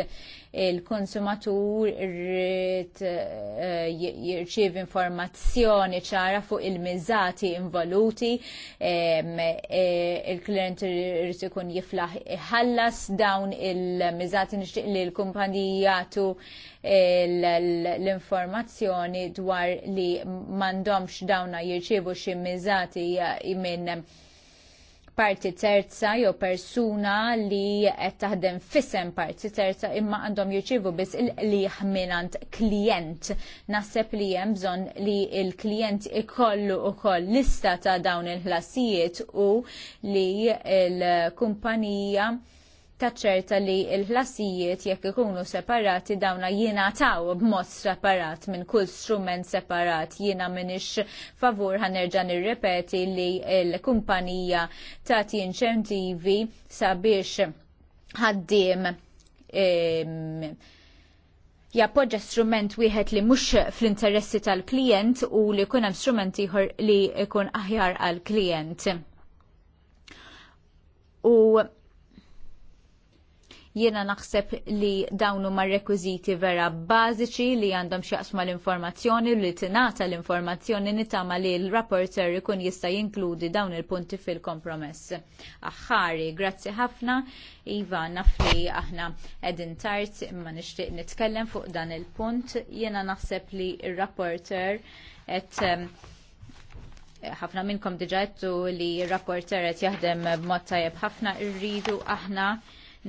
Il-konsumatur irrid eh, jirċiev informazzjoni ċara fuq il-miżati involuti, ehm, eh, il-klient irrid ikun jiflaħ ħallas dawn il-miżati nixtieq li l-kumpanija tu l-informazzjoni dwar li mandomx dawna jirċibu xi miżati minn parti terza jew persuna li qed taħdem fisem parti terza imma għandhom jirċivu biss il-qliħ klient. Naħseb li hemm bżonn li l-klient ikollu wkoll lista ta' dawn il-ħlasijiet u li l-kumpanija il taċċerta li l-ħlasijiet jekk ikunu separati dawna jiena taw b'mod separat minn kull strument separat jiena minix favur ħanerġa' nirrepeti li l-kumpanija tagħti inċentivi sabiex ħaddiem jappoġġa strument wieħed li mhux fl-interessi tal-klijent u li jkun hemm strument ieħor li jkun aħjar għall-klijent. U Jiena naħseb li dawnu ma' rekwiziti vera bażiċi li għandhom xjaqsma l-informazzjoni li tingħata l-informazzjoni nitama li l-rapporter ikun jista' jinkludi dawn il-punti fil-kompromess. Aħħari, grazzi ħafna. Iva, nafli aħna edin tart imma nixtieq nitkellem fuq dan il-punt. Jiena naħseb li r rapporter qed ħafna minnkom diġa għedtu li r rapporter qed jaħdem b'mod tajjeb ħafna rridu aħna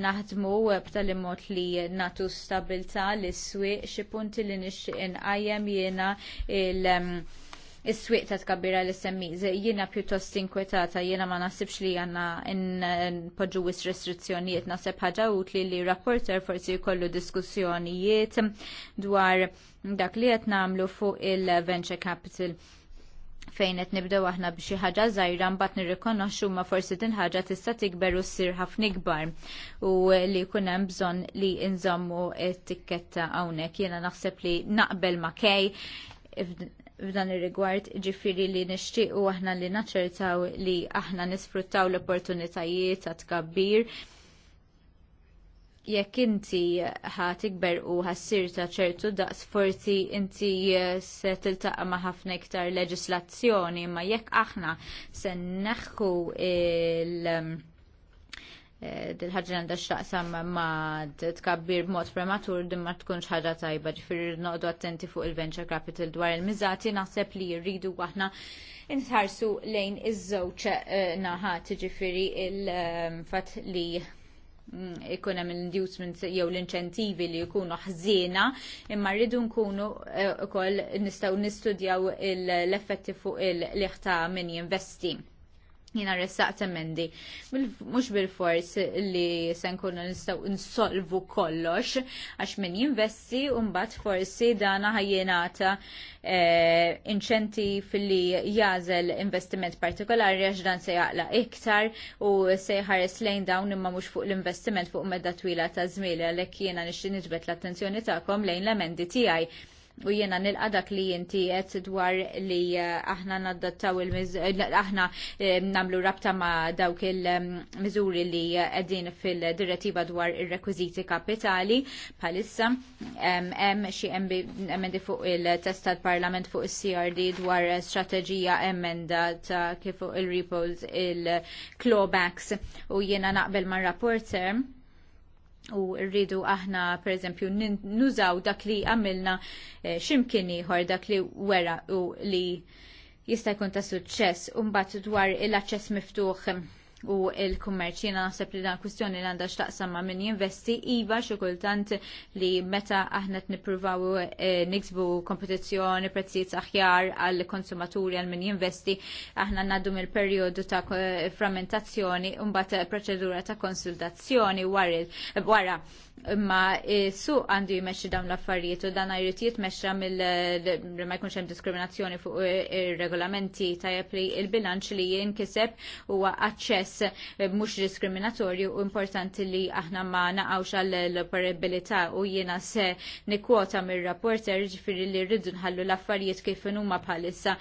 naħdmu b'tali mod li natu stabilta lis swieq xi punti li nixtieq inqajjem jiena il- um, Is-swieq ta' tkabbira l semmi, jiena pjuttost inkwetata, jiena ma nasibx li għanna n-podġu wis restrizzjonijiet naħseb ħaġa utli li rapporter forsi jkollu diskussjonijiet dwar dak li qed nagħmlu fuq il-venture capital fejn qed nibdew aħna b'xi ħaġa żgħira mbagħad nirrikonoxxu ma forsi din ħaġa tista' tikber u ssir ħafna ikbar u li jkun hemm bżonn li nżommu t-tikketta hawnhekk. Jiena naħseb li naqbel ma' kej f'dan ir-rigward ġifiri li nixtiequ aħna li naċċertaw li aħna nisfruttaw l-opportunitajiet ta' tkabbir jekk inti ikber u ħassir ta' ċertu daqs forsi inti eh, se tiltaqa ma' ħafna iktar leġislazzjoni ma' jekk aħna se neħħu il- dil-ħagġa mm, eh, għandha xtaqsam ma tkabbir b'mod prematur din ma tkunx ħaġa tajba ġifieri noqdu attenti fuq il-venture capital dwar il-miżati naħseb li jridu aħna intħarsu lejn iż-żewġ eh, naħat ġifieri il-fatt li Mm, ikun hemm l-inducement jew l-inċentivi li jkunu ħżiena, imma rridu nkunu eh, ukoll nistgħu nistudjaw l-effetti fuq il-liħta min jinvesti. Jina ressaqt emendi. Mux bil-fors li senkunu nistaw insolvu kollox, għax min jinvesti un-bat forsi dana ħajjenata eh, inċenti fil-li jazel investiment partikolari għax dan se jaqla iktar u se jħares lejn dawn imma mux fuq l-investiment fuq medda twila ta' zmila l-ek jena nixti l-attenzjoni ta'kom lejn l-emendi tijaj u jiena nilqa dak li jinti qed dwar li eh, aħna naddattaw il eh, aħna eh, namlu rabta ma' dawk il-miżuri mm, li qegħdin fil-direttiva dwar ir-rekwiżiti kapitali bħalissa hemm xi emendi fuq il testa tal-Parlament fuq is-CRD dwar strateġija emenda ta' kifu il-repos il-clawbacks u jiena naqbel ma' rapporter u rridu aħna per eżempju nużaw dak li għamilna eh, ximkien ieħor dak li wera u li jista' jkun ta' suċċess u mbagħad dwar l-aċċess miftuħ u il-kummerċ. Jiena naħseb li dan kwistjoni li għandha x'taqsam ma' min jinvesti iva xi kultant li meta aħna qed nippruvaw eh, niksbu kompetizzjoni prezzijiet aħjar għall konsumaturi għal min jinvesti aħna ngħaddu mill-perjodu ta' frammentazzjoni u mbagħad proċedura ta' konsultazzjoni wara imma eh, suq għandu jmexxi dawn l-affarijiet u dan jrid jitmexxa mill ma jkunx hemm diskriminazzjoni fuq eh, ir-regolamenti tajjeb li l bilanċ li jinkiseb huwa aċċess l mux eh, mhux diskriminatorju u importanti li aħna ma għal għall-operabilità u jiena se nikkwota mir-rapporter ġifiri li rridu nħallu l-affarijiet kif huma bħalissa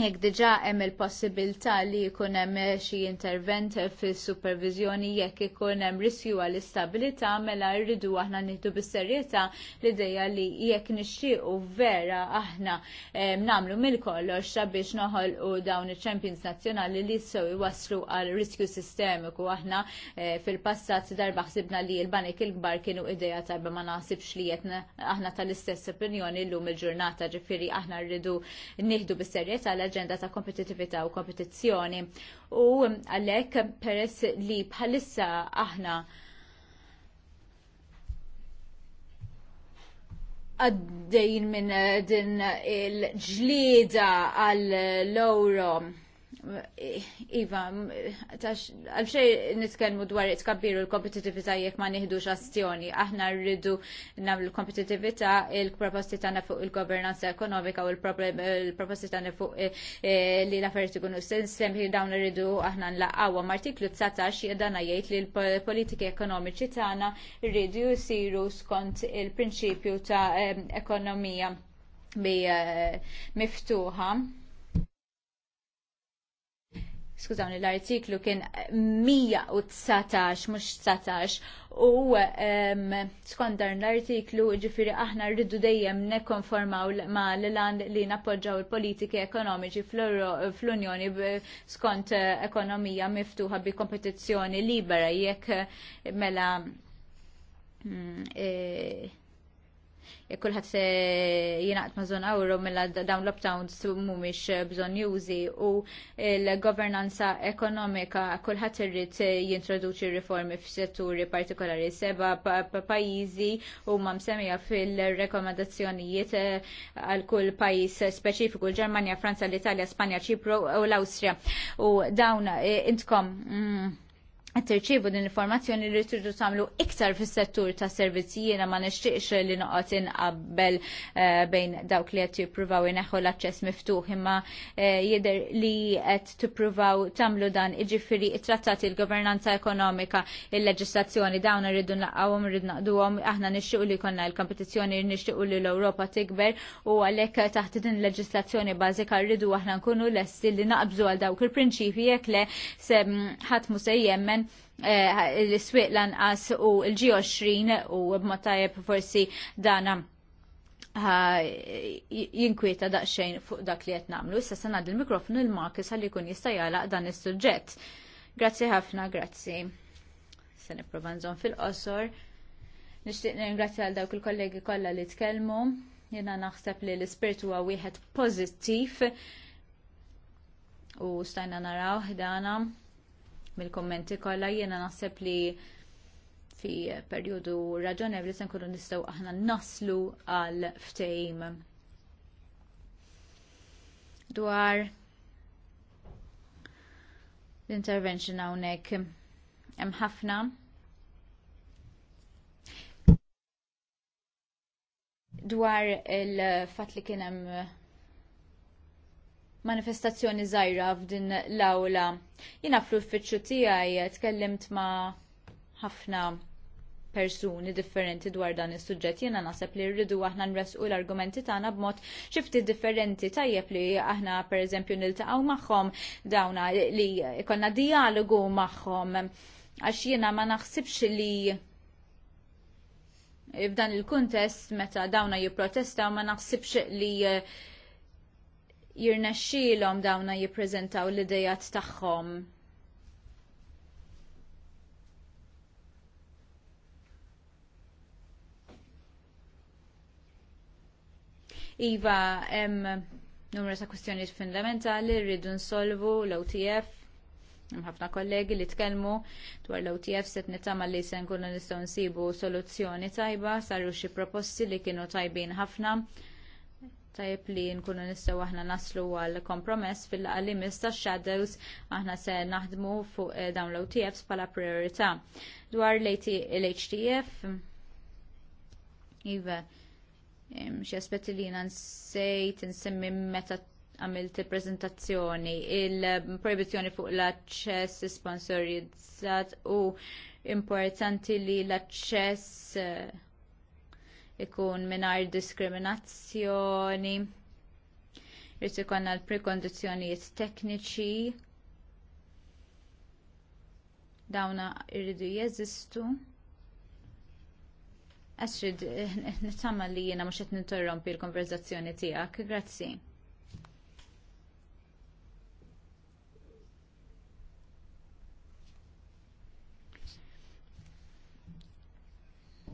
Jek diġa hemm il-possibilità li jkun hemm xi intervent fis-supervizjoni jekk ikun hemm riskju għall istabilità mela rridu aħna nieħdu bis-serjetà l-idea li jekk nixtiequ vera aħna eh, nagħmlu mill-kollox sabiex u dawn iċ-champions nazzjonali li jistgħu jwasslu għal riskju sistemiku aħna eh, fil-passat darba ħsibna li l-banek il-kbar kienu idea tajba ma naħsibx li qed aħna tal-istess opinjoni llum il-ġurnata ġifieri aħna rridu nieħdu bis-serjetà tal-agenda ta' kompetitività u kompetizzjoni. U għalhekk peress li bħalissa aħna għaddejn minn din il-ġlida għall-lowro Iva, għalxej nitkelmu dwar it-kabbiru l-kompetitivita jek ma nihdu azzjoni. Aħna rridu nam l-kompetitivita il-proposti tana fuq il-governanza ekonomika u l-proposti tana fuq eh, eh, li l kunu ikunu sensem li dawn rridu aħna nlaqawa. Martiklu 19 jedana jgħid li l-politiki ekonomiċi tana rridu jisiru skont il-prinċipju ta' eh, ekonomija bi miftuħa skużawni, l-artiklu kien 119, mhux 19, u um, skondar l-artiklu ġifiri aħna rridu dejjem nekonformaw ma l-land li nappoġġaw il-politiki ekonomiċi fl-Unjoni skont eh, ekonomija miftuħa bi kompetizzjoni libera jekk mela mm, eh, kullħat jenaqt ma' zon euro mill mela dawn lockdowns mumiex eh, bżon jużi u l-governanza ekonomika kullħat irrit eh, jintroduċi riformi f-setturi partikolari seba pajizi u ma' msemmija fil-rekomendazzjonijiet eh, għal kull pajis speċifiku l-Ġermanja, Franza, l-Italja, Spanja, Ċipru u l-Awstrija. U dawn intkom mm, qed tirċievu din l-informazzjoni li tridu tagħmlu iktar fis-settur ta' servizzi jiena ma nixtieqx li noqgħod inqabbel eh, bejn dawk li qed jippruvaw ineħħu l-aċċess miftuħ imma eh, jidher li qed tippruvaw tagħmlu dan iġifieri it-trattati l-governanza ekonomika il-leġislazzjoni dawn irridu naqgħuhom rridu naqduhom aħna nixtiequ li jkollna l-kompetizzjoni nixtiequ li l-Ewropa tikber u għalhekk taħt din il-leġislazzjoni bażika rridu aħna nkunu lesti li naqbżu għal dawk il-prinċipji jekk le mm, ħadd mhu se jemmen Eh, l-iswiq lanqas u l-G20 u b'mod tajjeb forsi dana eh, jinkwieta daqsxejn fuq dak li qed nagħmlu. Issa se ngħaddi l-mikrofonu l makis għalli jkun jista' jalaq dan is-suġġett. Grazzi ħafna, grazzi. Se nipprova nżomm fil-qosor. Nixtieq ningrazzja għal dawk il-kollegi kollha li tkellmu. Jiena naħseb li l-ispirtu huwa wieħed pożittiv u stajna naraw ħdana mill-kommenti kollha jiena naħseb li fi perjodu raġonevli se nkunu nistgħu aħna naslu għal ftehim dwar l-intervention hawnhekk hemm ħafna dwar il fat li kien hemm manifestazzjoni żgħira f'din l-awla. Jiena fl-uffiċċju tiegħi tkellimt ma' ħafna persuni differenti dwar dan is-suġġett. Jiena naħseb li rridu aħna nresqu l-argumenti tagħna b'mod xi ftit differenti tajjeb li aħna pereżempju niltaqgħu magħhom dawna li ikonna dialogu magħhom għax jiena ma naħsibx li f'dan il-kuntest meta dawna jipprotestaw ma naħsibx li jirnexxilhom dawna jippreżentaw l-idejat tagħhom. Iva, hemm numru ta' kwistjonijiet fundamentali rridu nsolvu l-OTF, hemm ħafna kollegi li tkellmu dwar l-OTF set nitama li se nkunu nistgħu nsibu soluzzjoni tajba, saru xi proposti li kienu tajbin ħafna tajjeb li nkunu nistgħu aħna naslu għal kompromess fil-qalimis tax shadows aħna se naħdmu fuq eh, dawn l-OTFs bħala priorità. Dwar l-HTF, Iva, xi aspetti li jiena nsejt insemmi meta għamilt il-prezentazzjoni, il-proibizjoni fuq l-aċċess sponsorizzat u importanti li l-aċċess eh, ikun mingħajr diskriminazzjoni, irrid ikollna l-prekondizzjonijiet tekniċi dawna irridu jeżistu. Astrid, eh, eh, nittama li jiena mhux qed ninterrompi l-konverzazzjoni tiegħek. Grazzi.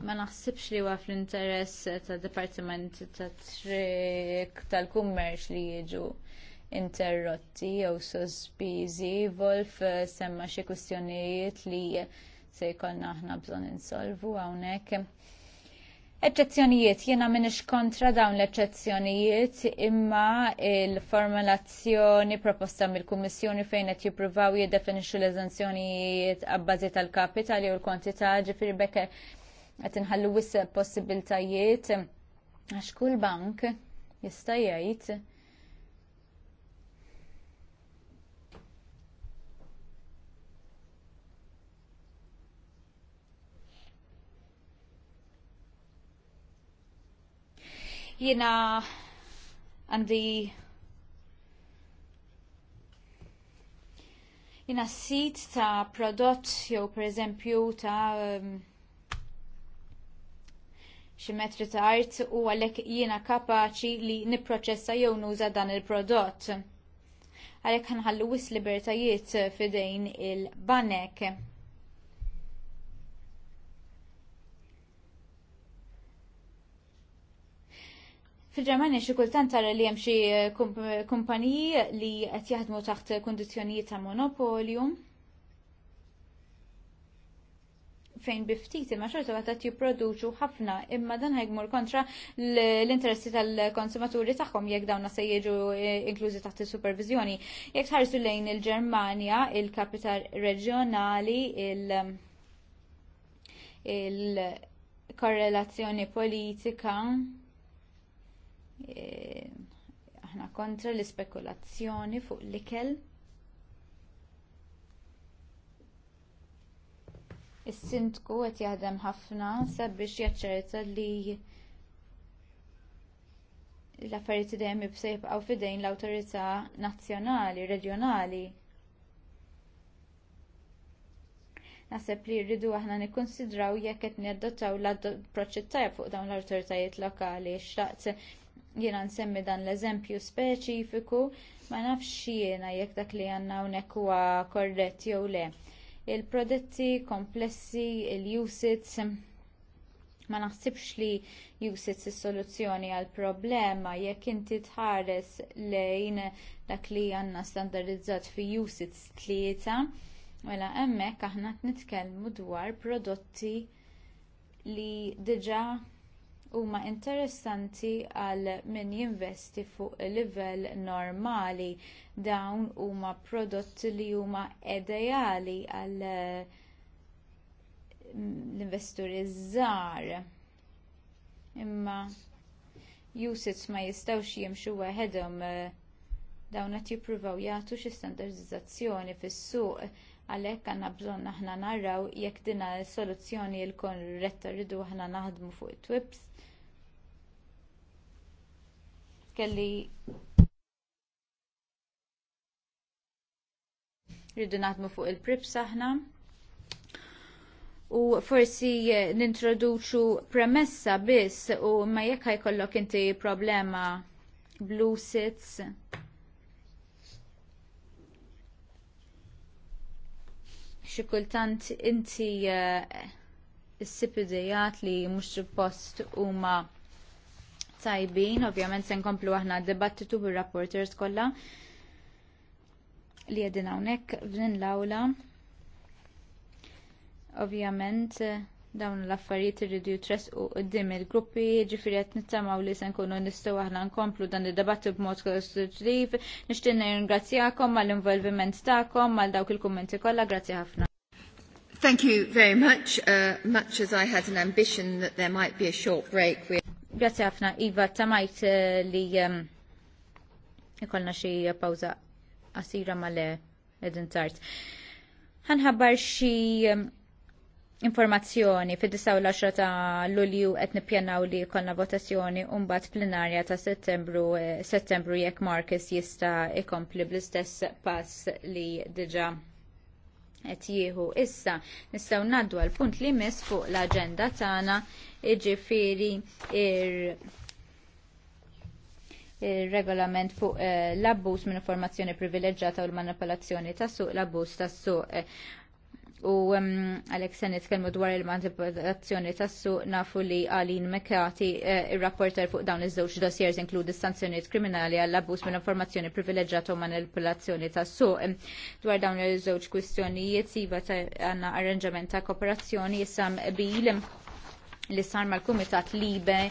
ma naħsibx li huwa fl-interess tad Dipartiment tat Trik tal-Kummerċ li jiġu interrotti jew sospiżi Wolf eh, semma xi kwistjonijiet li se jkollna aħna bżonn insolvu hawnhekk. Eċċezzjonijiet, jiena minix kontra dawn l-eċċezzjonijiet imma il-formulazzjoni proposta mill-Kummissjoni fejn qed jippruvaw jiddefinixxu l-eżenzjonijiet abbażi tal kapital jew l-kwantità ġifieri bekke għet inħallu wis possibiltajiet għax kull bank jista' jgħid għandi jina sit ta' prodott jew per eżempju ta' um, xi metri ta' art u għalhekk jiena kapaċi li nipproċessa jew nuża dan il-prodott. Għalhekk ħanħallu wis libertajiet fidejn il-banek. Fil-Ġermanja xi kultant tara li hemm xi kumpaniji li qed jaħdmu taħt kundizzjonijiet ta' monopolju fejn biftiti ma xorta għata jipproduċu ħafna imma dan ħajgmur kontra l-interessi tal-konsumaturi tagħhom jekk dawna se jiġu eh, inklużi taħt il-supervizjoni. Jekk tħarsu lejn il-Ġermanja, il-kapital reġjonali, il-korrelazzjoni politika, eh, aħna kontra l-ispekulazzjoni fuq l-ikel. Is-sindku qed jaħdem ħafna sabiex jaċċerta li l-affarijiet dejjem se jibqgħu fidejn l-awtorità nazzjonali, reġjonali. Naħseb li rridu aħna nikkonsidraw jekk qed niadottaw l approċċi tajjeb fuq dawn l-awtoritajiet lokali. Xtaqt jiena nsemmi dan l-eżempju speċifiku ma nafx jiena jekk dak li għandna hawnhekk huwa korrett jew le il-prodotti komplessi, il-usits, ma naħsibx li usits is-soluzzjoni għal problema jekk inti tħares lejn dak li għandna standardizzat fi usits tlieta. Mela hemmhekk aħna nitkellmu dwar prodotti li diġà huma interessanti għal min jinvesti fuq livell normali. Dawn huma prodotti li huma ideali għal eh, l-investuri żgħar. Imma usits ma jistgħux jimxu waħedhom eh, dawn qed jippruvaw jagħtu xi standardizzazzjoni fis-suq għalhekk għandna bżonn aħna naraw jekk din soluzzjoni l retta rridu aħna naħdmu fuq it-twips kelli rridu naħdmu fuq il-prips aħna. U forsi nintroduċu premessa biss u ma jekk ħajkollok inti problema blue sits. Xi kultant inti uh, eh, s-sipidijat li mhux suppost huma tajbin, ovvjament se nkomplu aħna dibattitu bir rapporters kollha li għedin hawnhekk f'din l-awla. Ovvjament dawn l-affarijiet irridu u qudiem il-gruppi, ġifieri qed nittamaw li se nkunu nistgħu aħna nkomplu dan id debattu b'mod kostruttiv. Nixtieq nirringrazzjakom mal involviment tagħkom għal dawk il-kummenti kollha, grazzi ħafna. Thank you very much. Uh, much as I had an ambition that there might be a short break, we Grazzi ħafna, Iva, tamajt eh, li ehm, ikolna xie pawza qasira le edin eh, tart. Ħanħabbar xie ehm, informazzjoni fid-19 ta' Lulju qed nippjanaw li jkollna votazzjoni u mbagħad plenarja ta' Settembru eh, Settembru jekk Marcus jista' ikompli bl-istess pass li diġa' qed jieħu issa nistgħu ngħaddu għal punt li miss fuq l-aġenda tagħna jiġifieri ir regolament fuq eh, l-abbuż minn informazzjoni privileġġjata u l-manipolazzjoni tas suq l-abbuż tas suq U għalek se nitkellmu dwar il-manipolazzjoni tas-suq nafu li għalin Mekati eh, ir-rapporter fuq dawn iż-żewġ dossiers inkludi sanzjonijiet kriminali għall abbuż minn informazzjoni privileġġjata u manipolazzjoni tas-suq. Dwar dawn iż-żewġ kwistjonijiet iva għandna arranġament ta' kooperazzjoni jissam bil li sar mal kumitat Libe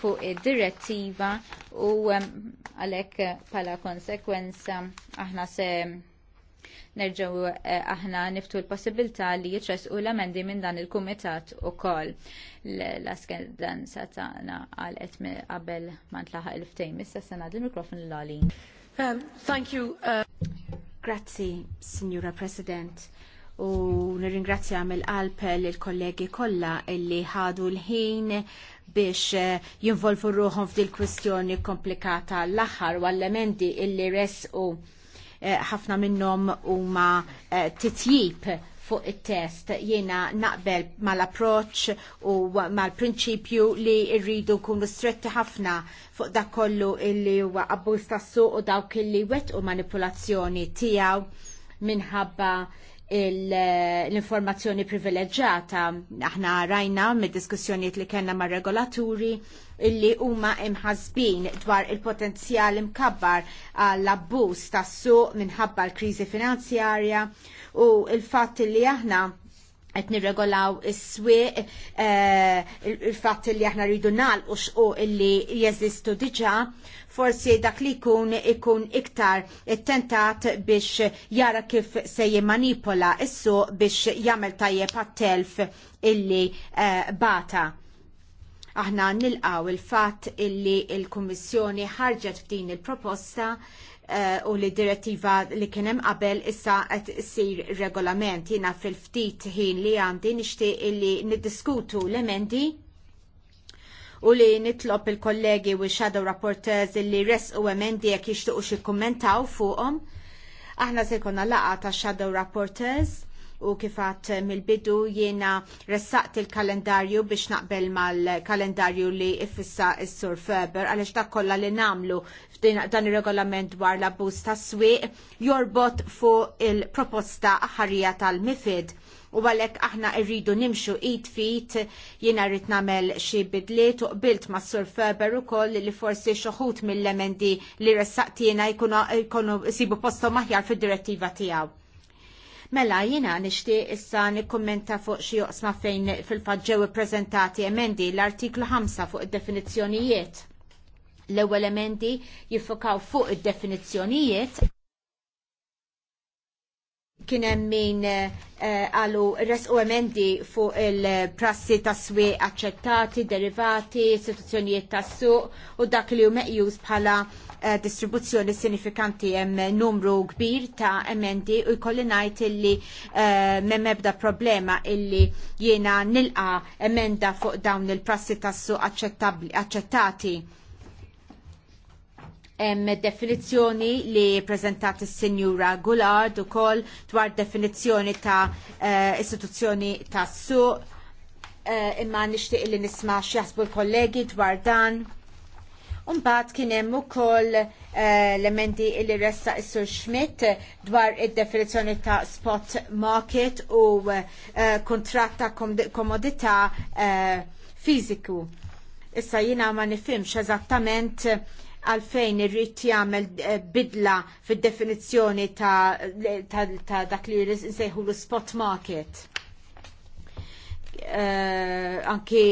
fuq id-direttiva u għalek pala konsekwenza aħna se nerġgħu eh, aħna niftu l-possibilità li u l-emendi minn dan il-kumitat ukoll. L-askendan satana għalet qabel ma ntlaħaq il-ftejn. Missa sena il-mikrofon l-għali. Um, thank you. Uh, Grazzi, Signora President u nirringrazzja mill qalb l-kollegi kollha illi ħadu l-ħin biex eh, jinvolvu ruħom f'dil kwistjoni komplikata l-aħħar u għall-emendi illi resqu Eh, ħafna minnhom huma eh, titjib fuq it-test jiena naqbel mal-approċ u mal-prinċipju li rridu kunu stretti ħafna fuq dak kollu illi huwa abbuż tas-suq u dawk illi wet u manipulazzjoni tiegħu minħabba l-informazzjoni privileġġata. Aħna rajna mid-diskussjoniet li kellna ma' regolaturi illi huma imħazbin dwar il-potenzjal imkabbar għall-abbuż tas-suq minħabba l-kriżi finanzjarja u l-fatt li aħna qed nirregolaw is-swieq eh, il-fatt li aħna rridu nagħlqu xqu illi jeżistu diġà, forsi dak li jkun ikun iktar tentat biex jara kif se jimanipola issu biex jagħmel tajjeb għat-telf illi eh, bata. Aħna nilqaw il-fatt illi il-Kummissjoni ħarġet f'din il-proposta Eh, u li direttiva li kienem qabel issa qed issir regolament jiena fil-ftit ħin li għandi nixtieq li niddiskutu l-emendi u li nitlob il-kollegi u shadow rapporteurs li res u emendi jekk jixtiequ xi kummentaw fuqhom. Aħna se jkollna laqgħa ta' shadow rapporteurs u kifat mill-bidu jiena ressaqt il-kalendarju biex naqbel mal-kalendarju li ifissa s-sur Feber għalix dak li namlu dan ir-regolament dwar l-abbuż tas-swieq jorbot fuq il-proposta aħarija tal-MIFID u għalek aħna irridu nimxu id fit jiena rrit namel xie bidliet u qbilt ma' Sur Feber u koll li forsi xoħut mill-emendi li ressaqt jiena jkunu sibu posto maħjar fil-direttiva tijaw. Mela jina nixtieq issa nikkummenta fuq xi joqsma fejn fil-fatt ġew ippreżentati emendi l-artiklu 5 fuq id-definizzjonijiet. L-ewwel emendi jiffokaw fuq id-definizzjonijiet kien hemm min qalu eh, uh, resqu emendi fuq il-prassi ta' swieq aċċettati, derivati, istituzzjonijiet tas suq u dak li hu meqjus bħala Eh, distribuzzjoni sinifikanti hemm numru kbir ta' emendi u jkolli ngħid illi eh, m'hemm ebda problema illi jiena nilqa emenda fuq dawn il-prassi tassu aċċettati hemm definizzjoni li preżentat is-Sinjura Gulard ukoll dwar definizzjoni ta' uh, istituzzjoni tas suq uh, imma nixtieq li nisma' x'jaħsbu l-kollegi dwar dan. Umbat kien hemm ukoll elementi eh, li ressa is-Sur Schmidt dwar id-definizzjoni ta' spot market u eh, kontratt ta' komodità eh, fiżiku. Issa jiena ma nifhimx eżattament għalfejn irrid jagħmel bidla fid-definizzjoni ta' dak li jsejħu l-spot market. Anki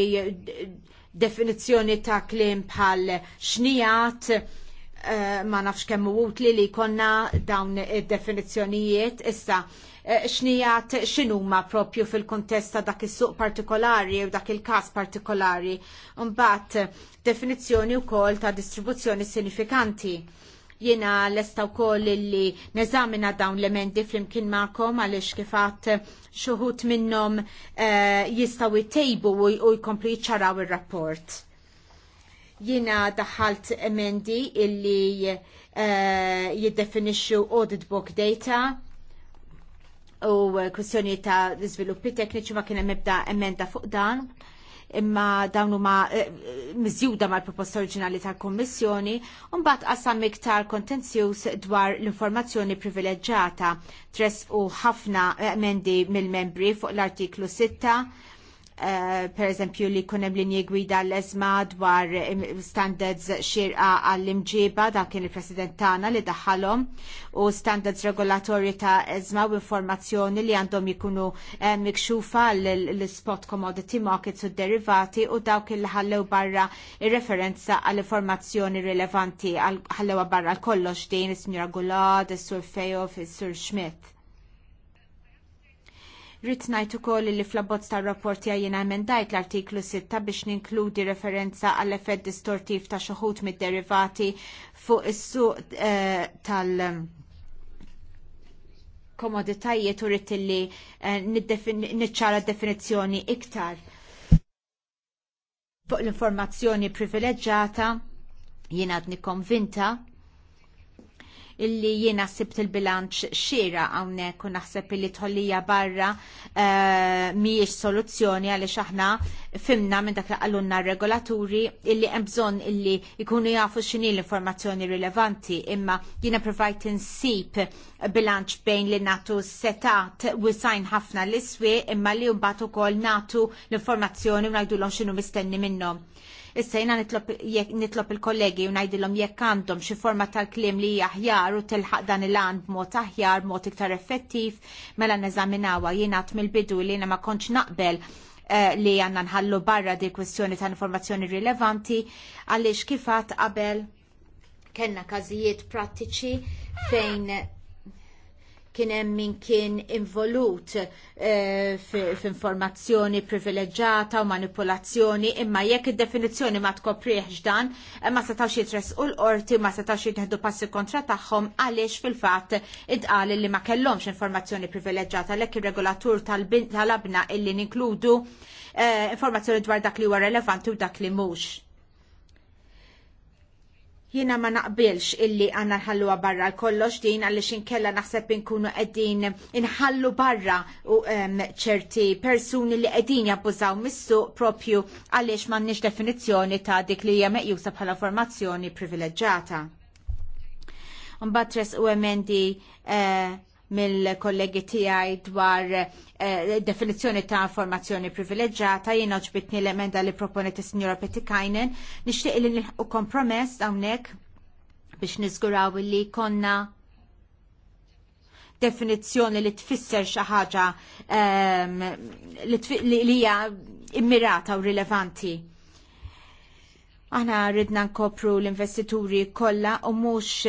definizzjoni ta' klim bħal xnijat eh, ma nafx kemm utli li konna dawn id-definizzjonijiet issa eh, xnijat x'inhuma propju fil-kontest ta' dak is-suq partikolari u dak il-każ partikolari. Mbagħad definizzjoni wkoll ta' distribuzzjoni sinifikanti Jiena lesta wkoll li neżamina dawn l-emendi flimkien ma'kom għaliex kifat xuħut minnhom jistaw eh, jistgħu tejbu u jkomplu ċaraw ir-rapport. Jiena daħalt emendi illi jiddefinixu eh, jiddefinixxu audit book data u kwistjoni ta' żviluppi tekniċi ma kien hemm ebda emenda fuq dan imma dawn huma eh, miżjuda mal-proposta oriġinali tal-Kommissjoni, u mbagħad qasam iktar kontenzjuż dwar l-informazzjoni privileġġata tres u ħafna emendi mill-membri fuq l-artiklu 6 Eh, per eżempju li kunem li gwida l-ezma dwar standards xirqa għall-imġiba dak kien il-president tagħna li daħħalhom u standards regolatorji ta' ezma u informazzjoni li għandhom jikunu eh, mikxufa l-spot commodity markets u derivati u dawk il ħallew barra il referenza għall-informazzjoni rilevanti ħallewa barra l-kollox din is-Sinjora Gulad, is-Sur Fejov, is-Sur Schmidt Rrit ngħid ukoll li fl-abbozz tar-rapport jiena emendajt l-artiklu 6 biex ninkludi referenza għall effett distortiv ta' xoħut mid-derivati fuq is-suq eh, tal- ehm, komoditajiet u rrit li eh, definizjoni definizzjoni iktar fuq l-informazzjoni privileġġata jien għadni konvinta illi jiena sibt il-bilanċ xira hawnhekk u naħseb illi tħollija barra uh, mhijiex soluzzjoni għaliex aħna fimna minn dak li qallunna regolaturi illi hemm bżonn illi jkunu jafu x'inhi l-informazzjoni rilevanti imma jiena provajt insib bilanċ bejn li natu setat wisajn ħafna l-iswi imma li mbagħad ukoll natu l-informazzjoni u ngħidulhom x'inhu mistenni minnhom. Issa jina nitlob il-kollegi u najdilom jekk għandhom xi forma tal-klim li aħjar u tilħaq dan il-għan b'mod aħjar, b'mod iktar effettiv, mela neżaminawa jina mill-bidu li jina ma konċ naqbel eh, li għanna nħallu barra di kwestjoni ta' informazzjoni rilevanti għalli xkifat qabel kena kazijiet prattiċi fejn kien hemm min kien involut eh, f'informazzjoni privileġġata u manipolazzjoni, imma jekk id-definizzjoni ma tkopriħx dan, eh, ma setgħux jitresqu l-qorti, ma setgħux jitħdu passi kontra tagħhom għaliex fil-fatt intqal li ma kellhomx informazzjoni privileġġjata għalhekk ir-regolatur tal-abna illi ninkludu eh, informazzjoni dwar dak li huwa relevanti u dak li mhux Jiena ma naqbilx illi għanna nħalluha barra l-kollox din għaliex inkella naħseb inkunu qegħdin inħallu barra u ċerti persuni li qegħdin jabbużaw missu propju għaliex m'għandniex definizzjoni ta' dik li hija meqjusa bħala formazzjoni privileġġata. Mbagħad tres u emendi eh, mill-kollegi tiegħi dwar definizjoni eh, definizzjoni ta' informazzjoni privileġġata jien oġbitni l-emenda li proponet is-Sinjora Petikajnen nixtieq li nilħu kompromess hawnhekk biex niżguraw li konna definizzjoni li tfisser xi ħaġa ehm, li hija immirata u rilevanti. Aħna ridna nkopru l-investituri kollha u mhux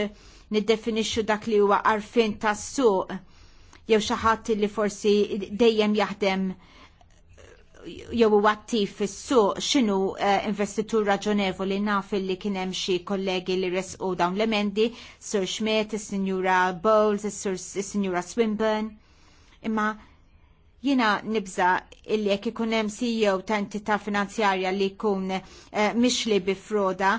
niddefinixxu dak li huwa arfin tas-suq jew xi ħadd li forsi dejjem jaħdem jew huwa attiv fis-suq x'inhu eh, investitur raġonevoli naf li kien hemm xi kollegi li resqu dawn l-emendi, Sir Schmidt, is-Sinjura Bowles, is-Sinjura Swinburne. Imma jina nibza illi jekk ikun hemm CEO ta' entità finanzjarja li jkun eh, mixli bi froda,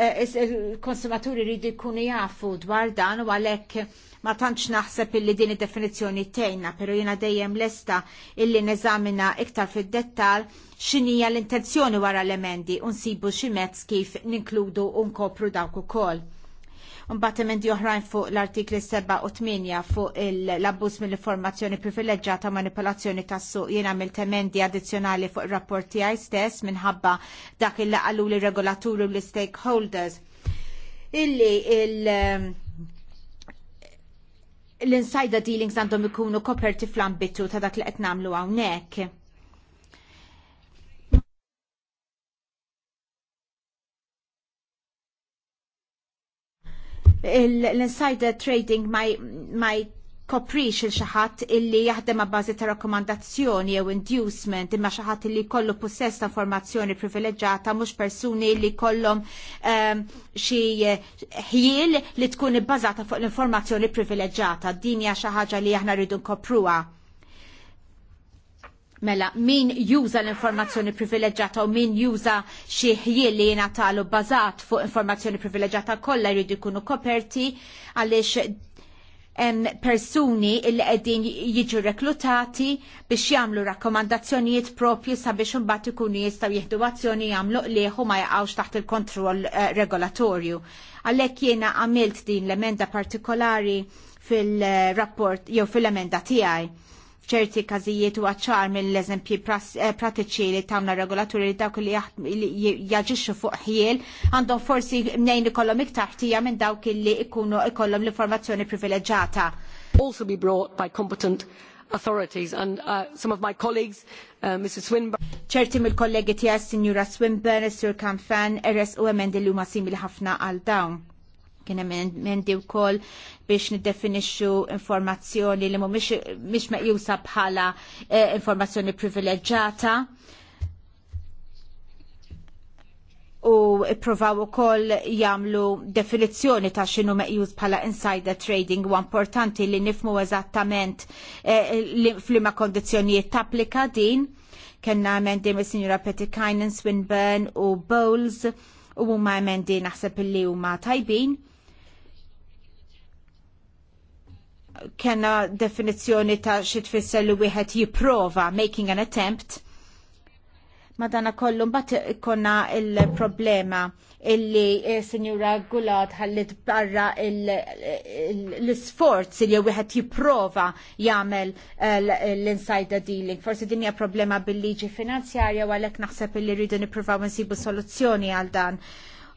Eh, il-konsumaturi rridu jkunu jafu dwar dan u għalhekk ma tantx naħseb illi din id-definizzjoni tejna, pero jiena dejjem lesta illi neżamina iktar fid-dettal x'inhija l-intenzjoni wara l-emendi u nsibu xi mezz kif ninkludu u nkopru dawk ukoll. Mbattimenti oħrajn fuq l-artikli 7 u 8 fuq l-abbuż mill-informazzjoni privileġġata manipolazzjoni tas-suq jiena mill temendi addizzjonali fuq ir-rapport tiegħi stess minħabba dak il-laqalu li regolaturi u l-stakeholders. Illi il- um, l-insider dealings għandhom ikunu koperti fl-ambitu ta' dak li qed nagħmlu hawnhekk l-insider trading ma jkoprix il xaħat illi jaħdem ma' bażi ta' rakkomandazzjoni jew inducement imma xaħat illi kollu possess ta' informazzjoni privileġġata mhux persuni li kollhom ehm, xi eh, ħiel li tkun ibbażata fuq l-informazzjoni privileġġata. Din hija xi ħaġa li aħna rridu nkopruha Mela, min juża l-informazzjoni privileġġata u min juża xi ħjien li jingħatalu bbażat fuq informazzjoni privileġġata kollha jridu jkunu koperti għaliex hemm persuni li qegħdin jiġu reklutati biex jagħmlu rakkomandazzjonijiet propju sabiex imbagħad ikunu jistgħu jieħdu azzjoni jagħmlu qlieħ u ma jaqgħux taħt il-kontroll eh, regolatorju. Għalhekk jiena għamilt din l-emenda partikolari fil-rapport jew fil-emenda tiegħi ċerti każijiet u għacċar mill-eżempji eh, pratiċi li tamna regolaturi li dawk li jaġixxu fuq ħiel għandhom forsi mnejn ikollhom iktar minn dawk li ikunu ikollhom l-informazzjoni privileġata. Also be brought by competent authorities and uh, some of my colleagues uh, Mrs Swinburne ċerti mill-kollegi tijas, Signora Swinburne, Sir Kamfan, Eres u emendi l huma simili ħafna għal dawn. Kien hemm emendi wkoll biex niddefinixxu informazzjoni li mhumiex meqjusa bħala eh, informazzjoni privileġġjata u provaw u koll jamlu definizjoni ta' xinu meqjuż bħala insider trading u importanti li nifmu eżattament eh, flima kondizjonijiet tapplika din Kenna emendi me signora Petikainen, Swinburne u Bowles u ma emendi naħseb li u ma tajbin kena definizjoni ta' xi tfisser li wieħed jipprova making an attempt. Madana kollu mbagħad ikkonna il-problema illi eh, Signora Gulad ħallit barra l-sforz li wieħed jipprova jagħmel eh, l-insider dealing. Forsi din hija problema bil-liġi finanzjarja u għalhekk naħseb illi rridu nippruvaw nsibu soluzzjoni għal dan.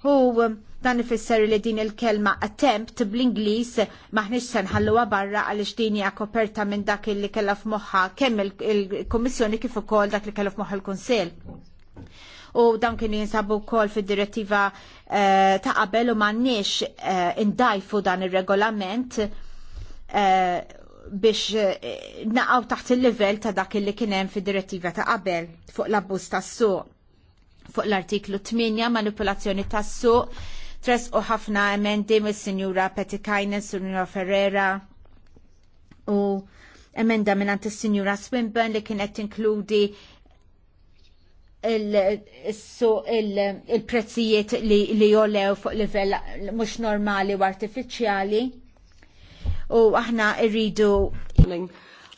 U um, dan ifisser li din il-kelma attempt bl-Ingliż maħniex se barra għaliex din hija koperta minn dak li kellha f'moħħa kemm il-Kummissjoni kif ukoll dak li kellha f'moħħa l-Kunsill. U dawn kien jinsabu wkoll fid-direttiva eh, ta' qabel u m'għandniex eh, indajfu dan ir-regolament eh, biex naqgħu taħt il-livell ta' dak li kien hemm fid-direttiva ta' qabel fuq l busta tas-suq fuq l-artiklu 8 manipulazzjoni tas-suq tres u ħafna emendi mis-Sinjura Petikajnen, Sinjura Ferrera u emenda minnant is-Sinjura Swinburne li kienet tinkludi il-prezzijiet il, il li, li jolew fuq livell mhux normali u artifiċjali. U aħna irridu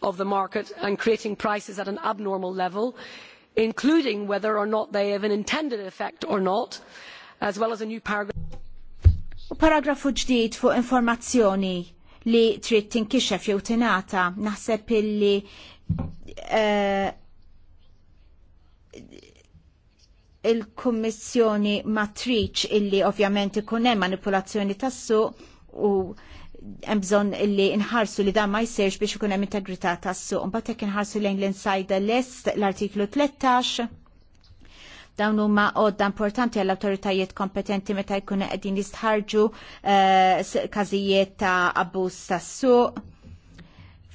of the market and creating prices at an abnormal level including whether or not they have an intended effect or not, as well as a new paragraph. U paragrafu ġdid fuq informazzjoni li trid tinkixef jew tingħata naħseb illi uh, il-Kummissjoni matriċ illi ovvjament ikun hemm manipulazzjoni tas-suq u uh, hemm bżonn li nħarsu li dan ma jsirx biex ikun hemm integrità tas-suq. Imbagħad hekk inħarsu lejn l-insajda lest l-artiklu 13 dawn huma għodda importanti għall awtoritajiet kompetenti meta jkunu qegħdin jistħarġu eh, każijiet ta' abbuż tas-suq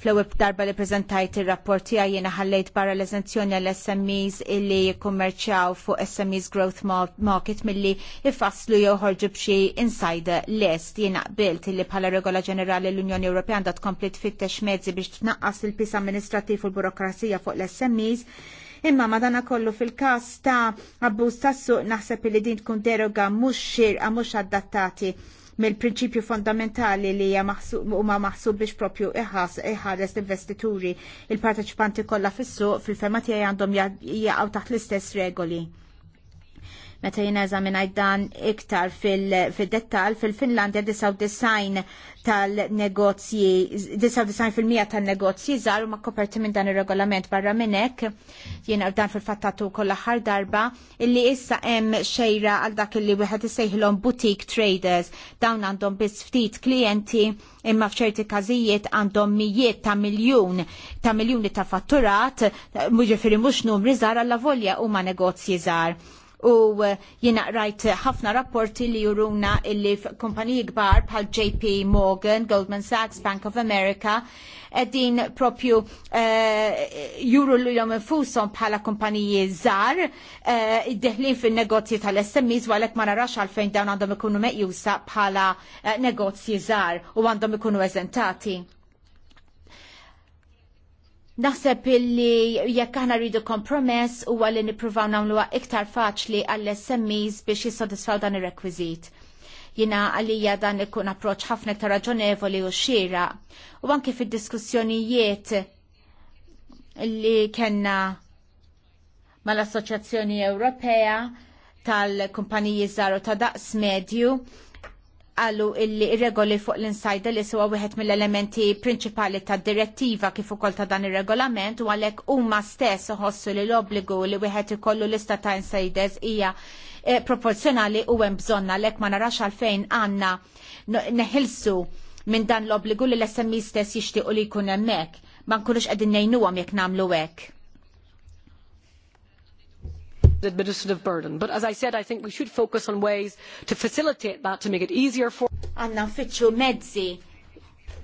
fl-ewwel darba li preżentajt ir rapporti tiegħi jiena ħallejt barra l-eżenzjoni għall smes illi jikkummerċjaw fuq SMEs Growth Market milli ifasslu joħorġu b'xi insider list. Jiena qbilt illi bħala regola ġenerali l-Unjoni Ewropea għandha tkompli tfittex mezzi biex tnaqqas il-pis amministrattiv u l-burokrazija fuq l-SMEs imma madana kollu fil-kas ta' abbuż tas-suq naħseb li din tkun deroga mhux xirqa mhux adattati mill-prinċipju fondamentali li huma maħsub biex propju iħas iħares l-investituri il-parteċipanti kollha fis-suq fil-fema tiegħi għandhom jaqgħu taħt l-istess regoli. Meta jineza minajt dan iktar fil-dettal, fil dettal fil finlandja 99 tal-negozji, 99% tal-negozji żgħar huma koperti minn dan ir-regolament barra minn hekk, jien dan fil-fattatu kolla aħħar darba, illi issa hemm xejra għal dak illi wieħed isejħilhom boutique traders, dawn għandhom biss ftit klijenti imma f'ċerti każijiet għandhom mijiet ta' miljun ta' miljuni ta' fatturat, mhux mux numri żgħar alla volja huma negozji żgħar u eh, jina rajt ħafna rapporti li juruna illi kumpaniji kbar bħal JP Morgan, Goldman Sachs, Bank of America din propju uh, juru l jom infusom bħala kumpaniji zar uh, eh, deħlin fin negozji tal-SMEs u għalek ma narax għalfejn dawn għandhom ikunu meqjusa bħala negozji zar u għandhom ikunu eżentati. Naħseb illi jekk aħna rridu kompromess huwa li nippruvaw nagħmluha iktar faċli għall smis biex jissodisfaw dan ir-rekwiżit. Jina għalija dan ikun approċ ħafna iktar raġonevoli u xira. U anke fid-diskussjonijiet li kenna mal-Assoċjazzjoni Ewropea tal-Kumpaniji Zaru ta' Daqs Medju għallu illi regoli fuq l-insajda li suwa wieħed mill-elementi prinċipali ta' direttiva kif ukoll ta' dan ir-regolament u għalhekk huma stess uħossu li l-obbligu li wieħed ikollu lista ta' insiders hija eh, proporzjonali u hemm bżonn għalhekk ma narax għalfejn għandna neħilsu minn dan l-obbligu li l-SMI stess jixtiequ li jkun hemmhekk ma nkunux qegħdin ngħinuhom jekk nagħmlu hekk administrative burden. But as I said, I think we should focus on ways to facilitate that, to make it easier for... Għanna fitxu mezzi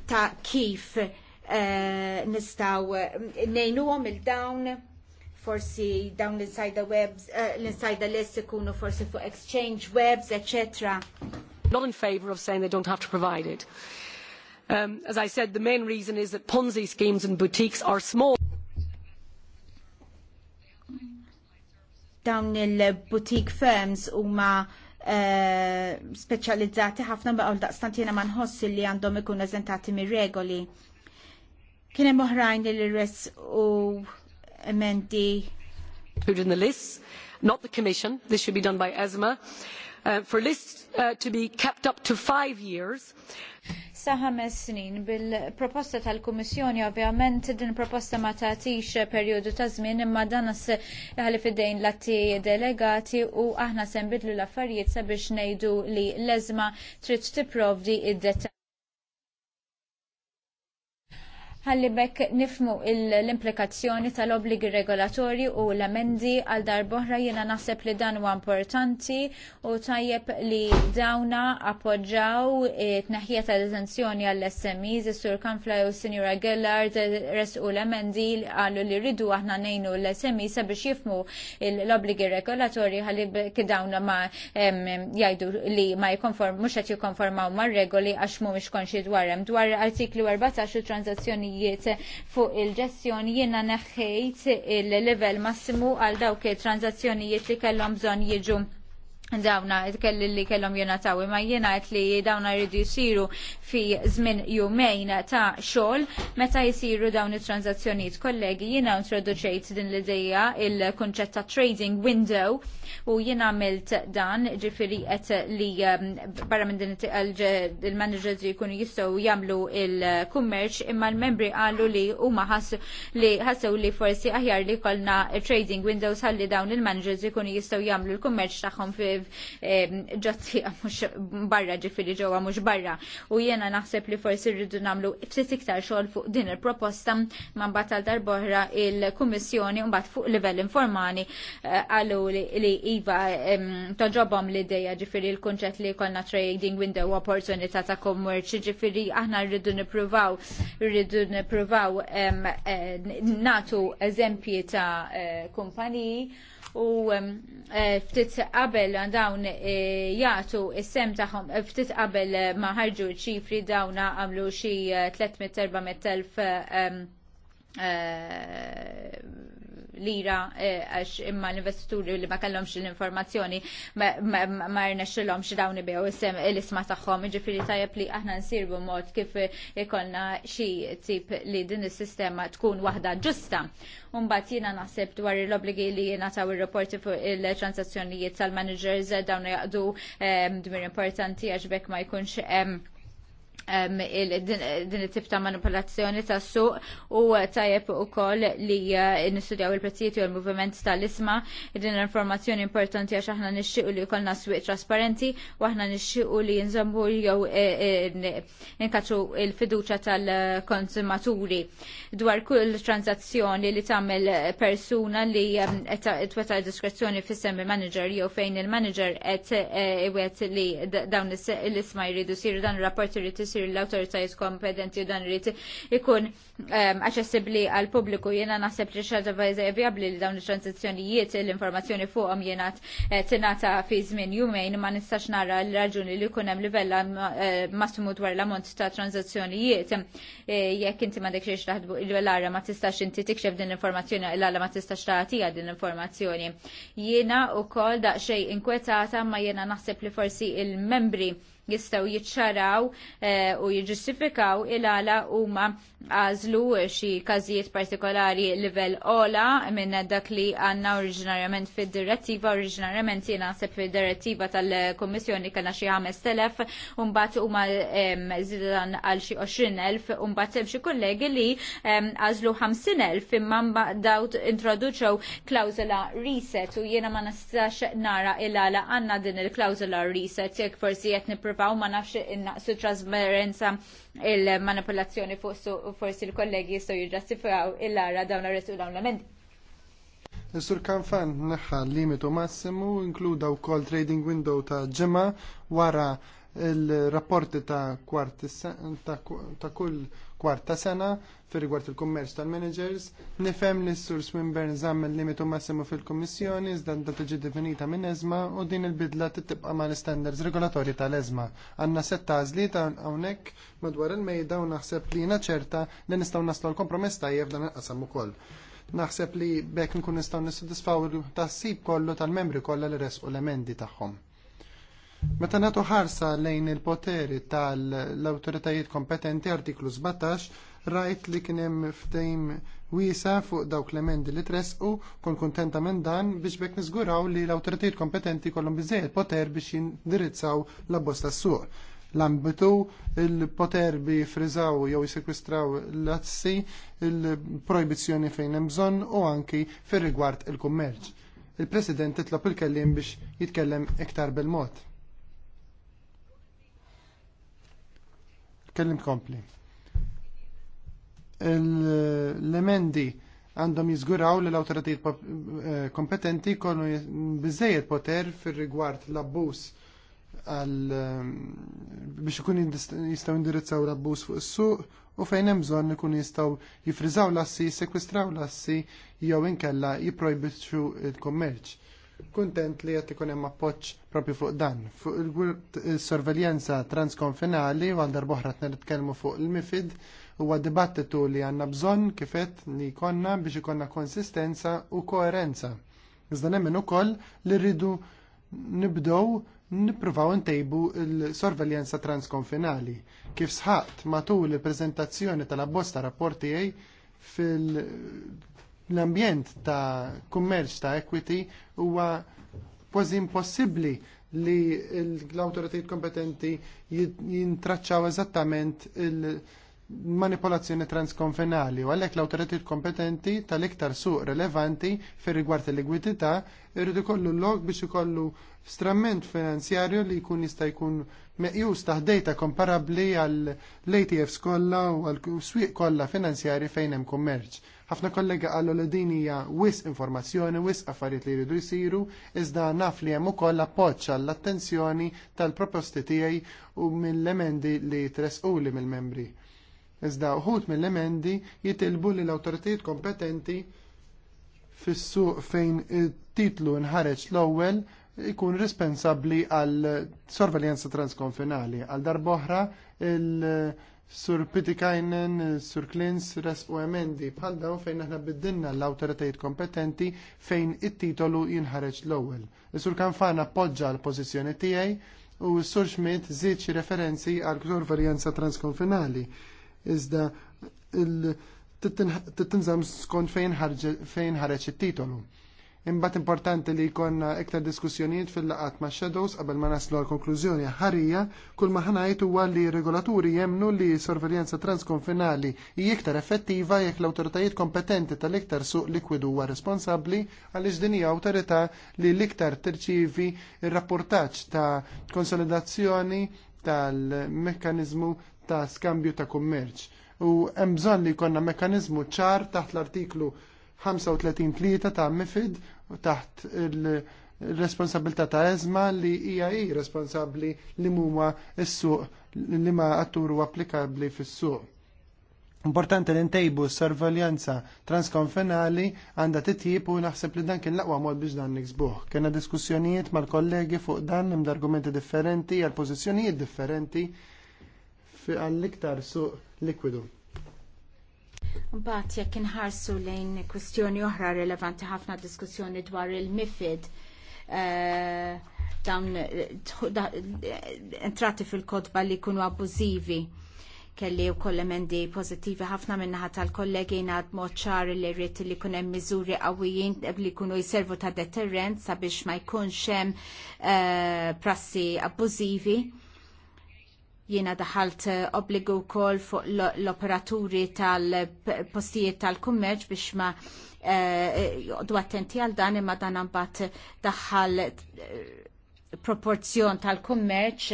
ta' kif eh, nistaw eh, nejnu għom il-dawn forsi dawn l-insajda webs, uh, eh, l-insajda list ikunu forsi fu exchange webs, etc. Not in favour of saying they don't have to provide it. Um, as I said, the main reason is that Ponzi schemes and boutiques are small. dawn il-boutique firms huma uh, speċjalizzati ħafna baqgħu daqstant jiena ma nħoss li għandhom ikun eżentati mir-regoli. Kien hemm oħrajn li res u emendi. Put in the list, not the Commission. This should be done by ESMA. Uh, for lists uh, to be kept up to five years issa ħames snin bil-proposta tal-Kummissjoni ovvjament din proposta ma tagħtix perjodu ta' żmien imma dan ħalli fidejn l-atti delegati u aħna se l-affarijiet sabiex ngħidu li l-eżma trid tipprovdi id-dettall. ħalli bekk nifmu l-implikazzjoni tal-obligi regolatorji u l-amendi għal darbohra jiena naħseb li dan huwa importanti u tajjeb li dawna appoġġaw eh, tneħħija ta' detenzjoni għall smi s sur Kanfla u s Sinjura Gellard resqu l-emendi għallu li rridu aħna nejnu l-SMI sabiex jifmu l-obligi regolatorji ħalli dawna ma jajdu li ma jikonform, muxa għat jikonformaw ma regoli għax mu mux konxi dwarem. Dwar artiklu 14 u transazzjoni kwistjonijiet fuq il-ġestjoni jiena neħħejt il-level massimu għal dawk tranzazzjonijiet li kellhom bżonn jiġu dawna kelli li kellhom jonataw imma jena għet li dawna jridu jsiru fi żmien jumejn ta' xogħol meta jsiru dawn it-tranzazzjonijiet. Kollegi, jiena introduċejt din l ideja il-kunċett ta' trading window u jiena għamilt dan ġifiri għet li um, barra minn din il-managers jkunu jistgħu jagħmlu il-kummerċ imma l-membri qalu li huma li ħassew li forsi aħjar li kolna trading windows ħalli dawn il-managers jkunu jistgħu jagħmlu l-kummerċ tagħhom fi ġazzija mhux barra ġifiri ġewwa mhux barra. U jiena naħseb li forsi rridu nagħmlu ftit iktar xogħol fuq din il-proposta ma mbagħad tal darbohra il-Kummissjoni u mbagħad fuq livell informali qalu li iva toġobhom l-idea ġifiri l-kunċett li jkollna trading window opportunità ta' kommerċ, ġifieri aħna rridu nippruvaw rridu nippruvaw natu eżempji ta' kumpaniji u eh, ftit qabel dawn eh, jagħtu is-sem tagħhom eh, ftit qabel ma ħarġu ċifri dawn għamlu xi 300-400 lira eh, għax imma l-investituri li ma kellhomx l-informazzjoni ma rnexxilhom xi dawn ibgħu isem l-isma tagħhom, ġifieri tajjeb li aħna nsirbu mod kif ikollna xi tip li din is-sistema tkun waħda ġusta. Mbagħad jiena naħseb dwar l-obbligi li jiena ir-reporti fuq il-transazzjonijiet tal-managers dawn jaqdu eh, dmir importanti għax bekk ma jkunx hemm din it-tip ta' manipolazzjoni ta' suq u tajjeb u koll li eh, nistudjaw il-prezzijiet u l ta' tal-isma din informazzjoni importanti għax aħna nixxiqu li jkollna swieq trasparenti u aħna nixxiqu li nżommu jew eh, eh, nkaċu il-fiduċa tal-konsumaturi dwar kull tranzazzjoni li tagħmel persuna li tweta' diskrezzjoni fis-semmi manager jew fejn il-manager qed iwet li dawn l-isma jridu siru dan ir-rapport irid isir l-autoritajiet kompetenti u dan irid ikun ehm, aċċessibbli għal pubbliku jiena naħseb li xaġa viabli li dawn il transizjonijiet l-informazzjoni fuqhom jiena tingħata eh, fi żmien jumejn ma nistax nara l-raġuni li jkun hemm livella eh, massimu dwar l-ammont ta' transizjonijiet eh, jekk inti ma dekxiex taħdbu il ara ma tistax inti tikxef din l-informazzjoni l-għala ma tistax taħtija din l-informazzjoni. Jiena u kol daqxej inkwetata ma jiena naħseb li forsi il-membri jistgħu jiċċaraw eh, u jiġġustifikaw il-għala huma għazlu xi każijiet partikolari livell ola minn dak li għanna oriġinarjament fid direttiva oriġinarjament jiena naħseb fid direttiva tal-Kommissjoni kellna xi 5000 u mbagħad huma żidan għal xi 20000 u mbagħad hemm xi kollegi li għażlu 50000 imma dawt introduċew klawżola reset u jiena ma nistax nara illa għala għandna din il-klawżola reset jekk forsi qed nippruvaw ma nafx innaqsu trasparenza il-manipolazzjoni fuq forsi l-kollegi so jirrassifraw il-ara dawn arrestu dawn l amendi Is-sur Kanfan neħħa limitu massimu inkluda wkoll trading window ta' ġimgħa wara il-rapporti ta' kwart ta' kull kwarta sena fir rigward il-kummerċ tal-managers. Nifhem li s-sur Swinburne żammel limitu massimu fil-Kummissjoni iżda da tiġi definita minn ezma' u din il-bidla ma mal-standards regolatorji tal-eżma. Għanna setta għażliet hawnhekk madwar il-mejda u naħseb li jiena ċerta li nistgħu naslu l-kompromess tajjeb dan il u ukoll. Naħseb li bekk nkun nistgħu nissodisfaw tas-sib kollu tal-membri kollha li resqu l-emendi tagħhom. Meta nagħtu ħarsa lejn il-poteri tal-awtoritajiet kompetenti artiklu 17, rajt li kien hemm ftehim wiesa fuq dawk l-emendi li tresqu, kon kuntenta minn dan biex bekk niżguraw li l-awtoritajiet kompetenti kollhom biżejjed poter biex jindirizzaw l bosta tas-suq. L-ambitu, il-poter bi frizaw jew jisekwistraw l-azzi, il-projbizzjoni fejn hemm bżonn u anki fir-rigward il-kummerċ. Il-President titlob il-kellim biex jitkellem iktar bil-mod. kellim kompli. L-emendi għandhom jizguraw li l-autoritajiet eh, kompetenti kollu bizzejiet poter fir rigward l-abbus għal eh, biex ikun jistaw indirizzaw l-abbus fuq is-suq u fejn hemm bżonn ikun jistgħu jifriżaw l-assi, sekwistraw l-assi jew inkella jipprojbixxu l-kummerċ Kuntent li qed ikun hemm appoġġ propju fuq dan. Fuq il-sorveljenza transkonfinali u għandar boħra qed nitkellmu fuq il-MIFID huwa dibattitu li għandna bżonn kifet li jkollna biex ikonna konsistenza u koerenza. Iżda nemmen ukoll li rridu nibdow nippruvaw ntejbu il-sorveljenza transkonfinali. Kif sħaqt matul il-preżentazzjoni tal-abbosta rapporti fil L-ambjent ta' kummerċ ta' equity huwa kważi impossibbli li l-autoritajiet kompetenti jintraċċaw eżattament il- manipolazzjoni transkonfenali u għalhekk l-awtoritajiet kompetenti tal-iktar suq relevanti fir rigward il-likwidità irridu kollu log biex ikollu strament finanzjarju li jkun jista' jkun meqjus taħ data komparabbli għall atfs kollha u għall swieq kollha finanzjarji fejn hemm kummerċ. Ħafna kollega qalu li din hija wis informazzjoni, wis affarijiet li jridu jsiru, iżda naf li hemm ukoll appoġġ għall-attenzjoni tal-proposti tiegħi u mill-emendi li tresquli mill-membri. Iżda uħud mill-emendi jitilbu li l-awtoritajiet kompetenti fis-suq fejn it-titlu nħareġ l-ewwel ikun responsabbli għal sorveljanza transkonfinali. Għal darboħra il- Sur Pitikainen, Sur Klins, Res u Emendi, bħal dawn fejn aħna biddinna l-autoritajiet kompetenti fejn it-titolu jinħareġ l-ewwel. Sur Kanfana poġġa l-pożizzjoni tiegħi u Sur Schmidt żied xi referenzi għal ktur varjanza transkonfinali. Iżda titinżam skont fejn ħareġ it-titolu. Imbagħad importanti li jkollna iktar diskussjonijiet fil-laqat ma' shadows qabel ma naslu għal konklużjoni ħarija, kull ma ħanajt huwa li regolaturi jemnu li sorveljanza transkonfinali hi iktar effettiva jekk l-awtoritajiet kompetenti tal-iktar suq likwidu huwa responsabbli għaliex din hija awtorità li l-iktar tirċivi r rapportaġġ ta' konsolidazzjoni tal-mekkanizmu ta' skambju ta' kummerċ. U hemm bżonn li jkollna mekkaniżmu ċar taħt l-artiklu 35 ta' MIFID taħt il-responsabilità ta' ezma li hija hi responsabbli li huma s-suq li ma atturu applikabbli fis-suq. Importanti li ntejbu s-sorveljanza transkonfenali għandha titjib u naħseb li dan kien laqwa mod biex dan niksbuh. Kena diskussjonijiet mal-kollegi fuq dan imd argumenti differenti għal pożizzjonijiet differenti fi għall-iktar suq likwidu. Mbagħad jekk inħarsu lejn kwistjoni oħra rilevanti ħafna diskussjoni dwar il-MIFID eh, dawn eh, eh, entrati fil-kodba li jkunu abbużivi kelli u koll emendi pozittivi ħafna minnaħat tal-kollegi nad moċar li rrit li kunem miżuri għawijin li kunu jiservu ta' deterrent sabiex ma jkunx hemm prassi abbużivi jiena daħalt eh, obbligu wkoll fuq l-operaturi tal-postijiet tal-kummerċ biex ma eh, joqdu attenti għal dan imma dan għambat daħħal eh, proporzjon tal-kummerċ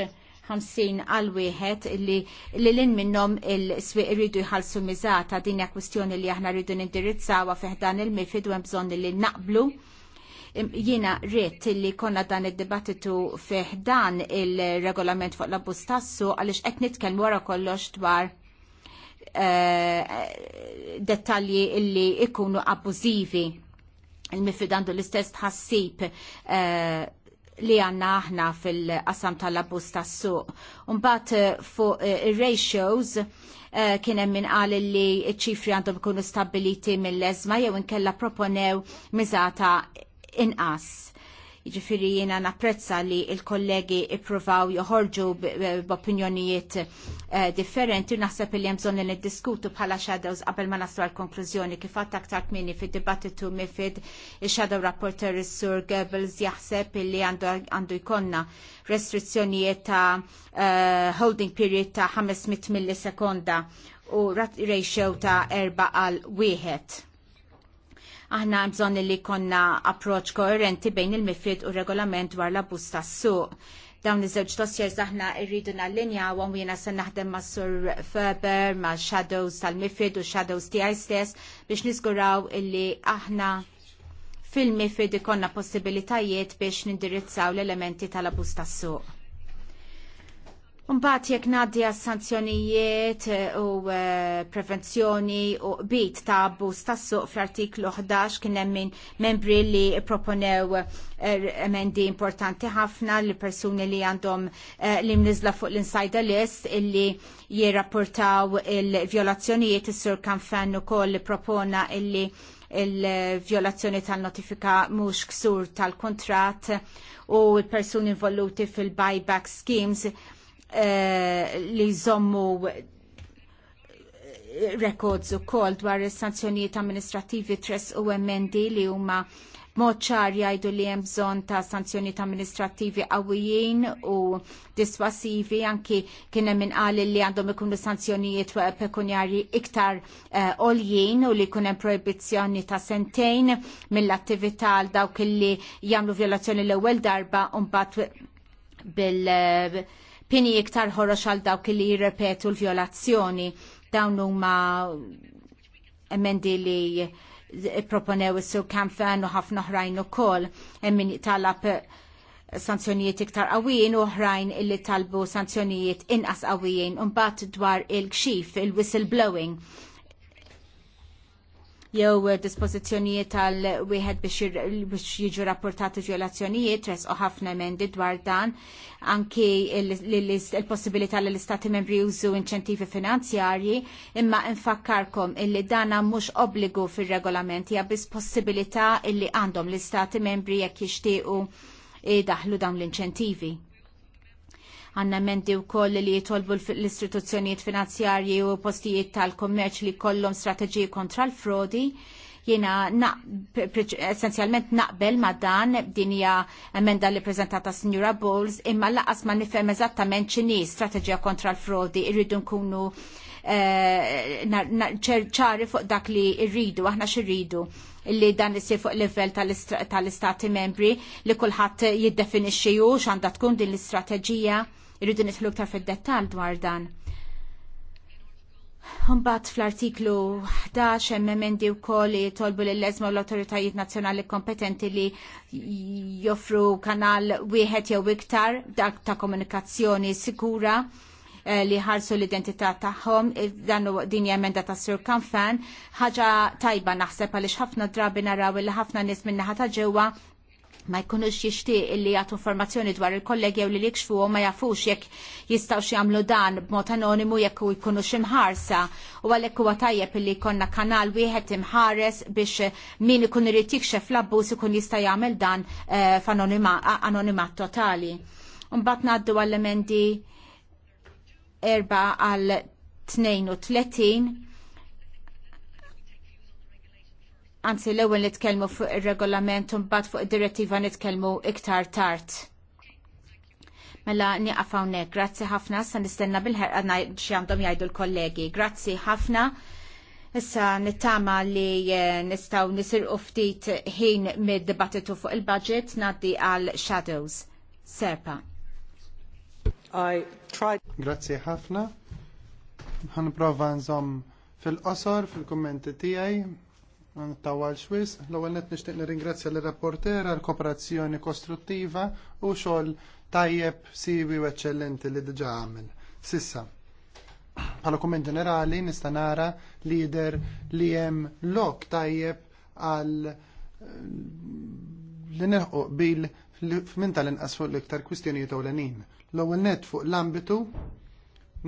50 għal wieħed li l in minnom il-swiq irridu jħalsu miżata din kwistjoni li aħna rridu nindirizzawa fiħdan il-mifid u hemm bżonn li naqblu Jiena rrit li konna dan id-dibattitu fih dan il-regolament fuq l-abbus tassu għaliex qed nitkellmu wara kollox dwar eh, dettalji illi ikunu abbużivi. il mifidandu l-istess tħassib eh, li għanna aħna fil-qasam tal-abbus tas-suq. Umbat eh, fuq ratios kien hemm min qal li ċifri għandhom ikunu stabiliti mill lezma jew inkella proponew miżata inqas. Jiġifieri jiena napprezza li l kollegi ippruvaw joħorġu b'opinjonijiet eh, differenti u naħseb li hemm bżonn li niddiskutu bħala shadows qabel ma naslu għal konklużjoni kif għadd aktar kmini fid-dibattitu mifid ix-shadow rapporter is-sur Goebbels jaħseb li għandu jkollna restrizzjonijiet ta' eh, holding period ta' 500 millisekonda u ratio ta' 4 għal wieħed Aħna bżonn li konna approċ koerenti bejn il-mifrid u regolament dwar l-abus tas-suq. Dawn iż-żewġ dossiers aħna rridu nallinjaw u jiena se naħdem ma' Sur Ferber, ma' Shadows tal-Mifrid u Shadows tiegħi stess biex niżguraw illi aħna fil-mifid ikonna possibilitajiet biex nindirizzaw l-elementi tal-abus tas-suq. Mbagħad jekk ngħaddi għas-sanzjonijiet eh, u eh, prevenzjoni u bit ta' abbuż tas-suq fl-artiklu 11 kien hemm min membri li proponew eh, emendi importanti ħafna li persuni li għandhom li mnizla fuq l-insider list illi jirrapportaw il-vjolazzjonijiet is-sur kanfan ukoll propona illi il-vjolazzjoni tal-notifika mhux ksur tal kontrat u l-persuni involuti fil-buyback schemes Eh, li jżommu records ukoll dwar is-sanzjonijiet amministrativi tres u emendi li huma mod ċar jgħidu li hemm bżonn ta' sanzjonijiet amministrativi qawwijin u diswasivi anki kien hemm inqali li għandhom ikunu sanzjonijiet pekunjarji iktar eh, għoljin u li jkun hemm proibizzjoni ta' sentejn mill-attività għal dawk li jagħmlu violazzjoni l-ewwel darba u mbagħad bil- uh, pini iktar ħorox għal dawk li jirrepetu l-violazzjoni dawn huma emendi li proponew is-sur Fan u ħafna oħrajn ukoll hemm min talab sanzjonijiet iktar għawijin u oħrajn illi talbu sanzjonijiet inqas qawwijin un dwar il-kxif, il-whistleblowing jew dispożizzjonijiet tal wieħed biex jiġu rapportati ġjolazzjonijiet tres u ħafna emendi dwar dan anki il-possibilità li l-istati membri jużu inċentivi finanzjarji imma infakkarkom illi dana mhux obbligu fir-regolament hija biss possibilità illi għandhom l-istati membri jekk jixtiequ daħlu dawn l-inċentivi. Għanna menti u koll li jitolbu l-istituzzjonijiet finanzjarji u postijiet tal-kommerċ li kollom strategji kontra l-frodi. Jena essenzjalment naqbel ma dan dinja emenda li prezentata Signora Bowles imma laqas ma nifem eżattament ċini strategija kontra l-frodi irridu nkunu eh, ċari fuq dak li irridu, aħna xirridu li dan isir fuq level tal-istati membri li kullħat jiddefinixxi u x'għandha tkun din l-istrateġija Irridu nitħlu ktar fid-dettall dwar dan. Mbagħad fl-artiklu 11 hemm emendi wkoll li tolbu lil leżma u l autoritajiet nazzjonali kompetenti li joffru kanal wieħed jew iktar dak ta' komunikazzjoni sikura eh, li ħarsu l-identità tagħhom eh, dan din emenda ta' Sur Kanfan ħaġa tajba naħseb għaliex ħafna drabi naraw li ħafna nies min-naħa ta' ġewwa ma jkunux jixtieq li jagħtu informazzjoni dwar il-kollegi jew li jikxfu u ma jafux jekk jistaw jagħmlu dan b'mod anonimu jekk jkunux imħarsa u għalhekk huwa tajjeb illi jkollna kanal wieħed imħares biex min ikun irid jikxef l-abbuż ikun jista' jagħmel dan uh, eh, f'anonimat totali. Mbagħad ngħaddu għall-emendi erba' għal 32 Anzi, l-ewwel nitkellmu fuq ir-regolament u mbagħad fuq id-direttiva nitkellmu iktar tard. Mela nieqaf hawnhekk. Grazzi ħafna, sa nistenna bil-ħerqa xi għandhom jgħidu l-kollegi. Grazzi ħafna. Issa nittama li eh, nistgħu nisirqu ftit ħin mid-dibattitu fuq il-budget ngħaddi għal Shadows. Serpa. Grazzi ħafna. Ħanprova nżomm fil-qosor, fil-kummenti tiegħi, Tawal Swiss, l-ewwel net nixtieq nirringrazzja l rapporter għal kooperazzjoni kostruttiva u xogħol tajjeb, siwi u eċċellenti li diġà għamel. Sissa, bħala kumment ġenerali nista' nara lider li hemm lok tajjeb għal eh, li neħu bil f'min tal-inqas fuq l-iktar kwistjonijiet ewlenin. L-ewwel net fuq l-ambitu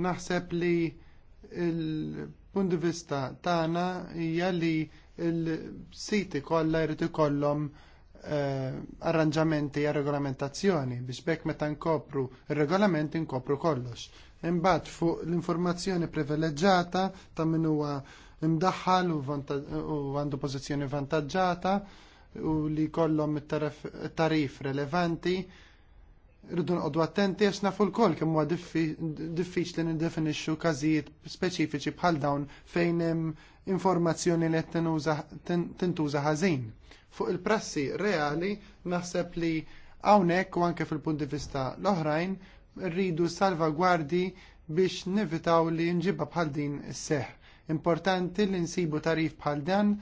naħseb li il-punt di vista tagħna hija li il-siti kollha jrid ikollhom eh, arranġamenti għal regolamentazzjoni biex bekk meta nkopru il regolament inkopru kollox. Imbagħad fuq l-informazzjoni privileġġjata ta' min huwa imdaħħal u għandu pożizzjoni vantaġġata u li kollhom tarif relevanti rridu nqodu attenti għax nafu l-koll kemm huwa diffiċli niddefinixxu każijiet speċifiċi bħal dawn fejn hemm informazzjoni li tintuża ħażin. Fuq il-prassi reali naħseb li hawnhekk u anke fil-punt di vista l-oħrajn rridu salvagwardi biex nevitaw li nġibha bħal din is-seħ. Importanti li nsibu tarif bħal dan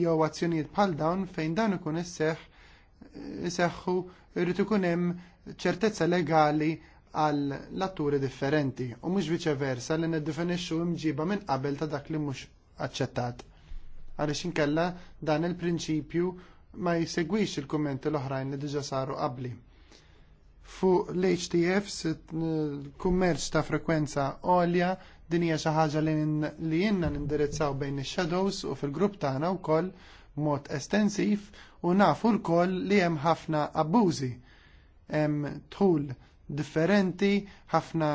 jew azzjonijiet bħal dawn fejn dan ikun isseħħ iseħħu irrid ikun hemm ċertezza legali għall-atturi differenti u mhux viċeversa li niddefinixxu mġiba minn qabel ta' dak li mhux aċċettat. Għaliex inkella dan il-prinċipju ma jisegwix il-kummenti l-oħrajn li diġa saru qabli. Fu l-HTFs, kummerċ ta' frekwenza għolja, din hija xi ħaġa li jenna nindirizzaw bejn ix-shadows u fil-grupp tagħna wkoll mod estensiv u nafu lkoll li hemm ħafna abbużi. Hemm tħul differenti, ħafna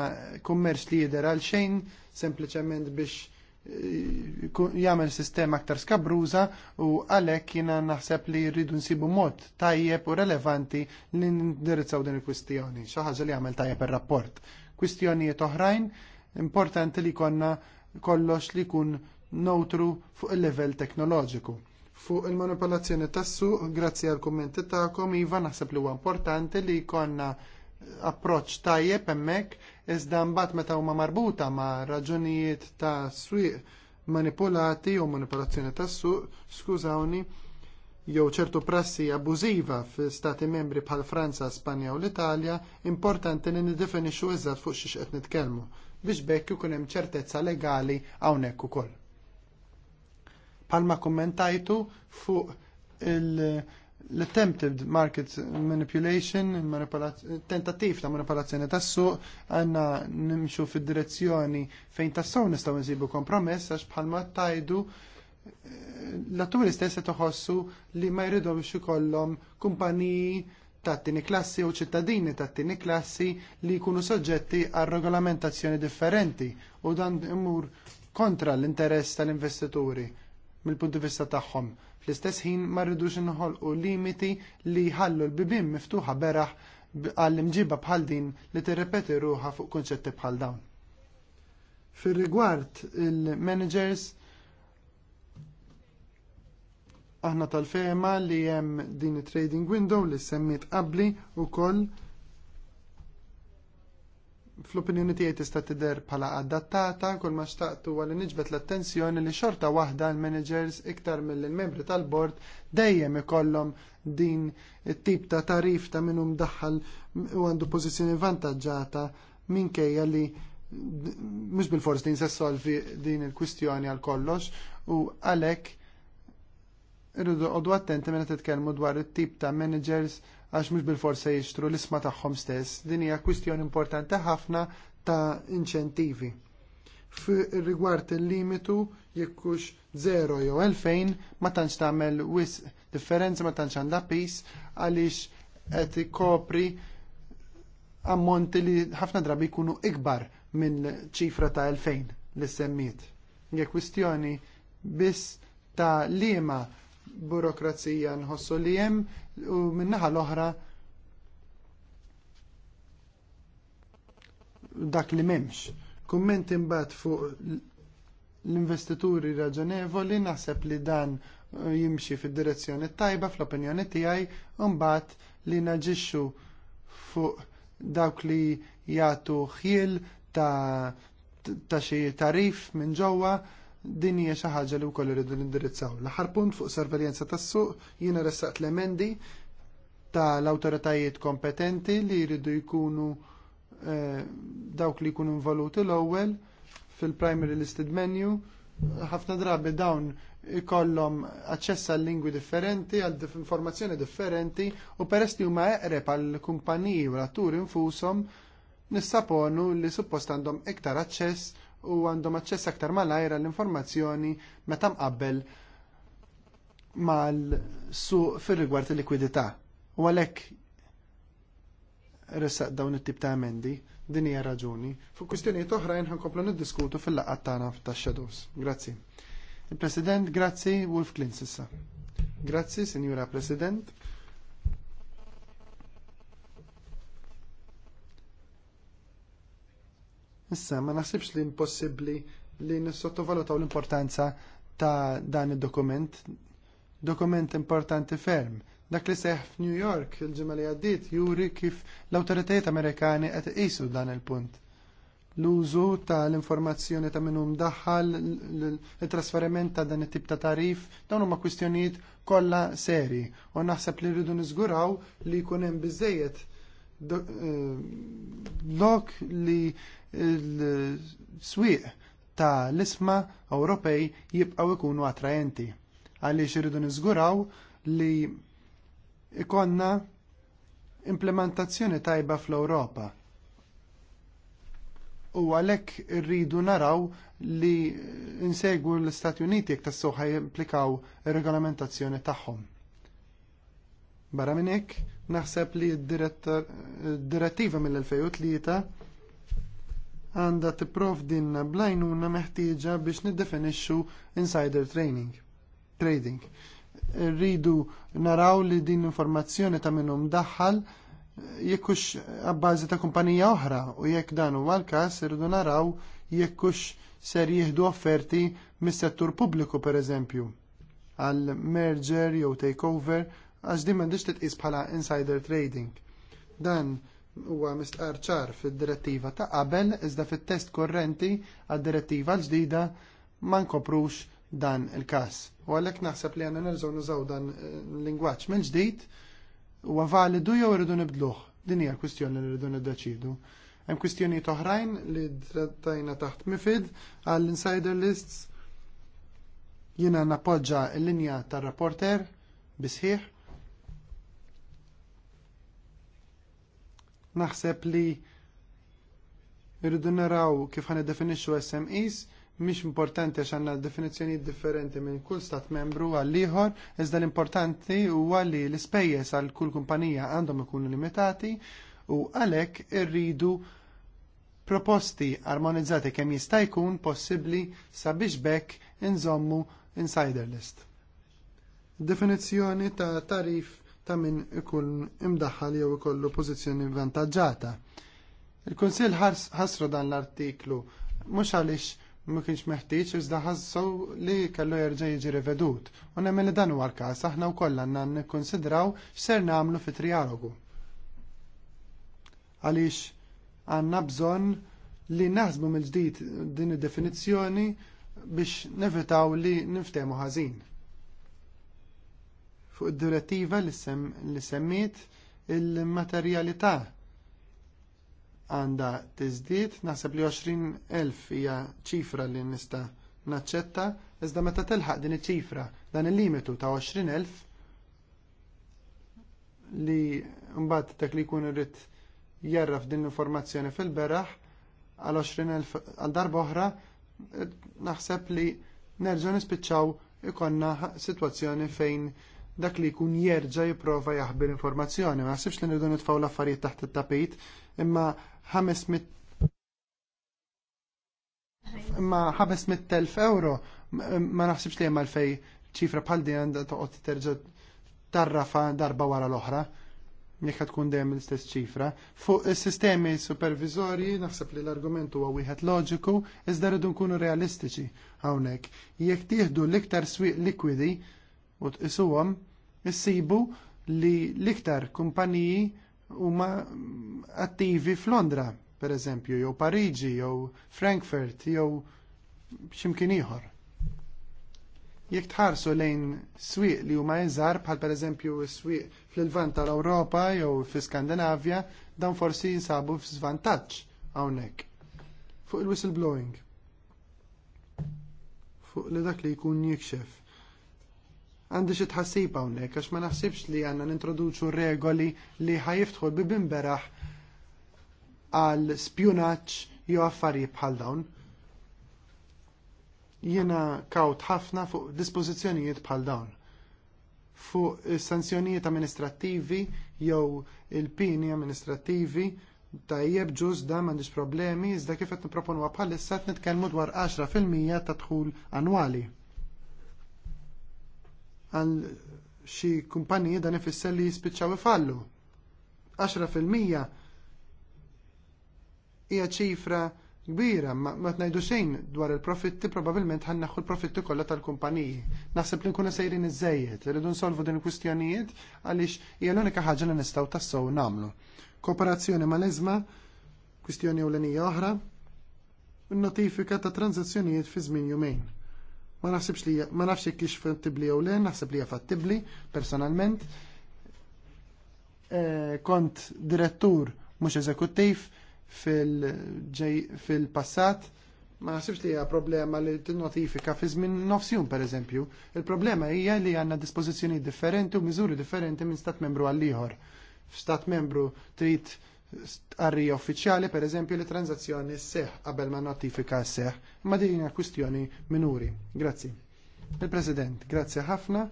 kummerċ li jidher għal xejn, sempliċement biex jgħamil sistema aktar skabruża u għalhekk jiena naħseb li rridu nsibu mod tajjeb u relevanti li nindirizzaw din il-kwistjoni. Xi ħaġa li jagħmel tajjeb ir-rapport. Kwistjonijiet oħrajn importanti li konna kollox li kun notru fuq il-level teknoloġiku. Fuq il-manipolazzjoni tas-suq, grazzi għal kummenti tagħkom, iva naħseb li huwa importanti li konna approċċ tajjeb hemmhekk iżda mbagħad meta huma marbuta ma' raġunijiet ta' swieq manipulati u manipolazzjoni tas-suq, skużawni, jew ċertu prassi abbużiva fi stati membri bħal Franza, Spanja u l-Italja, importanti li nidefinixxu iżgħat fuq xiex qed nitkellmu biex bekk ikun hemm ċertezza legali hawnhekk ukoll. Palma kummentajtu fuq il- l-attempted market manipulation, tentativ ta' manipolazzjoni tas suq għanna nimxu fid-direzzjoni fejn tas-sow nistaw nsibu kompromess għax bħalma tajdu eh, l-atturi stess toħossu li ma jridhom ikollhom kumpaniji ta' tini klassi u ċittadini ta' tini klassi li jkunu soġġetti għal regolamentazzjoni differenti u dan imur kontra l-interess tal-investituri mill-puntu vista tagħhom. Fl-istess ħin ma rridux inħolqu limiti li jħallu l bibien miftuħa beraħ għall-imġiba bħal din li tirrepeti ruħa fuq konċetti bħal dawn. Fir-rigward il-managers aħna tal-fema li hemm din trading window li semmiet qabli u koll fl-opinjoni tiegħi tista' tidher bħala adattata kull ma xtaqt huwa li niġbet l-attenzjoni li xorta waħda l-managers iktar mill-membri tal-bord dejjem ikollhom din it-tip ta' tarif ta' minnu mdaħħal u għandu pożizzjoni vantaġġata minkejja li mhux bil-fors din se solvi din il-kwistjoni għal kollox u għalhekk irridu qodu attenti meta titkellmu dwar it-tip ta' managers għax mhux bil-forsa jixtru l-isma tagħhom stess. Din hija kwistjoni importanti ħafna ta' inċentivi. Rigward il-limitu jekkux 0 jew 2000 ma tantx tagħmel wisq differenza ma tantx għandha pis għaliex qed ikopri ammonti li ħafna drabi jkunu ikbar minn ċifra ta' 2000 li semmiet. Hija kwistjoni biss ta' liema burokrazija nħossu li hemm u min-naħa l-oħra dak li m'hemmx. Kumment imbagħad fuq l-investituri raġonevoli naħseb li dan jimxi fid-direzzjoni tajba fl-opinjoni tiegħi u mbagħad li naġixxu fuq dawk li jagħtu ħiel ta' ta' xi tarif minn ġewwa din hija xi ħaġa li wkoll iridu nindirizzaw. L-aħħar punt fuq sorveljanza tas-suq jiena ressaqt l-emendi tal-awtoritajiet kompetenti li jridu jkunu eh, dawk li jkunu involuti l-ewwel fil-primary listed menu ħafna drabi dawn ikollhom aċċess għal lingwi differenti, għal informazzjoni differenti u peress li huma eqreb għal kumpaniji u l-atturi infushom nissaponu li suppost għandhom iktar aċċess u għandhom aċċess aktar mal mal-ajra l-informazzjoni meta mqabbel mal-suq fir-rigward il-likwidità. U għalhekk ressaq dawn it-tip ta' emendi, din hija raġuni. Fuq kwistjonijiet oħrajn ħankomplu niddiskutu fil-laqgħat tagħna tax-shadows. Grazzi. Il-President, grazzi Wolf Klins issa. Grazzi, Sinjura President. Issa, ma naħsibx li impossibbli li nissottovalutaw l-importanza ta' dan id-dokument. Dokument importanti ferm. Dak li seħ f'New York il-ġimgħa li għaddiet juri kif l-awtoritajiet Amerikani qed iqisu dan il-punt. L-użu ta' l-informazzjoni ta' minnu daħħal, il-trasferiment ta' dan it-tip ta' tarif, dawn huma kwistjonijiet kollha seri u naħseb li rridu niżguraw li jkun hemm biżejjed Eh, lok li l-swieq ta' l-isma Ewropej jibqgħu ikunu attrajenti għaliex irridu niżguraw li ikonna implementazzjoni tajba fl-Ewropa. U għalhekk irridu naraw li insegwu l-Istati Uniti jekk tassu ħaj implikaw ir-regolamentazzjoni tagħhom. Barra minn hekk naħseb li d-direttiva mill-2003 għandha tipprov din blajnuna meħtieġa biex niddefinixxu insider training. trading. Rridu naraw li din informazzjoni ta' minnhom daħħal jekkux għabbażi ta' kumpanija oħra u jekk dan huwa l-każ irridu naraw jekkux ser jieħdu offerti mis-settur pubbliku pereżempju għal merger jew takeover għax din m'għandix titqis bħala insider trading. Dan huwa mistqar ċar fid-direttiva ta' qabel iżda fit-test korrenti għad-direttiva l-ġdida ma nkoprux dan il-każ. U għalhekk naħseb li għandna nerżgħu nużaw dan eh, l-lingwaġġ mill-ġdid huwa validu jew rridu nibdluh. Din hija kwistjoni li rridu niddeċidu. Hemm kwistjonijiet oħrajn li trattajna taħt mifid għall insider lists jiena nappoġġa l-linja tar-rapporter bisħiħ Naħseb li irridu naraw kif ħana definixxu SMEs mhix importanti għax għandna definizzjonijiet differenti minn kull stat membru għal ieħor, iżda l-importanti huwa li l-ispejjeż għal kull kumpanija għandhom ikunu limitati u għalhekk irridu proposti armonizzati kemm jista' jkun possibbli sabiex bekk inżommu insider list. Definizzjoni ta' tarif ta' min ikun imdaħħal jew ikollu pożizzjoni vantaġġata. Il-Kunsill ħasru dan l-artiklu mhux għaliex ma kienx meħtieġ iżda ħassu li kellu jerġa' jiġi rivedut. U nemmen li dan huwa l-każ aħna wkoll għandna nikkonsidraw x'ser nagħmlu fi trialogu. Għaliex għandna bżonn li naħsbu mill-ġdid din id-definizzjoni biex nevitaw li niftehmu ħażin fuq id-direttiva li semmiet il-materjalità għandha tiżdied, naħseb li 20,000 hija ċifra li nista' naċċetta, iżda meta telħaq din iċ-ċifra dan il-limitu ta' 20,000 li mbagħad dak li jkun irrid jarraf din l-informazzjoni fil-beraħ għal 20,000 għal darba oħra, naħseb li nerġgħu nispiċċaw ikonna sitwazzjoni fejn dak li jkun jerġa' jipprova l informazzjoni. Ma ħsibx li nridu nitfgħu l-affarijiet taħt it-tapit, imma 500 imma 500.000 euro ma naħsibx li hemm għalfej ċifra bħal din għandha toqgħod terġa' tarrafa darba wara l-oħra jekk tkun dejjem l-istess ċifra. Fuq is-sistemi supervizorji naħseb li l-argument huwa wieħed loġiku iżda rridu nkunu realistiċi hawnhekk. Jekk tieħdu l-iktar swieq likwidi u tqisuhom issibu li l-iktar kumpaniji huma attivi f'Londra, pereżempju, jew Pariġi, jew Frankfurt, jew x'imkien ieħor. Jekk tħarsu lejn swieq li huma iżgħar bħal pereżempju s-swieq fl-Lvant tal-Ewropa jew fl-Skandinavja, dan forsi jinsabu f'żvantaġġ hawnhekk. Fuq il-whistleblowing. Fuq li dak li jkun jikxef għandi xi tħassib hawnhekk għax ma naħsibx li għandna nintroduċu regoli li ħajiftħu bibin beraħ għal spjunaċ jew affarijiet bħal dawn. Jiena kawt ħafna fuq dispożizzjonijiet bħal dawn. Fuq sanzjonijiet amministrattivi jew il-pini amministrattivi tajjeb ġuż da m'għandix problemi iżda kif qed nipproponuha bħalissa qed nitkellmu dwar 10% ta' dħul annwali għal xi kumpaniji dan ifisser li jispiċċaw ifallu. 10% hija ċifra kbira, ma tnajdu xejn dwar il-profitti, probabilment ħan naħħu l-profitti kollha tal-kumpaniji. Naħseb li nkunu sejrin iżejjed, Iridu irridu nsolvu din il-kwistjonijiet għaliex hija l-unika ħaġa li nistgħu tassew nagħmlu. Kooperazzjoni mal-eżma, kwistjoni ewlenija oħra, notifika ta' tranzazzjonijiet fi żmien jumejn. Ma naħsibx li ma nafx jekk kiex fattibli jew le, naħseb li hija fattibli personalment. Eh, kont direttur mhux eżekuttiv fil-passat, ma nafx li hija problema li tinnotifika fi żmien nofsjum pereżempju. Il-problema hija li għandna dispożizzjoni differenti u miżuri differenti minn stat membru għall ieħor. F'stat membru trid arriji uffiċjali pereżempju li tranzazzjoni sseħħ qabel ma notifika sseħħ, Ma' din hija kwistjoni minuri. Grazzi. Il-President, grazzi ħafna.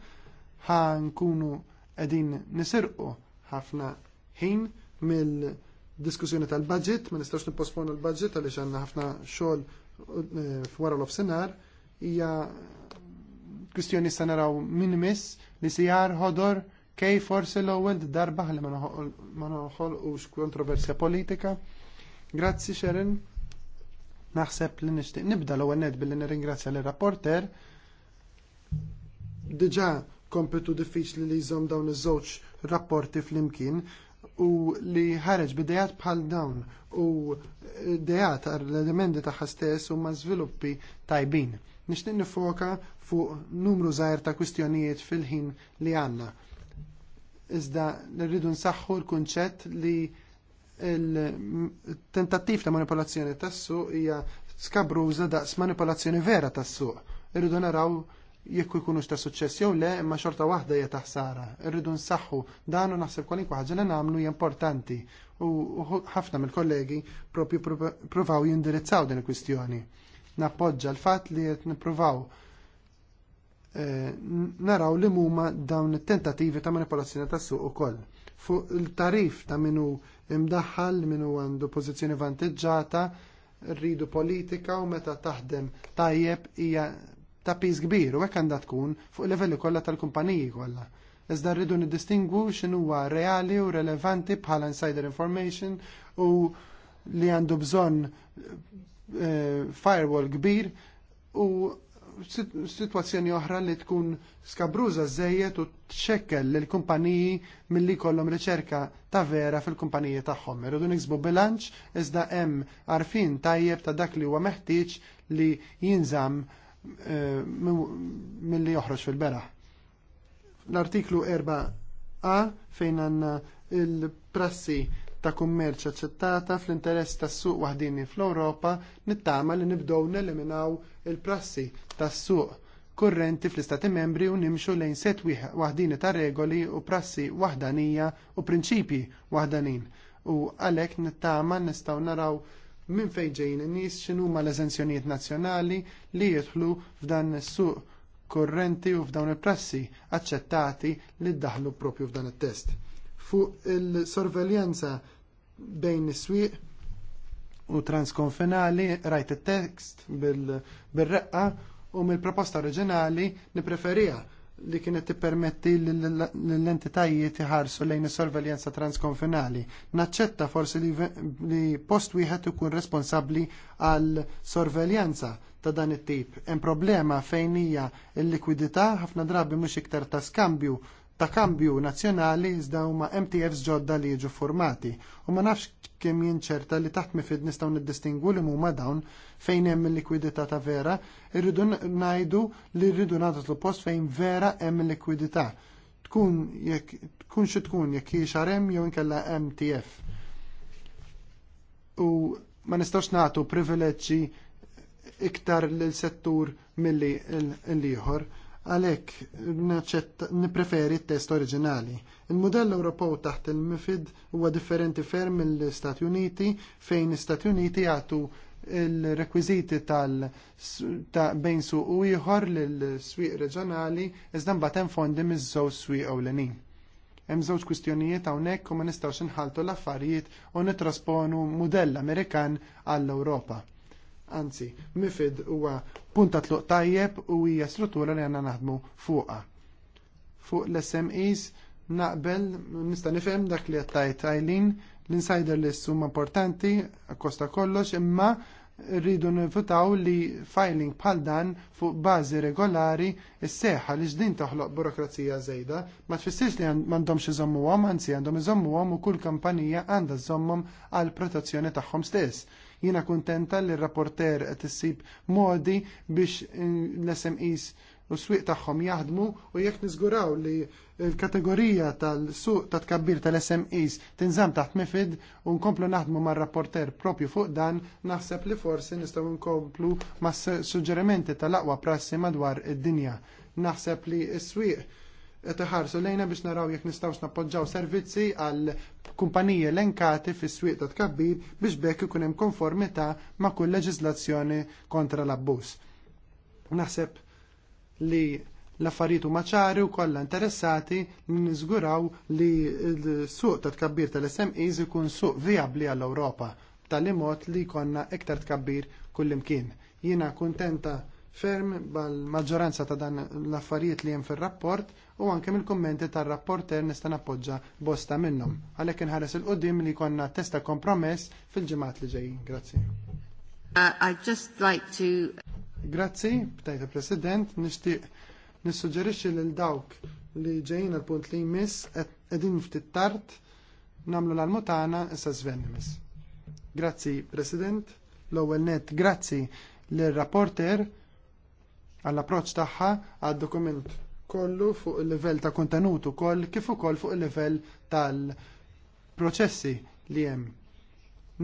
Ħan kunu edin nisirqu ħafna ħin mill-diskussjoni tal-budget, ma nistax nipposponu l-budget għaliex għandna ħafna xogħol eh, wara l senar hija kwistjoni sa naraw minimis miss li sijar ħodor kej forsi l-ewwel darba ħalli ma noħolqux kontroversja politika. Grazzi Sharon. Naħseb li nixtieq nibda l-ewwel ned billi nirringrazzja lir-rapporter. Diġà kompetu diffiċli li jżomm dawn iż-żewġ rapporti flimkien u li ħareġ bidejat bħal dawn u dejat l-elementi tagħha stess huma żviluppi tajbin. Nixtieq nifoka fuq numru żgħir ta' kwistjonijiet fil-ħin li għandna Iżda nirridu nsaħħu l-kunċett li il-tentattiv ta' manipolazzjoni tas-suq hija skabruża daqs manipolazzjoni vera tas-suq. Irridu naraw jekk ikunux ta' suċċess jew le, imma xorta waħda hija ta' ħsara. Irridu nsaħħu dan u naħseb kwalinkwa ħaġa li nagħmlu hija importanti u ħafna mill-kollegi propju provaw jindirizzaw din il-kwistjoni. Nappoġġa l-fatt li qed nippruvaw Eh, naraw li huma dawn it-tentattivi ta' manipolazzjoni tas-suq ukoll. Fuq il-tarif ta' minu imdaħħal, minu għandu pożizzjoni vantaġġata, rridu politika u meta taħdem tajjeb hija ta' piż kbir u hekk għandha tkun fuq livelli kollha tal-kumpaniji kollha. Iżda rridu niddistingwu x'inhuwa reali u relevanti bħala insider information u li għandu bżonn eh, firewall kbir u situazzjoni oħra li tkun skabruża żejjed u txekkel lil kumpaniji milli kollhom riċerka ta' vera fil-kumpaniji tagħhom. Irridu niksbu bilanċ iżda hemm arfin tajjeb ta' dak li huwa meħtieġ li jinżamm eh, milli joħroġ fil-beraħ. L-artiklu 4a fejn għandna il-prassi ta' kummerċ aċċettata fl-interess tas-suq waħdini fl-Ewropa nittama li nibdew neliminaw il-prassi tas-suq kurrenti fl-Istati membri u nimxu lejn set waħdini ta' regoli u prassi waħdanija u prinċipji waħdanin. U għalhekk nittama nistgħu naraw minn fejn ġejjin in-nies x'inhuma l-eżenzjonijiet nazzjonali li jidħlu f'dan is-suq kurrenti u f'dawn il-prassi aċċettati li ddaħlu propju f'dan it-test fuq il-sorveljanza bejn is-swieq u transkonfinali rajt it-tekst bil-reqqa u mill-proposta oriġinali nipreferija li kienet tippermetti l-entitajiet iħarsu lejn is-sorveljanza transkonfinali. Naċċetta forsi li post wieħed ikun responsabbli għal sorveljanza ta' dan it-tip. Hemm problema fejn hija l-likwidità ħafna drabi mhux iktar ta' skambju ta' kambju nazzjonali iżda huma MTFs ġodda li jiġu formati u ma nafx kemm jinċerta li taħt mifid nistgħu niddistingu li huma dawn fejn hemm il-likwidità ta' vera, irridu ngħidu li rridu nagħtu post fejn vera hemm il-likwidità. Tkun jekk tkun xi tkun jekk hi xarem jew inkella MTF. U ma nistgħux nagħtu privileġġi iktar lil settur milli l-ieħor għalhekk nippreferi t-test oriġinali. Il-modell Ewropew taħt il-MIFID huwa differenti ferm mill-Istati Uniti fejn l-Istati Uniti jagħtu il-rekwiziti tal ta' bejn suq u ieħor lill-swieq reġjonali iżda mbagħad hemm fondi miż-żewġ swieq ewlenin. Hemm żewġ kwistjonijiet hawnhekk u ma nistgħux inħaltu l-affarijiet u nitrasponu mudell Amerikan għall-Ewropa. Anzi, MIFID huwa punta tluq tajjeb u hija struttura li għandna naħdmu fuqha. Fuq l-SMEs naqbel nista' nifhem dak li qed tajt għajlin, l-insider list huma importanti kosta kollox imma rridu nifutaw li filing bħal dan fuq bażi regolari s-seħħa li ġdin toħloq burokrazija żejda ma tfissirx li m'għandhomx iżommuhom, anzi għandhom iżommuhom u kull kampanija għandha żommhom għal protezzjoni tagħhom stess Jiena kuntenta li r-rapporter tissib modi biex l-SMEs u s-swieq tagħhom jaħdmu u jekk niżguraw li l-kategorija tal-suq ta' tkabbir tal-SMEs tinżamm taħt mifid u nkomplu naħdmu mar-rapporter propju fuq dan, naħseb li forsi nistgħu nkomplu mas suġġerimenti tal-aqwa prassi madwar id-dinja. Naħseb li s swiq qed iħarsu lejna biex naraw jekk nistgħux nappoġġaw servizzi għal kumpaniji elenkati fis-swieq ta' tkabbir biex bekk ikun hemm konformità ma' kull leġiżlazzjoni kontra l-abbuż. Naħseb li l-affarijiet huma ċari u kollha interessati li niżguraw li l-suq ta' tkabbir tal-SMEs ikun suq viabli għall-Ewropa tal-imot li jkollna iktar tkabbir kullimkien. Jiena kuntenta ferm bħal-maġġoranza ta' dan l-affarijiet li hemm fir-rapport u anke mill-kummenti tar-rapporter nista' nappoġġa bosta minnhom. Għalhekk inħares il qudiem li konna testa kompromess fil-ġimgħat li ġejjin. Grazzi. Uh, I'd just like to Grazzi, btajta President, nixtieq nissuġġerixxi lil dawk li ġejjin għal punt li jmiss qegħdin ftit tard nagħmlu l-almutana issa żven jmiss. Grazzi, President. L-ewwel net, grazzi lir rapporter għall-approċċ tagħha għad-dokument kollu fuq il-livell ta' kontenut ukoll kif ukoll fuq il-livell tal-proċessi li hemm.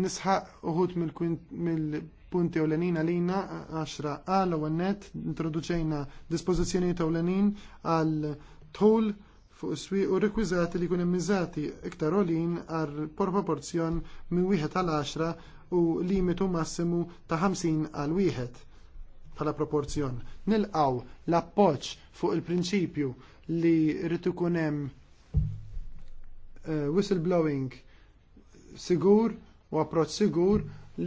Nisħaq uħud mill-punti ewlenin għalina 10 għal u net introduċejna dispożizzjonijiet ewlenin għal tħul fuq is-swieq u rekwiżati li jkunu miżati iktar ulin għal proporzjon minn wieħed għal 10 u limitu massimu ta' 50 għal wieħed bħala proporzjon. Nilqaw l-appoġġ fuq il-prinċipju li rrid ikun hemm eh, whistleblowing sigur u approċċ sigur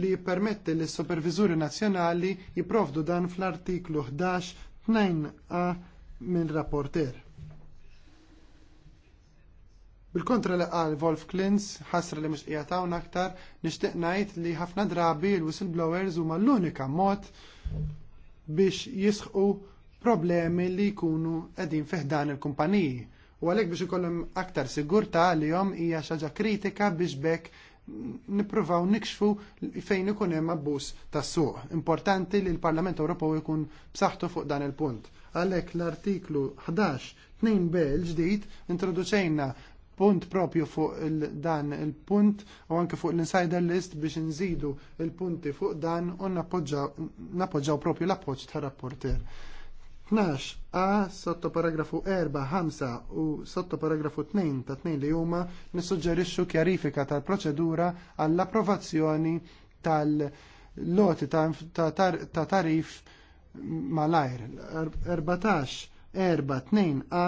li permette li s-supervizuri nazzjonali jipprovdu dan fl-artiklu 11 2a minn rapporter. Bil-kontra li qal Wolf Klins, ħasra li mux qiegħed aktar, nixtieq ngħid li ħafna drabi l-whistleblowers huma l-unika mod biex jisħu problemi li jkunu qegħdin feħdan il-kumpaniji. U għalhekk biex ikollhom aktar sigurtà għalihom hija xi ħaġa kritika biex bekk nippruvaw nikxfu fejn ikun hemm abbuż tas-suq. Importanti li l-Parlament Ewropew ikun b'saħħtu fuq dan il-punt. Għalhekk l-artiklu 11 2b ġdid introduċejna punt propju fuq il dan il-punt u anke fuq l-insider list biex nżidu il-punti fuq dan u nappoġġaw propju l-appoġġ ta' rapporter. 12 a sotto paragrafu 4, 5 u sotto paragrafu 2 ta' 2 li huma nissuġġerixxu kjarifika tal-proċedura għall-approvazzjoni tal-loti ta' tarif malajr. 14 4 2 a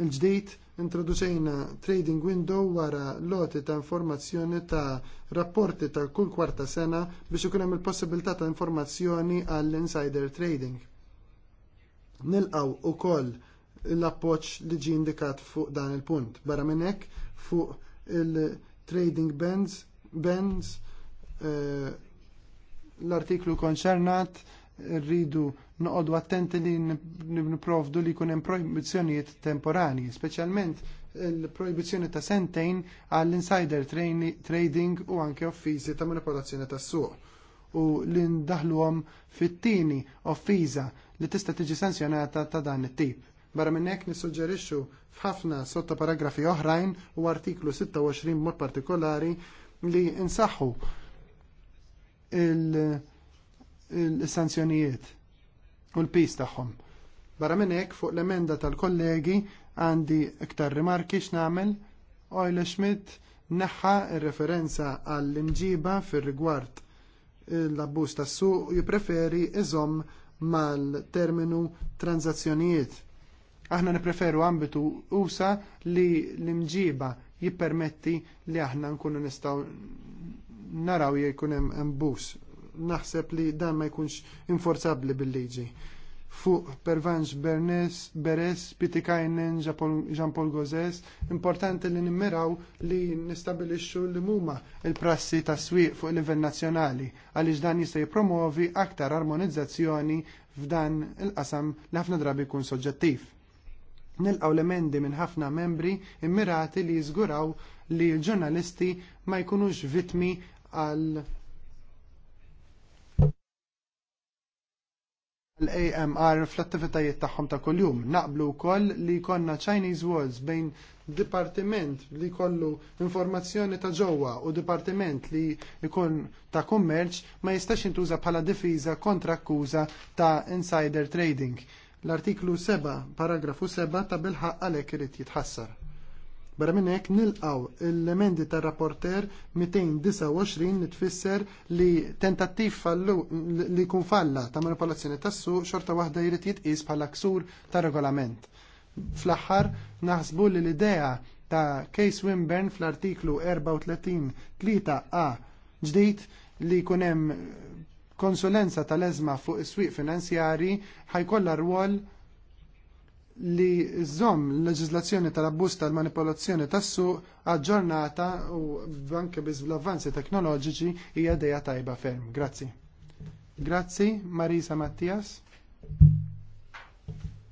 il-ġdid introduċejna trading window wara loti ta' informazzjoni ta' rapporti ta' kull kwarta sena biex ikun hemm il-possibilità ta' informazzjoni għall-insider trading. Nilqaw ukoll l-appoġġ li ġie indikat fuq dan il-punt. Barra minn hekk fuq il-trading bands, bands eh, l-artiklu konċernat rridu noqogħdu attenti li nipprovdu li jkun hemm temporani, speċjalment il proibizjoni ta' sentejn għall-insider trading u anke offiżi ta' manipolazzjoni tas-suq u li ndaħluhom fit-tieni offiża li tista' tiġi sanzjonata ta' dan it-tip. Barra minn hekk nissuġġerixxu f'ħafna sotta paragrafi oħrajn u artiklu 26 mod partikolari li insaħħu il-sanzjonijiet u l-pis tagħhom. Barra minnek, fuq l-emenda tal-kollegi għandi iktar rimarki x'namel Oile Schmidt neħħa il referenza għall-imġiba fir-rigward l-abbuż tas-suq jippreferi iżomm mal-terminu tranzazzjonijiet. Aħna nipreferu ambitu usa li l-imġiba jippermetti li aħna nkunu nistgħu naraw jekk hemm imbus naħseb li dan ma jkunx inforzabbli bil-liġi. Fuq Pervanx Bernes, Beres, Pitikainen, Jean-Paul Gozes, importanti li nimmiraw li nistabilixxu li huma il-prassi ta' swieq fuq livell nazzjonali għaliex dan jista' jippromovi aktar armonizzazzjoni f'dan il-qasam li ħafna drabi jkun soġġettiv nilqaw l-emendi minn ħafna membri immirati li jizguraw li l-ġurnalisti ma jkunux vitmi għal l-AMR fl-attivitajiet tagħhom ta' kuljum. Naqblu wkoll li jkollna Chinese Walls bejn dipartiment li jkollu informazzjoni ta' ġewwa u dipartiment li jkun ta' kummerċ ma jistax intuża bħala difiża kontra akkuża ta' insider trading. L-artiklu 7, paragrafu 7 ta' bilħaq għalhekk irid jitħassar. Barra minn hekk nilqgħu l-emendi tar-rapporter 229 li tfisser li tentattiv fallu li jkun falla ta' manipolazzjoni tas-suq xorta waħda jrid jitqis bħala ksur ta' regolament. Fl-aħħar naħsbu li l-idea ta' Case Wimbern fl-artiklu 34 a ġdid li jkun hemm konsulenza tal-eżma fuq is-swieq finanzjari ħajkollha rwol li żomm l-leġizlazzjoni tal-abbuż tal-manipolazzjoni tas-suq aġġornata u anke biż l-avvanzi teknoloġiċi hija dejja tajba ferm. Grazzi. Grazzi, Marisa Mattias.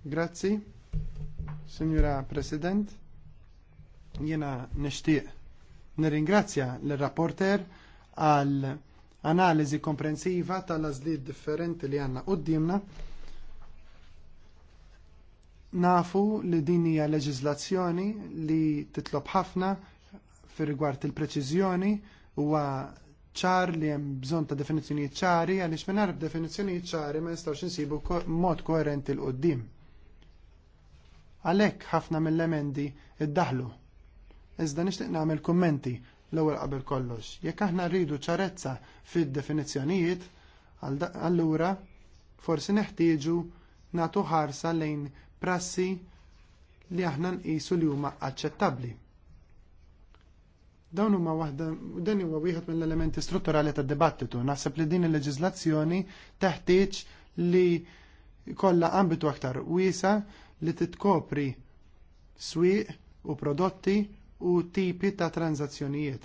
Grazzi, Signora President. Jena nixtieq nirringrazzja l-rapporter għal analiżi komprensiva tal-azliet differenti li għandna qudiemna. Nafu li din hija leġiżlazzjoni li titlob ħafna fir rigward il-preċiżjoni huwa ċar li hemm bżonn ta' definizzjonijiet ċari għaliex mingħajr definizzjonijiet ċari ma nistgħux insibu mod koerenti l qoddim Għalhekk ħafna mill-emendi iddaħlu. Iżda nixtieq nagħmel kummenti l-ewwel qabel kollox. Jekk aħna rridu ċarezza fid-definizzjonijiet, allura forsi neħtieġu nagħtu ħarsa lejn prassi li aħna nqisu li huma aċċettabbli. Dawn huma waħda dan huwa wieħed mill-elementi strutturali tad-dibattitu. Naħseb li din il-leġiżlazzjoni teħtieġ li kollha ambitu aktar wiesa li titkopri swieq u prodotti u tipi ta' tranzazzjonijiet.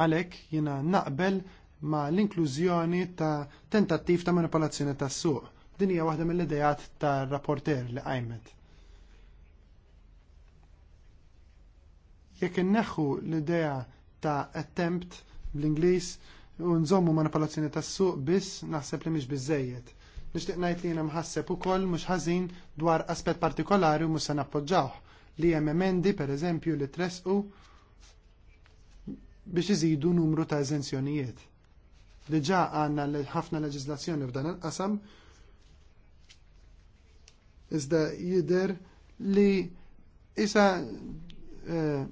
Għalhekk jiena naqbel ma' l-inklużjoni ta' tentattiv ta' manipolazzjoni tas-suq Din hija waħda mill-idejat tar-rapporter li qajmet. Jekk inneħħu l-idea ta' attempt bl-Ingliż u nżommu manipolazzjoni tas-suq biss naħseb li mhix biżejjed. Nixtieq ngħid li jiena mħasseb ukoll mhux ħażin dwar aspett partikolari u mhux se nappoġġawh li hemm emendi pereżempju li tresqu biex iżidu numru ta' eżenzjonijiet. Diġà għandna ħafna leġiżlazzjoni f'dan il-qasam iżda jidher li isa eh,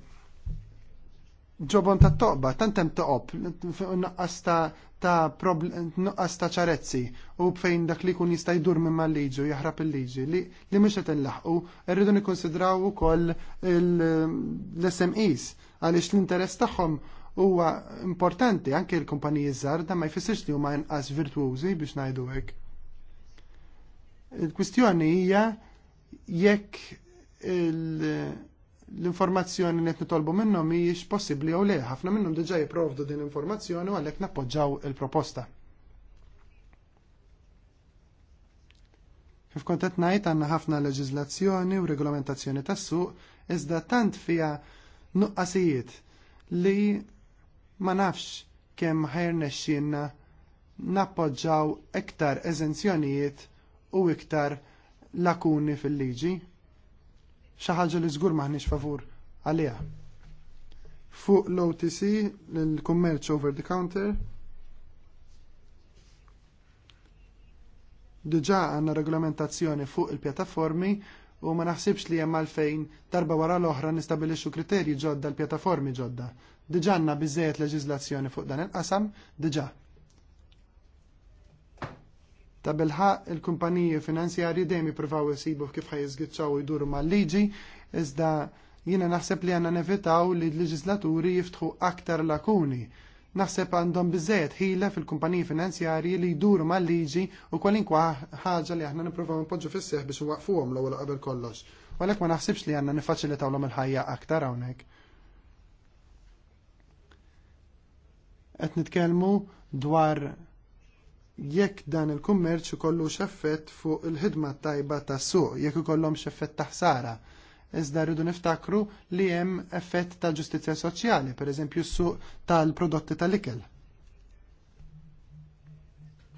ġobon ta' toqba, tantem toqob, nuqqas ta' nuqqas ta' ċarezzi, u bfejn dak li kun jista' jdur minn mal-liġi u jaħrab il-liġi li li mhux qed inlaħqu, rridu nikkonsidraw ukoll l-SMEs għaliex l-interess tagħhom huwa importanti anke l-kumpaniji żgħar ma jfissirx li huma inqas virtwużi biex ngħidu hekk. Il-kwistjoni hija jekk l-informazzjoni li qed nitolbu minnhom mhijiex possibbli jew le, ħafna minnhom diġà jipprovdu din l-informazzjoni u għalhekk nappoġġaw il-proposta. Kif kont qed ngħid għandna ħafna leġiżlazzjoni u regolamentazzjoni tas-suq iżda tant fiha nuqqasijiet li ma nafx kemm ħajrnexxielna nappoġġaw iktar eżenzjonijiet u iktar lakuni fil-liġi, xi ħaġa li żgur maħniex favur għaliha. Fuq l-OTC, l-kummerċ over the counter, diġa għanna regolamentazzjoni fuq il-pjattaformi u ma naħsibx li hemm għalfejn darba wara l-oħra nistabilixxu kriterji ġodda l-pjattaformi ġodda. Diġa għandna bizzejet leġizlazzjoni fuq dan il-qasam, diġa Ta' bilħa il-kumpaniji finanzjarji dejjem jippruvaw isibu kif ħajjiżgiċċaw jduru mal-liġi, iżda jiena naħseb li għandna nevitaw li l-leġislaturi jiftħu aktar lakuni. Naħseb għandhom biżejjed ħila fil-kumpaniji finanzjarji li jduru mal-liġi u kwalinkwa ħaġa li aħna nippruvaw npoġġu fis-seħ biex waqfuhom l-ewwel qabel kollox. Għalhekk ma naħsibx li għandna nifaċilitawhom il-ħajja aktar hawnhekk. Qed nitkellmu dwar jekk dan il-kummerċ ikollu xeffett fuq il-ħidma tajba tas suq, jekk ikollhom xeffett ta' ħsara. Iżda rridu niftakru li hemm effett ta' ġustizzja soċjali, pereżempju s-suq tal-prodotti tal-ikel.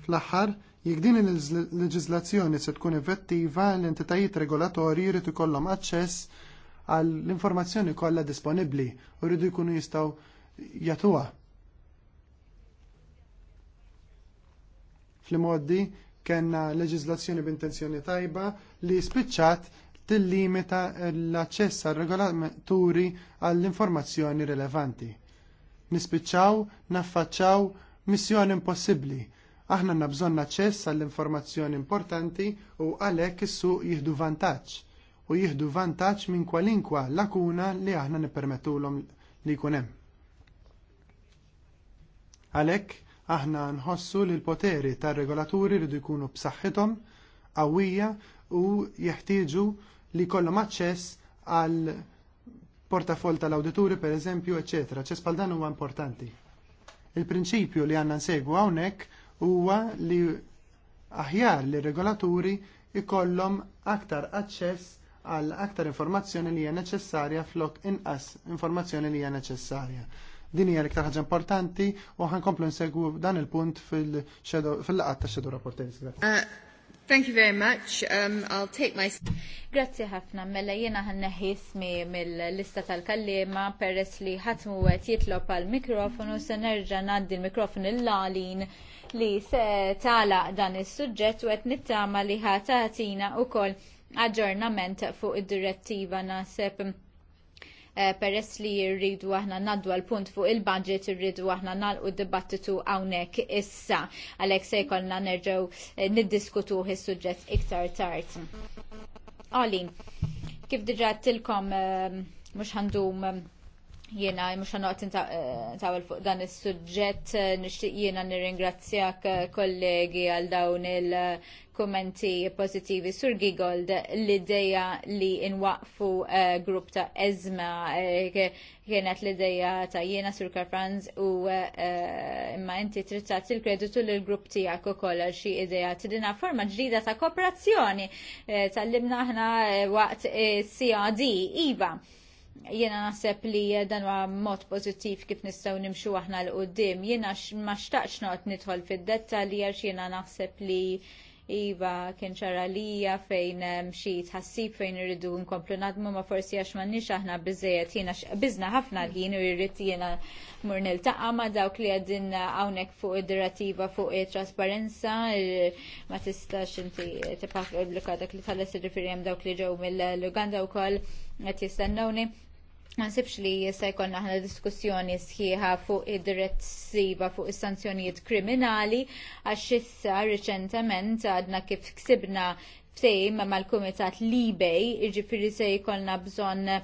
Fl-aħħar, jekk din il-leġiżlazzjoni se tkun effettiva, l-entitajiet regolatorji jrid ikollhom aċċess għall-informazzjoni kollha disponibbli u rridu jkunu jistgħu jagħtuha fl-modi kena leġizlazzjoni b'intenzjoni tajba li spiċċat tillimita l-aċċess għal regolaturi għall-informazzjoni rilevanti. Nispiċċaw, naffaċċaw missjoni impossibbli. Aħna għandna bżonn aċċess għall-informazzjoni importanti u għalhekk is-suq jieħdu vantaġġ u jieħdu vantaġġ minn kwalinkwa lakuna li aħna nippermettulhom li jkun hemm. Għalhekk Aħna nħossu li l-poteri tar-regolaturi rridu jkunu b'saħħithom qawwija u jeħtieġu li jkollhom aċċess għal portafol tal-awdituri pereżempju, eċetera. Ċess bħal dan huwa importanti. Il-prinċipju li għandna nsegwu hawnhekk huwa li aħjar li regolaturi ikollhom aktar aċċess għal aktar informazzjoni li hija neċessarja flok inqas informazzjoni li hija neċessarja. Din hija l-iktar ħaġa importanti u ħankomplu nsegwu dan il-punt fil-laqat ta' Shadow Rapporters. Uh, thank you very much. Um, I'll take my... Grazie ħafna. Mela jena ħanneħi ismi mill-lista tal-kallima peress li ħatmu għet jitlob għal-mikrofonu se nerġa naddi l mikrofon l-lalin li se tala dan il-sujġet u għet nittama li ħatatina u kol aġġornament fuq id-direttiva nasib Eh, peress li rridu aħna naddu għal punt fuq il-budget irridu aħna nalqu dibattitu hawnhekk issa għalhekk se jkollna nerġgħu eh, niddiskutu is-suġġett iktar tard. Oli, kif diġà tilkom eh, mhux ħandum Jiena mux għanot intawel eh, fuq dan is suġġett eh, nishtiq jiena nirringrazzjak eh, kollegi għal dawn il-kommenti pozitivi sur Gigold l-ideja li inwaqfu grupp ta' ezma kienet l-ideja ta' jiena sur Karfranz u imma inti trittat il-kreditu l-grupp tijak u kolla xie ideja t-dina forma ġdida ta' kooperazzjoni tal-limna ħna waqt CRD, IVA. Jiena naħseb li dan huwa mod pożittiv kif nistgħu nimxu aħna l qudiem Jiena ma xtaqx noqgħod nidħol fid-dettalji għax jiena naħseb li iva kien ċara lija fejn xi tħassib fejn irridu nkomplu nadmu ma forsi għax m'għandniex aħna biżejjed jiena biżna ħafna l-ħin u jrid jiena mur niltaqa' ma dawk li għadin hawnhekk fuq id dirattiva fuq it-trasparenza ma tistax inti tibqa' dak li tħalles ir-referjem dawk li ġew mill-Luganda wkoll qed jistennewni ma nsibx li jista' jkollna aħna diskussjoni sħiħa fuq id-dirett siba fuq is-sanzjonijiet kriminali għax issa riċentement għadna kif ksibna ftehim mal-Kumitat Libej, jiġifieri se jkollna bżonn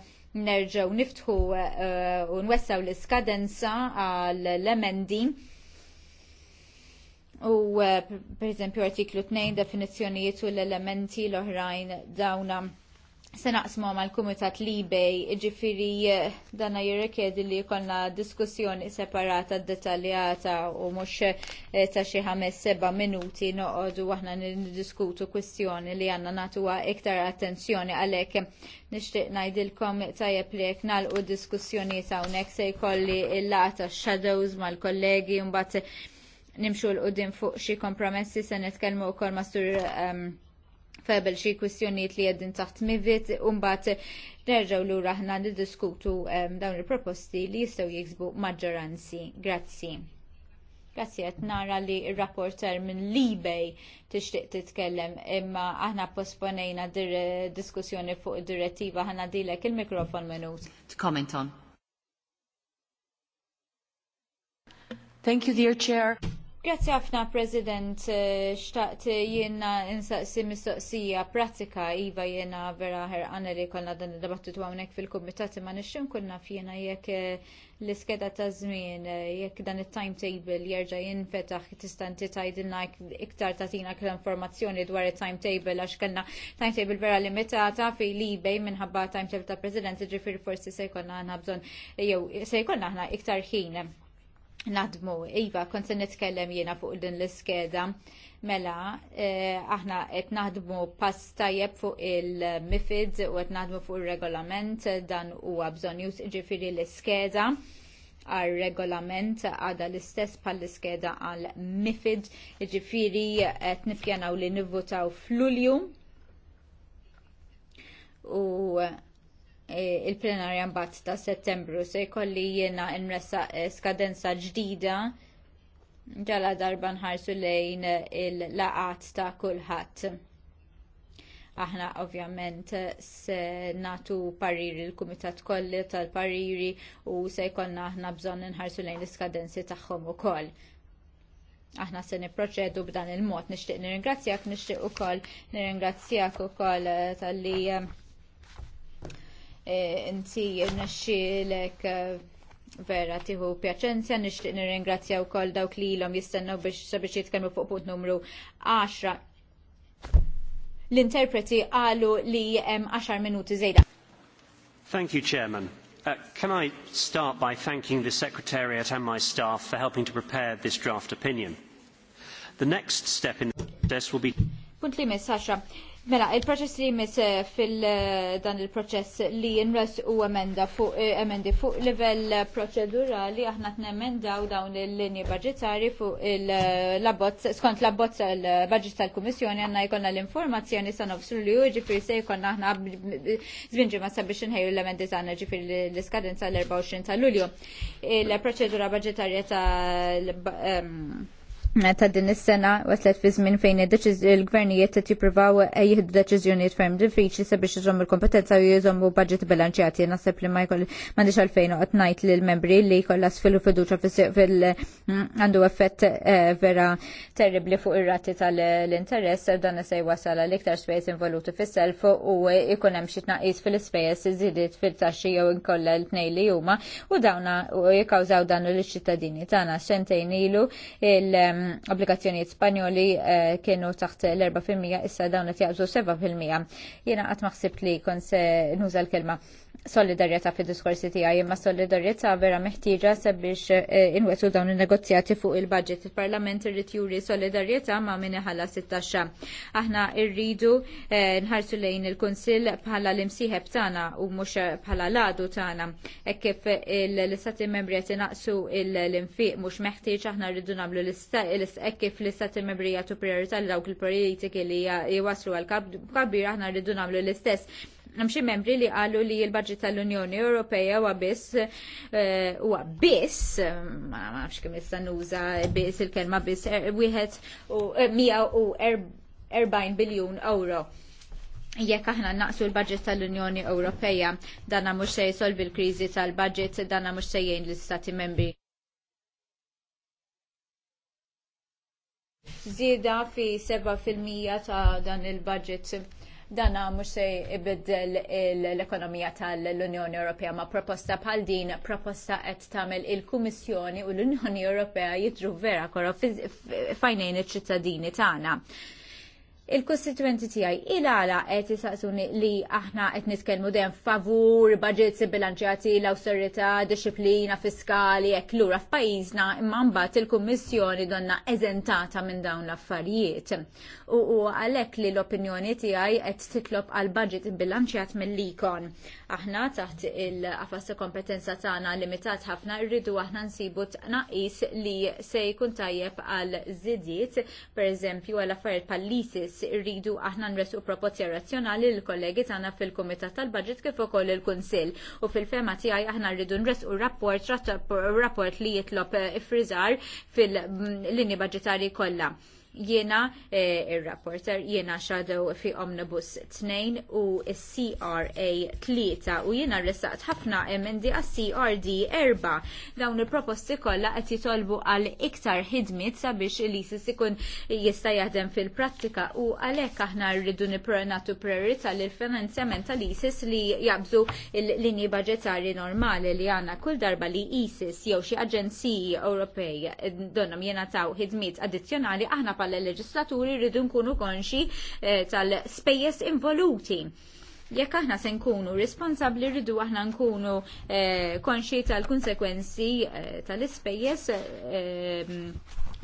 nerġgħu niftħu eh, u nwessaw l-iskadenza għal l-emendi. U eh, pereżempju per eżempju artiklu 2 definizzjonijiet u l-elementi l-oħrajn dawna se naqsmu mal kumitat l-eBay, ġifiri eh, dana jirrikjedi li jkollna diskussjoni separata detaljata u mhux eh, ta' xi ħames seba' minuti noqogħdu aħna niddiskutu kwestjoni li għandna natuha iktar attenzjoni għalhekk nixtieq ngħidilkom tajjeb li jekk nagħlqu diskussjonijiet hawnhekk se jkolli l tax shadows mal-kollegi mbagħad nimxu l-qudiem fuq xi kompromessi se nitkellmu wkoll ma' sur um, febel xi kwistjonijiet li għeddin taħt mivit umbat nerġaw l raħna niddiskutu dawn il-proposti li jistgħu jiksbu maġġoranzi. Grazzi. Grazzi qed nara li r rapporter minn Libej tixtieq titkellem imma aħna posponejna diskussjoni fuq id direttiva ħana dilek il-mikrofon minut. Comment on. Thank you, dear Chair. Grazzi ħafna, President, eh, xtaqt eh, jiena insaqsi mistoqsija pratika iva jiena vera ħerqana li kollha dan id-dibattitu hawnhekk fil komitat ma nixxin kunna fjena jekk eh, l-iskeda ta' żmien jekk dan it-timetable jerġa' jinfetaħ tista' inti tgħidilna iktar tagħtina kl informazzjoni dwar it-timetable għax kellna timetable vera limitata fi bej minħabba timetable ta' President, ġifir forsi se jkollna bżon, bżonn jew se jkollna aħna iktar ħin Nadmu, Iva, kont se nitkellem jiena fuq din l-iskeda, mela, eh, aħna qed naħdmu pass tajjeb fuq il-MIFID u qed naħdmu fuq ir regolament dan huwa bżonn jus ġifiri l-iskeda għal regolament għada l-istess pal l-iskeda għal MIFID ġifiri qed nifjanaw li nivvotaw f'Lulju. u E, il-plenarja mbagħad ta' Settembru se jkolli jiena nressa e, skadenza ġdida ġala darba nħarsu lejn il-laqat ta' kulħadd. Aħna ovvjament se natu pariri l-Kumitat kolli tal-pariri u se jkollna aħna bżonn nħarsu lejn l-iskadenzi tagħhom ukoll aħna se nipproċedu b'dan il-mod. Nixtieq nirringrazzjak, nixtieq ukoll nirringrazzjak ukoll eh, tal-li eh, E, inti nixxielek e, vera tiħu pjaċenzja nixtieq nirringrazzjaw wkoll dawk li ilhom jistennew biex sabiex jitkellmu fuq punt numru 10. L-interpreti għalu li jem 10 minuti zejda. Thank you, Chairman. Uh, can I start by thanking the Secretariat and my staff for helping to prepare this draft opinion? The next step in the process will be... Punt li mis, messaxa. Mela, il-proċess li jmiss eh, fil-dan eh, il-proċess li jinres u emenda fuq eh, emendi fuq livell proċedurali aħna t-nemendaw dawn il-linji budgetari fuq il-labbozz, skont labbozz il-budget tal-Kummissjoni għanna jkonna l-informazzjoni sa' nofsru li u ġifiri se jkonna aħna zvinġi ma' sabiex nħejju l-emendi ta' ġifiri l-iskadenza l-24 tal-Lulju. Il-proċedura budgetarja tal ehm, ta' din is-sena waslet fi żmien fejn il-gvernijiet qed jippruvaw eh, jieħdu deċiżjonijiet ferm diffiċli sabiex iżommu l-kompetenza u jżommu budget bilanċjati. Naħseb li ma jkoll m'għandix għalfejn qed ngħid lill-membri li jkollha sfilu fiduċa fil mm, għandu effett eh, vera terribli fuq ir-rati tal-interess dan se jwasal għal iktar spejjeż involuti fis-self u jkun hemm xi tnaqqis fil-ispejjeż iżidiet fil-taxxi jew inkollha l-tnejn li huma u dawna jikkawżaw dan lill-ċittadini tagħna xentejn ilu il- mm, obbligazzjonijiet mm, Spanjoli eh, kienu taħt l-4% issa dawn qed jaqbżu 7%. Jiena qatt maħsibt li kont se nuża l-kelma solidarjetà fid diskorsi tiegħi imma solidarjetà vera meħtieġa sabiex eh, inwetu dawn in-negozjati fuq il-budget. Il-Parlament irrid juri solidarjetà ma' min iħalla 16. Aħna rridu eh, nħarsu lejn il-Kunsill bħala l-imsieħeb tagħna u mhux bħala ladu tagħna. Hekk kif l-istati membri qed inaqsu l-infiq mhux meħtieġ aħna rridu nagħmlu l-hekk kif l-istati membri jagħtu priorità li dawk il-politiki li jwaslu għal Kabbir, aħna rridu nagħmlu l-istess xi membri li qalu li l-budget tal-Unjoni Ewropea huwa biss eh, huwa biss ma nafx kem issa nuża biss il-kelma biss er, wieħed u 140 eh, er, biljun euro jekk aħna naqsu l-budget tal-Unjoni Ewropea, dana mhux se jsolvi l-kriżi tal-budget, dana mhux se jgħin l-istati membri. Zieda fi 7% ta' dan il-budget Dana mhux se ibiddel l-ekonomija tal-Unjoni Ewropea ma' proposta bħal din proposta qed tagħmel il-Kummissjoni u l-Unjoni Ewropea jidru vera koro fajnejn iċ-ċittadini tagħna il-kostituenti tijaj il-għala għet jisaqsuni li aħna għet nitkelmu dem favur, budgets bilanċati, l-austerita, disciplina fiskali, ek lura f'pajizna imman bat il-kommissjoni donna eżentata minn dawn l-affarijiet. U għalek li l-opinjoni tijaj għet titlob għal budget bilanċjat mill-likon. Aħna taħt il-qafas kompetenza tagħna limitat ħafna rridu aħna nsibu t-naqis li se jkun tajjeb għal zidiet, per eżempju għal affarijiet pal-lisis biss rridu aħna nresu proposja razzjonali l-kollegi tana fil-Kumitat tal-Budget kif ukoll il-Kunsill u fil-fema tiegħi aħna rridu nresqu rapport rapport li jitlob eh, ifriżar fil-linji mm, budġetarji kollha. Jiena eh, il-rapporter, jiena xadow fi Omnibus 2 u CRA 3 u jiena rresaqt ħafna emendi għas CRD 4. Dawn il-proposti kollha qed jitolbu għal iktar hidmit sabiex li isis ikun jista' jaħdem fil-prattika u għalhekk aħna rridu nipronatu priorita l finanzjament tal-ISIS li jabżu l-linji budgetari normali li għandna kull darba li ISIS jew xi aġenziji Ewropej eh, donhom jena taw ħidmiet addizzjonali aħna l leġislaturi rridu nkunu konxi eh, tal-spejjeż involuti. Jekk aħna se nkunu responsabbli rridu aħna nkunu eh, konxi tal-konsekwenzi eh, tal-ispejjeż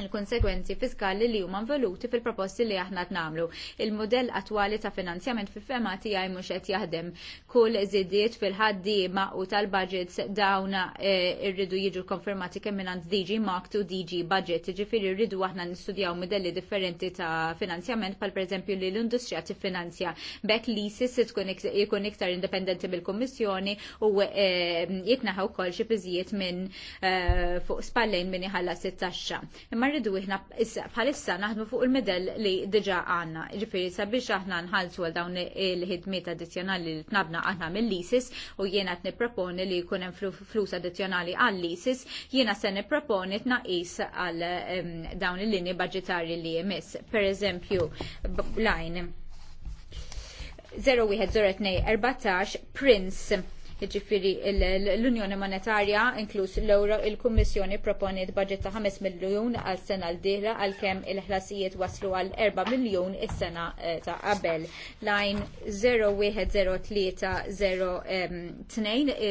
il-konsegwenzi fiskali li huma involuti fil-proposti li aħna namlu. Il-modell attwali ta' finanzjament fil fema tiegħi mhux qed jaħdem. Kull żidiet fil-ħaddiema u tal-budgets dawn eh, irridu jiġu konfermati kemm mingħand DG Mark to DG Budget. Ġifieri rridu aħna nistudjaw modelli differenti ta' finanzjament pal perżempju li l-industrija tiffinanzja bekk li sis ikun iktar indipendenti mill-Kummissjoni u eh, jitnaħaw kol xi biżijiet minn eh, fuq spallejn min iħallas it-taxxa. Imma rridu iħna bħalissa naħdmu fuq il midell li diġa għanna. Ġifiri, sabiex aħna nħalsu għal dawn il-ħidmiet addizjonali li tnabna aħna mill lisis u jiena t niproponi li kunem flus addizjonali għall lisis jiena se niproponi t-naqis għal dawn il-linji budgetari li jemis. Per eżempju, lajn 010214 Prince Ġifiri l-Unjoni Monetarja, inkluż l-Euro, il-Kummissjoni proponiet budget ta' 5 miljun għal sena l-dihla għal kem il-ħlasijiet waslu għal 4 miljun is-sena eh, ta' qabel. Lajn 010302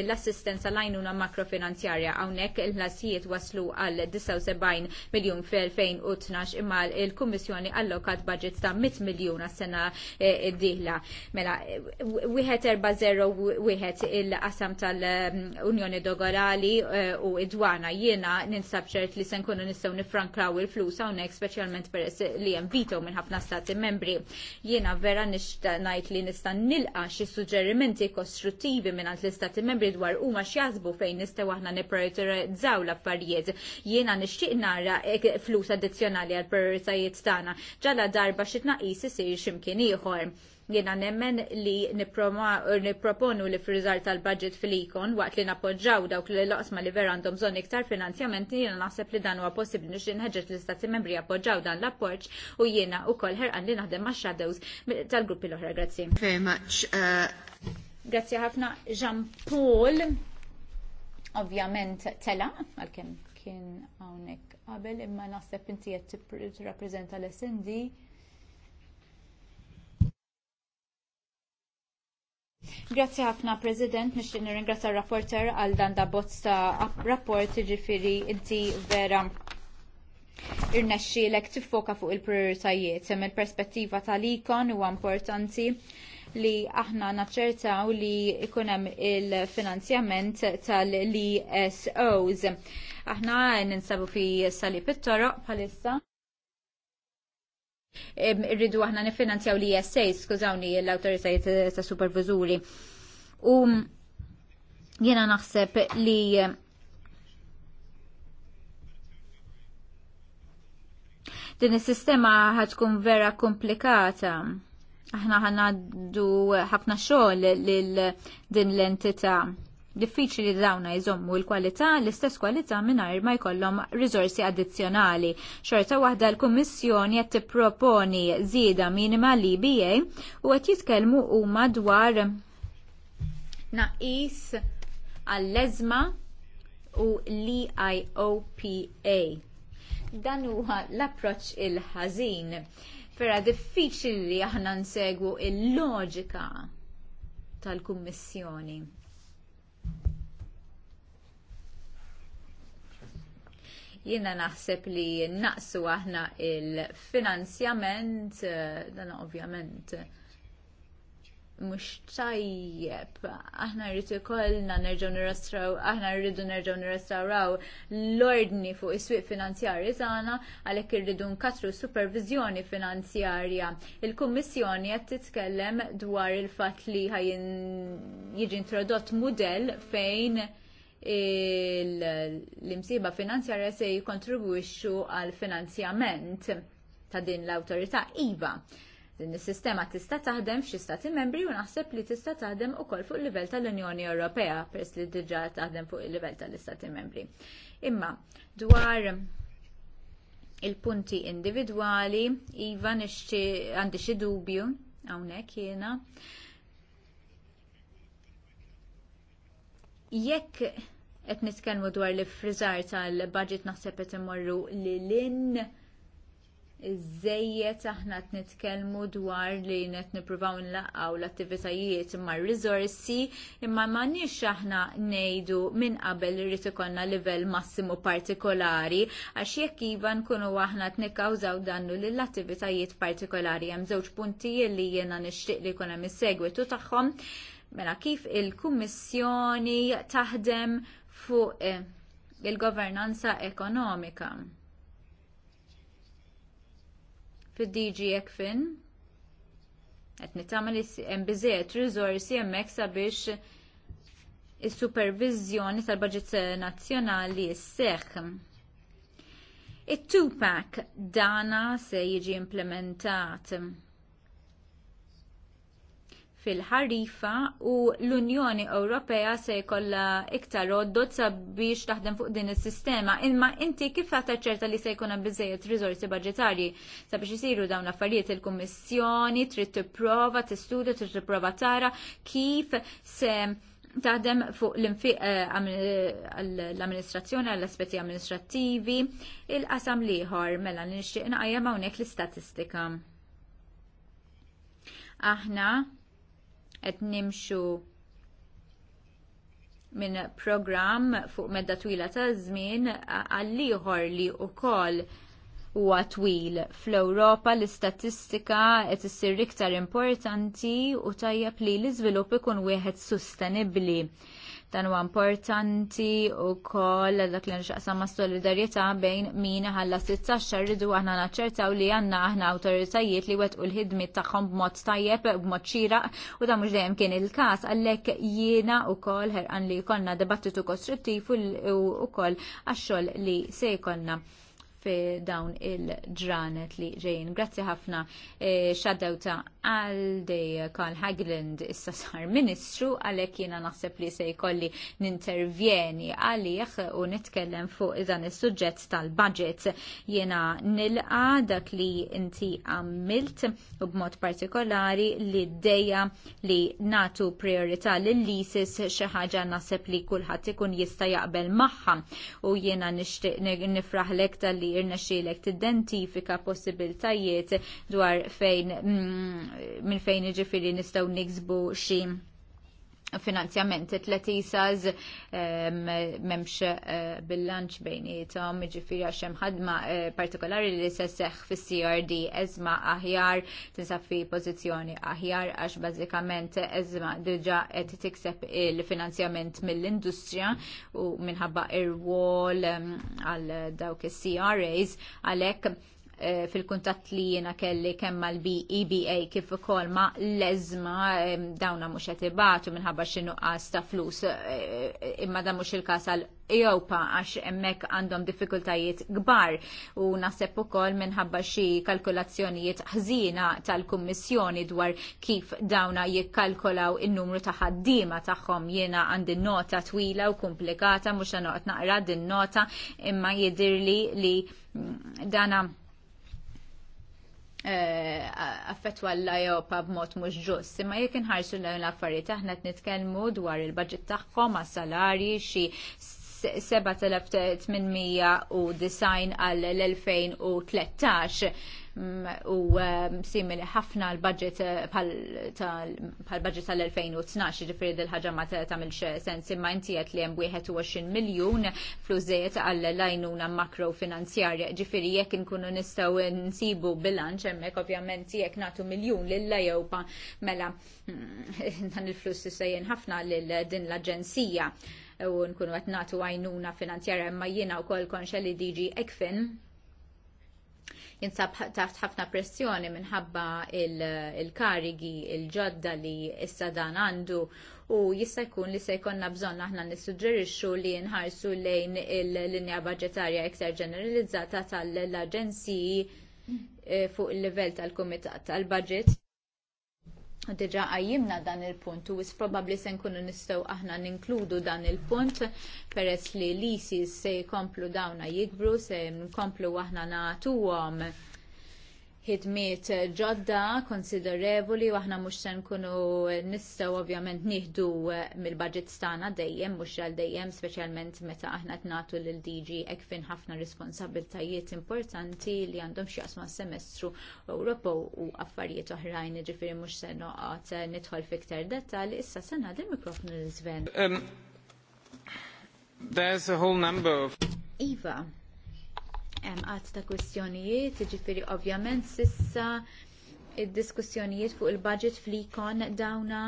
l-assistenza una makrofinanzjarja għawnek il-ħlasijiet waslu għal 79 miljun fil-2012 imma il-Kummissjoni allokat budget ta' 100 miljun għal sena eh, d-dihla. Mela, 10401 il qasam tal-Unjoni Dogorali eh, u Idwana jiena ninsab ċert li se nkunu nistgħu nifrankraw il-flus hawnhekk speċjalment peress li hemm vito minn ħafna stati membri. Jiena vera nixta ngħid li nista' nilqa xi suġġerimenti kostruttivi minn l-istati membri dwar huma x'jazbu fejn nistgħu aħna nipprioritizzaw l-affarijiet. Jiena nixtieq nara eh, flus addizzjonali għall prioritajiet tagħna ġala darba xi tnaqis isir x'imkien ieħor Jena nemmen li er, niproponu li frizzar tal-budget fil-ikon waqt li napoġġaw dawk li loqsma li vera għandhom bżonn iktar finanzjament jena naħseb li dan huwa possibbli nix nħeġġet l-istati membri appoġġaw dan l-appoġġ u jena u kol ħerqan li naħdem ma' shadows tal-gruppi l-oħra. Grazie. Very much. Uh... Grazzi ħafna Jean Paul. Ovvjament tela, għal-kem kien hawnhekk qabel imma naħseb inti qed rappreżenta l-SND Grazzi ħafna, President, nix nirringrazzja r-rapporter għal dan da bozz ta' rapport ġifiri inti vera irnexxielek tiffoka fuq il-prioritajiet. Sem il-perspettiva tal-ikon huwa importanti li aħna naċċertaw li ikunem hemm il-finanzjament tal-ESOs. Aħna ninsabu fi sali pittoro bħalissa. Irridu aħna nifinanzjaw li jessej, skużawni, l-autoritajiet eh, ta' supervizuri. U jena naħseb li din is-sistema ħatkun vera komplikata. Aħna ħanaddu ħafna xogħol lil din l-entità diffiċli li dawna jżommu l-kwalità, l-istess kwalità mingħajr ma jkollhom riżorsi addizzjonali. Xorta waħda l-Kummissjoni qed tipproponi żieda minima li BA u qed jitkellmu huma dwar naqis għall-leżma u l-IOPA. Dan huwa l-approċċ il-ħażin. Vera diffiċli li aħna nsegwu il-loġika tal-Kummissjoni. Jiena naħseb li naqsu aħna il-finanzjament, eh, dan ovvjament mhux tajjeb. Aħna rrid ikollna nerġgħu nirrastraw, aħna rridu nerġgħu nirrestawraw l-ordni fuq is-swieq finanzjarji tagħna għalhekk irridu nkatru supervizjoni finanzjarja. Il-Kummissjoni qed titkellem dwar il-fatt li jiġi introdott mudell fejn l-imsiba finanzjarja se jikontribwixxu għal finanzjament ta' din l-awtorità IVA. Din is-sistema tista' taħdem f'xi stati membri u naħseb li tista' taħdem ukoll fuq livell tal-Unjoni Ewropea peress li diġà taħdem fuq il-livell tal-istati membri. Imma dwar il-punti individwali, iva nixti għandi xi dubju hawnhekk jiena jekk qed nitkellmu dwar li friżar tal-budget naħseb qed imorru lilin żejjed aħna qed nitkellmu dwar li qed nippruvaw nlaqgħu l-attivitajiet imma r imma m'għandniex aħna ngħidu minn qabel li rrid ikollna livell massimu partikolari għax jekk iva nkunu aħna qed nikkawżaw dannu lill attivitajiet partikolari hemm żewġ punti li jiena nixtieq li jkun hemm is-segwitu tagħhom Mela kif il-Kummissjoni taħdem fuq eh, il-governanza ekonomika. Fid-DG Ekfin, qed nitagħmel hemm biżejjed riżorsi hemmhekk sabiex is-supervizjoni tal-Baġit Nazzjonali sseħħ. It-Tupac dana se jiġi implementat fil-ħarifa u l-Unjoni Ewropea se jkollha iktar oddot sabiex taħdem fuq din is-sistema. Imma inti kif ħata ċerta li se jkun hemm biżejjed riżorsi budġetarji sabiex isiru dawn l-affarijiet il-Kummissjoni trid tipprova tistudja trid tipprova tara kif se taħdem fuq l-infiq eh, l-amministrazzjoni għall-aspetti amministrattivi il-qasam liħor mela nixtieq naqjem hawnhekk l-istatistika. Aħna qed nimxu minn program fuq medda twila ta' żmien għall-ieħor li wkoll huwa twil. Fl-Ewropa l-istatistika qed issir iktar importanti u tajjeb li l-iżvilupp ikun wieħed sostenibbli. Dan huwa importanti wkoll dak li nxaqsam ma' solidarjetà bejn min ħalla 16 ridu aħna naċċertaw li għandna aħna awtoritajiet li wettqu l-ħidmiet tagħhom b'mod tajjeb b'mod xira u dan mhux dejjem kien il-każ għalhekk jiena wkoll ħerqan li jkollna dibattitu kostruttiv u wkoll għax-xogħol li se jkollna fi dawn il-ġranet li ġejjin. Grazzi ħafna e, eh, xaddew ta' għaldi Karl Hagland issa sar ministru għalhekk jiena naħseb li se jkolli nintervjeni għalih u nitkellem fuq dan is-suġġett tal-budget. Jiena nilqa dak li inti għamilt u b'mod partikolari li d deja li natu priorita lill-ISIS xi ħaġa naħseb li kulħadd ikun jista' jaqbel magħha u jiena nixtieq nifraħlek tal-li irnexxielek tidentifika possibiltajiet dwar fejn mm, minn fejn iġifieri nistgħu niksbu xi finanzjament tlet isas memx eh, bil-lanċ bejnietom, ġifiri għaxem ħadma eh, partikolari li se seħ fis crd ezma aħjar tinsab fi pozizjoni aħjar għax bazzikament ezma diġà qed tikseb il-finanzjament mill-industrija u minħabba ir-wall għal dawk is-CRAs għalhekk Eh, fil-kuntatt li jiena kelli kemm l eba kif ukoll ma l-eżma dawna mhux qed ibatu minħabba xi nuqqas ta' flus eh, eh, imma dan mhux il-każ għal Ejopa għax hemmhekk għandhom diffikultajiet kbar u naħseb ukoll minħabba xi kalkulazzjonijiet ħżina tal-Kummissjoni dwar kif dawna jikkalkolaw in-numru ta' ħaddiema tagħhom jiena għandi nota twila u komplikata mhux noqgħod naqra din nota imma jidirli li mm, dana Eh, affettwa l-Ajopa b'mod mhux ġust. Imma jekk inħarsu l-affarijiet aħna qed nitkellmu dwar il-baġġett tagħhom għas-salari xi 7890 għal 2013 mm, u um, simili ħafna l-budget uh, pal-budget tal-2012 ġifiri dil-ħagġa ma tamilx sens imma inti għet li jem 21 miljon fluzziet għall-lajnuna makrofinanzjarja ġifiri jek nkunu nistaw nsibu bilanċ emmek ovvjament jek natu miljon lilla jew mela mm, *laughs* dan il-flus jisajjen ħafna lil din l-agenzija u nkunu qed nagħtu għajnuna finanzjarja imma jiena wkoll konxa li diġi Ekfin jinsab taħt ħafna pressjoni minħabba il-karigi, il il-ġodda li issa dan għandu u jista' jkun li se jkollna bżonn aħna nissuġġerixxu li nħarsu lejn il-linja budġetarja iktar ġeneralizzata tal-aġenziji eh, fuq il-livell tal-Kumitat tal-Budget Diġa għajjimna dan il-punt u probabli se nkunu nistgħu aħna ninkludu dan il-punt peress li l-ISIS se jkomplu dawna jikbru, se nkomplu aħna nagħtuhom ħidmiet ġodda konsiderevoli u aħna mhux se nkunu eh, nistgħu ovvjament nieħdu eh, mill-budget tagħna dejjem mhux għal dejjem speċjalment meta aħna qed nagħtu lil DG ekfin ħafna responsabiltajiet importanti li għandhom x'jaqsma semestru Ewropew u affarijiet oħrajn ġifieri mhux se noqgħod eh, nidħol fiktar dettal issa se nagħdi mikrofonu l-Sven. Um, there's a whole number of Iva, hemm qatt ta' kwistjonijiet, jiġifieri ovvjament sissa id-diskussjonijiet fuq il-budget fl-ikon dawna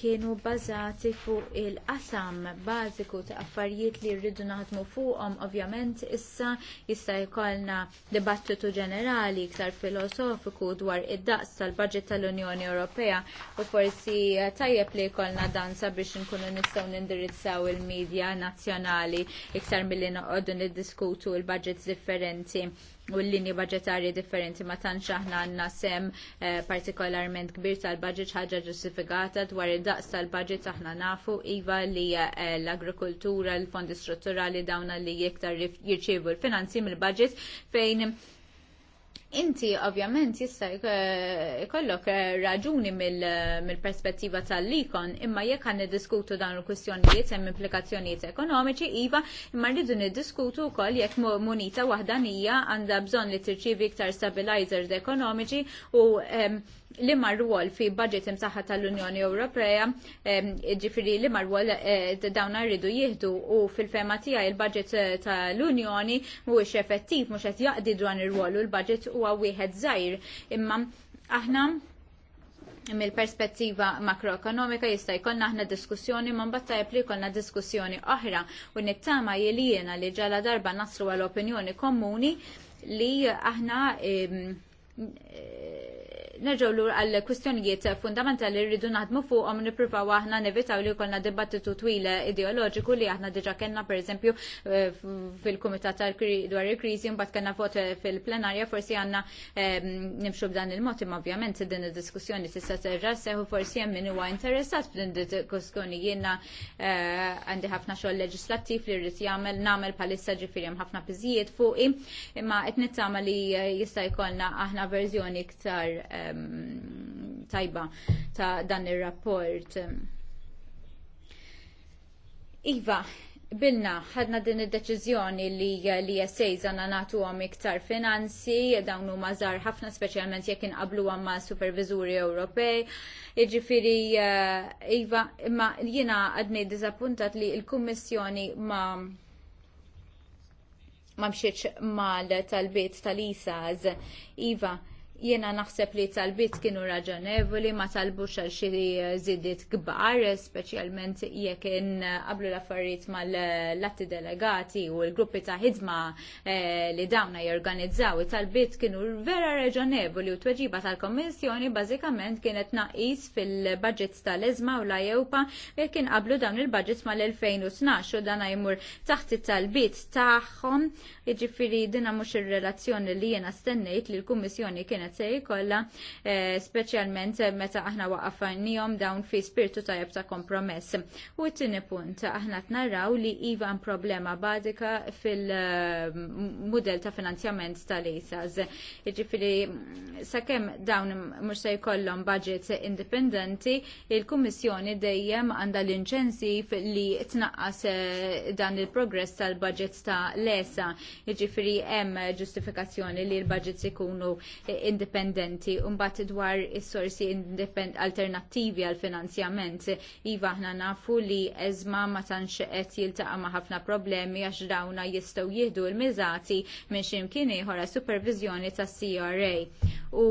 kienu bbażati fuq il-qasam bażiku ta' affarijiet li rridu naħdmu fuqhom ovvjament issa jista' jkollna dibattitu ġenerali iktar filosofiku dwar id-daqs tal-budget tal-Unjoni Ewropea u forsi tajjeb li jkollna dan sabiex inkunu nistgħu nindirizzaw il-medja nazzjonali iktar milli noqogħdu niddiskutu l budgets differenti u l-linji budgetarji differenti ma tantx aħna għandna sem eh, partikolarment kbir tal-budget ħaġa ġustifikata dwar id-daqs tal-budget aħna nafu iva li eh, l-agrikoltura, l-fondi strutturali dawna li jiktar jirċievu l-finanzi mill-budget fejn Inti ovvjament jista' jkollok eh, eh, raġuni mill-perspettiva tal-likon, imma jekk għan diskutu dan il-kwistjonijiet hemm implikazzjonijiet ekonomiċi iva, imma rridu niddiskutu wkoll jekk munita waħda għandha bżonn li tirċievi iktar stabilizers ekonomiċi u li marwol fi budget imsaħħa tal-Unjoni Ewropea, ġifiri li marwol eh, dawna rridu jihdu u fil-fema tija il-budget eh, tal-Unjoni mhuwiex effettiv mhux qed jaqdi dwan il rwol u l-budget huwa wieħed zaħir. Imma aħna mill-perspettiva makroekonomika jista' jkollna aħna diskussjoni ma mbagħad tajjeb li jkollna diskussjoni oħra u nittama jeli jiena li ġala darba naslu għal opinjoni komuni li aħna nerġaw lur għal kwistjonijiet fundamentali rridu naħdmu fuqhom nippruvaw aħna nevitaw li jkollna dibattitu twila ideoloġiku li aħna diġa kellna pereżempju eh, fil-kumitat dwar il-kriżi mbagħad kellna vot eh, fil-plenarja forsi għandna eh, nimxu b'dan il-mod imma ovvjament din id-diskussjoni tista' terġa' seħu forsi hemm min huwa interessat f'din id-diskussjoni jiena għandi ħafna xogħol leġislattiv li rrid jagħmel nagħmel bħalissa ġifieri hemm ħafna biżijiet fuqi imma qed nittama li jista' jkollna aħna verżjoni iktar tajba ta' dan ir-rapport. Iva, Bilna, ħadna din id-deċiżjoni li li jessejz natu għom iktar finanzi, dawn u mażar ħafna specialment jekk inqablu għam ma' supervizuri Ewropej. Iġifiri, eh, Iva, ma jina għadni dizappuntat li il-Kummissjoni ma' ma mxieċ mal tal-bit tal-ISAZ. Iva, Jiena naħseb li talbit kienu raġonevoli ma talbux għal xi żidiet kbar, speċjalment jekk in qablu l-affarijiet mal-latti delegati u l-gruppi ta' ħidma eh, li dawna jorganizzaw. Talbit kienu vera raġonevoli u tweġiba tal-Kommissjoni bażikament kienet naqis fil-budgets tal-Ezma u l-Ajewpa eh, kien qablu dawn il-budgets mal-2012 u dan jmur taħt it-talbit tagħhom. Jiġifieri dinha mhux ir-relazzjoni li jiena stennejt li l-Kummissjoni kienet se mezzi kollha eh, speċjalment meta aħna waqafnijom dawn fi spiritu tajjeb ta' kompromess. U t-tini punt, aħna t-narraw li iva problema badika fil-model eh, ta' finanzjament tal-ISAS. Ġifiri, sakemm dawn mux se jkollhom budget indipendenti, il-Kummissjoni dejjem għandha l-inċensif li tnaqqas eh, dan il-progress tal-budget ta' l-ESA. Ġifiri, hemm ġustifikazzjoni li l-budgets ikunu indipendenti indipendenti u mbagħad dwar is-sorsi alternattivi għal finanzjament. Iva aħna nafu li eżma ma tantx qed jiltaqa' ma' ħafna problemi għax dawna jistgħu jieħdu l-miżati minn x'imkien ieħor supervizjoni tas-CRA. U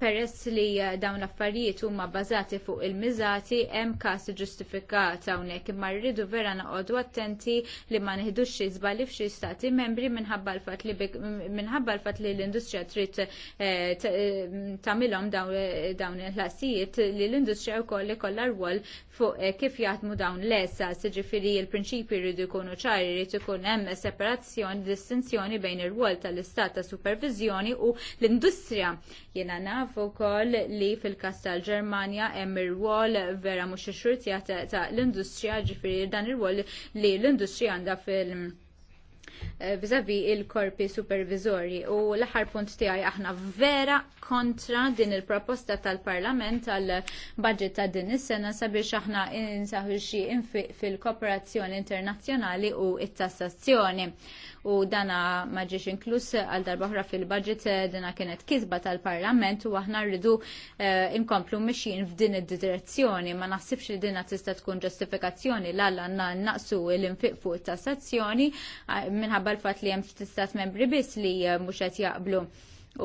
peress li eh, dawn l-affarijiet huma bbażati fuq il-miżati hemm każ ġustifikat hawnhekk imma rridu vera noqogħdu attenti li ma nieħdux xi żbali f'xi stati membri minħabba l-fatt li minħabba l li l-industrija trid eh, eh, tagħmilhom dawn il-ħlasijiet li l-industrija wkoll ikollha rwol fuq kif jaħdmu dawn l-essa, siġifieri l-prinċipji rridu jkunu ċari, rrid ikun hemm separazzjoni, distinzjoni bejn ir-rwol tal-istat ta' supervizjoni u l-industrija. Jiena nafu wkoll li fil-kas tal-Ġermanja hemm ir wol vera mhux ixxurzja ta' l-industrija ġifieri dan ir wol li l-industrija għandha fil- eh, vizavi il-korpi supervizori u l-aħħar punt tiegħi aħna vera kontra din il-proposta tal-Parlament tal-budget ta' din is-sena sabiex aħna insaħu xi fil-kooperazzjoni internazzjonali u it-tassazzjoni u dana ma ġiex għal darba fil-budget eh, dana kienet kisba tal-Parlament u aħna rridu eh, inkomplu mxin f'din id-direzzjoni ma naħsibx li dina tista' tkun ġustifikazzjoni l għandna naqsu l-infiq fuq tassazzjoni eh, minħabba l-fatt li hemm ftit membri biss li mhux qed jaqblu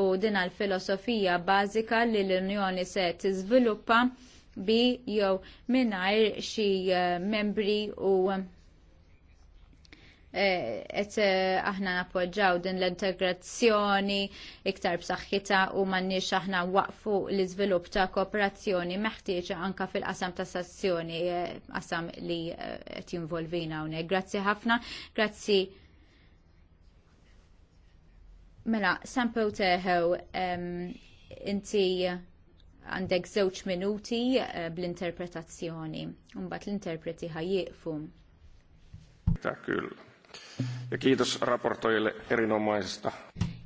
u dina l-filosofija bażika li l-Unjoni se tiżviluppa bi jew mingħajr xi membri u Eh, et eh, aħna napoġġaw din l-integrazzjoni iktar b'saħħitha u m'għandniex aħna waqfu l-iżvilupp ta' kooperazzjoni meħtieġa anka fil-qasam ta' sazzjoni eh, qasam li qed jinvolvina hawnhekk. Grazzi ħafna, grazzi Mela, Sampo Teħew, inti għandek żewġ minuti bl-interpretazzjoni, mbagħad l-interpreti ħajjiqfu. Ta' kull. Ja kiitos raportoijille erinomaisesta.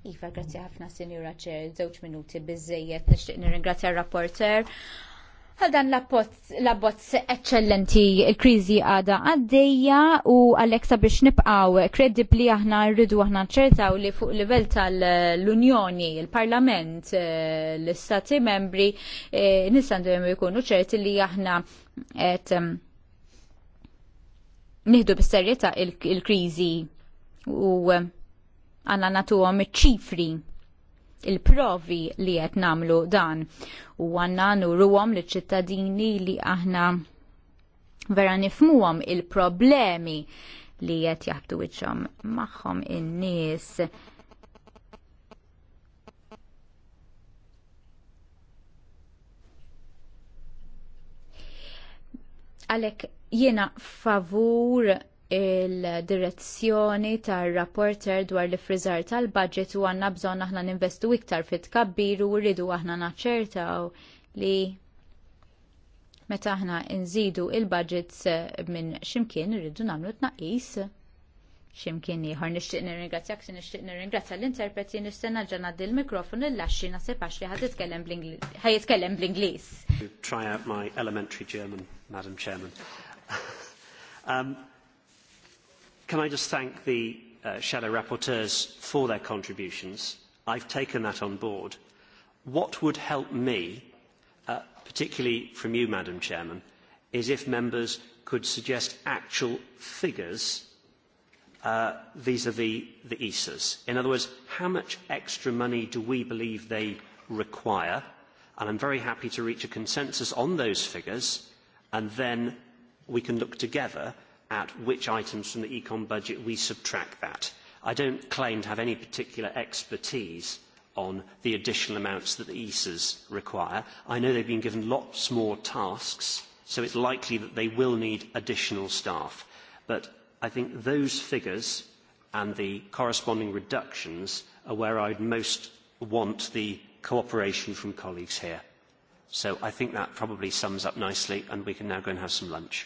Iva, grazie ħafna, Sinjura Ċer, zewċ minuti bizzejiet, nishtiq nirringrazzja rapporter. Għal dan l-abbozz eccellenti, il-krizi għada għaddeja u għaleksa biex nipqaw kredibli aħna rridu aħna ċertaw li fuq livell tal-Unjoni, il-Parlament, eh, l-Stati membri, eh, nisandu jemmu jkunu ċerti li aħna et nieħdu bis serjeta il-kriżi u eh, għanna natu iċ-ċifri il-provi li qed nagħmlu dan u għanna nurruhom liċ ċittadini li aħna vera għom il-problemi li qed jaħbtu wiċċhom magħhom in-nies. Għalhekk Jiena favur il-direzzjoni tar rapporter dwar li frizzar tal-budget u għanna bżon aħna ninvestu iktar fit kabbir u rridu aħna naċċertaw li meta aħna nżidu il-budget minn ximkien rridu namlu tnaqis. Ximkien ieħor nixtieq nirringrazzjak se nixtieq nirringrazzja l-interpreti nistenna ngħaddi l mikrofon il-laxxi nasib għax li ħad jitkellem bl-Ingliż. Try out my elementary German, Madam Chairman. *laughs* um, can I just thank the uh, shadow rapporteurs for their contributions? I've taken that on board. What would help me, uh, particularly from you, Madam Chairman, is if members could suggest actual figures uh, vis-à-vis -vis the ESAs. In other words, how much extra money do we believe they require? And I'm very happy to reach a consensus on those figures and then we can look together at which items from the econ budget we subtract that. I don't claim to have any particular expertise on the additional amounts that the ESAs require. I know they've been given lots more tasks, so it's likely that they will need additional staff. But I think those figures and the corresponding reductions are where I'd most want the cooperation from colleagues here. So I think that probably sums up nicely, and we can now go and have some lunch.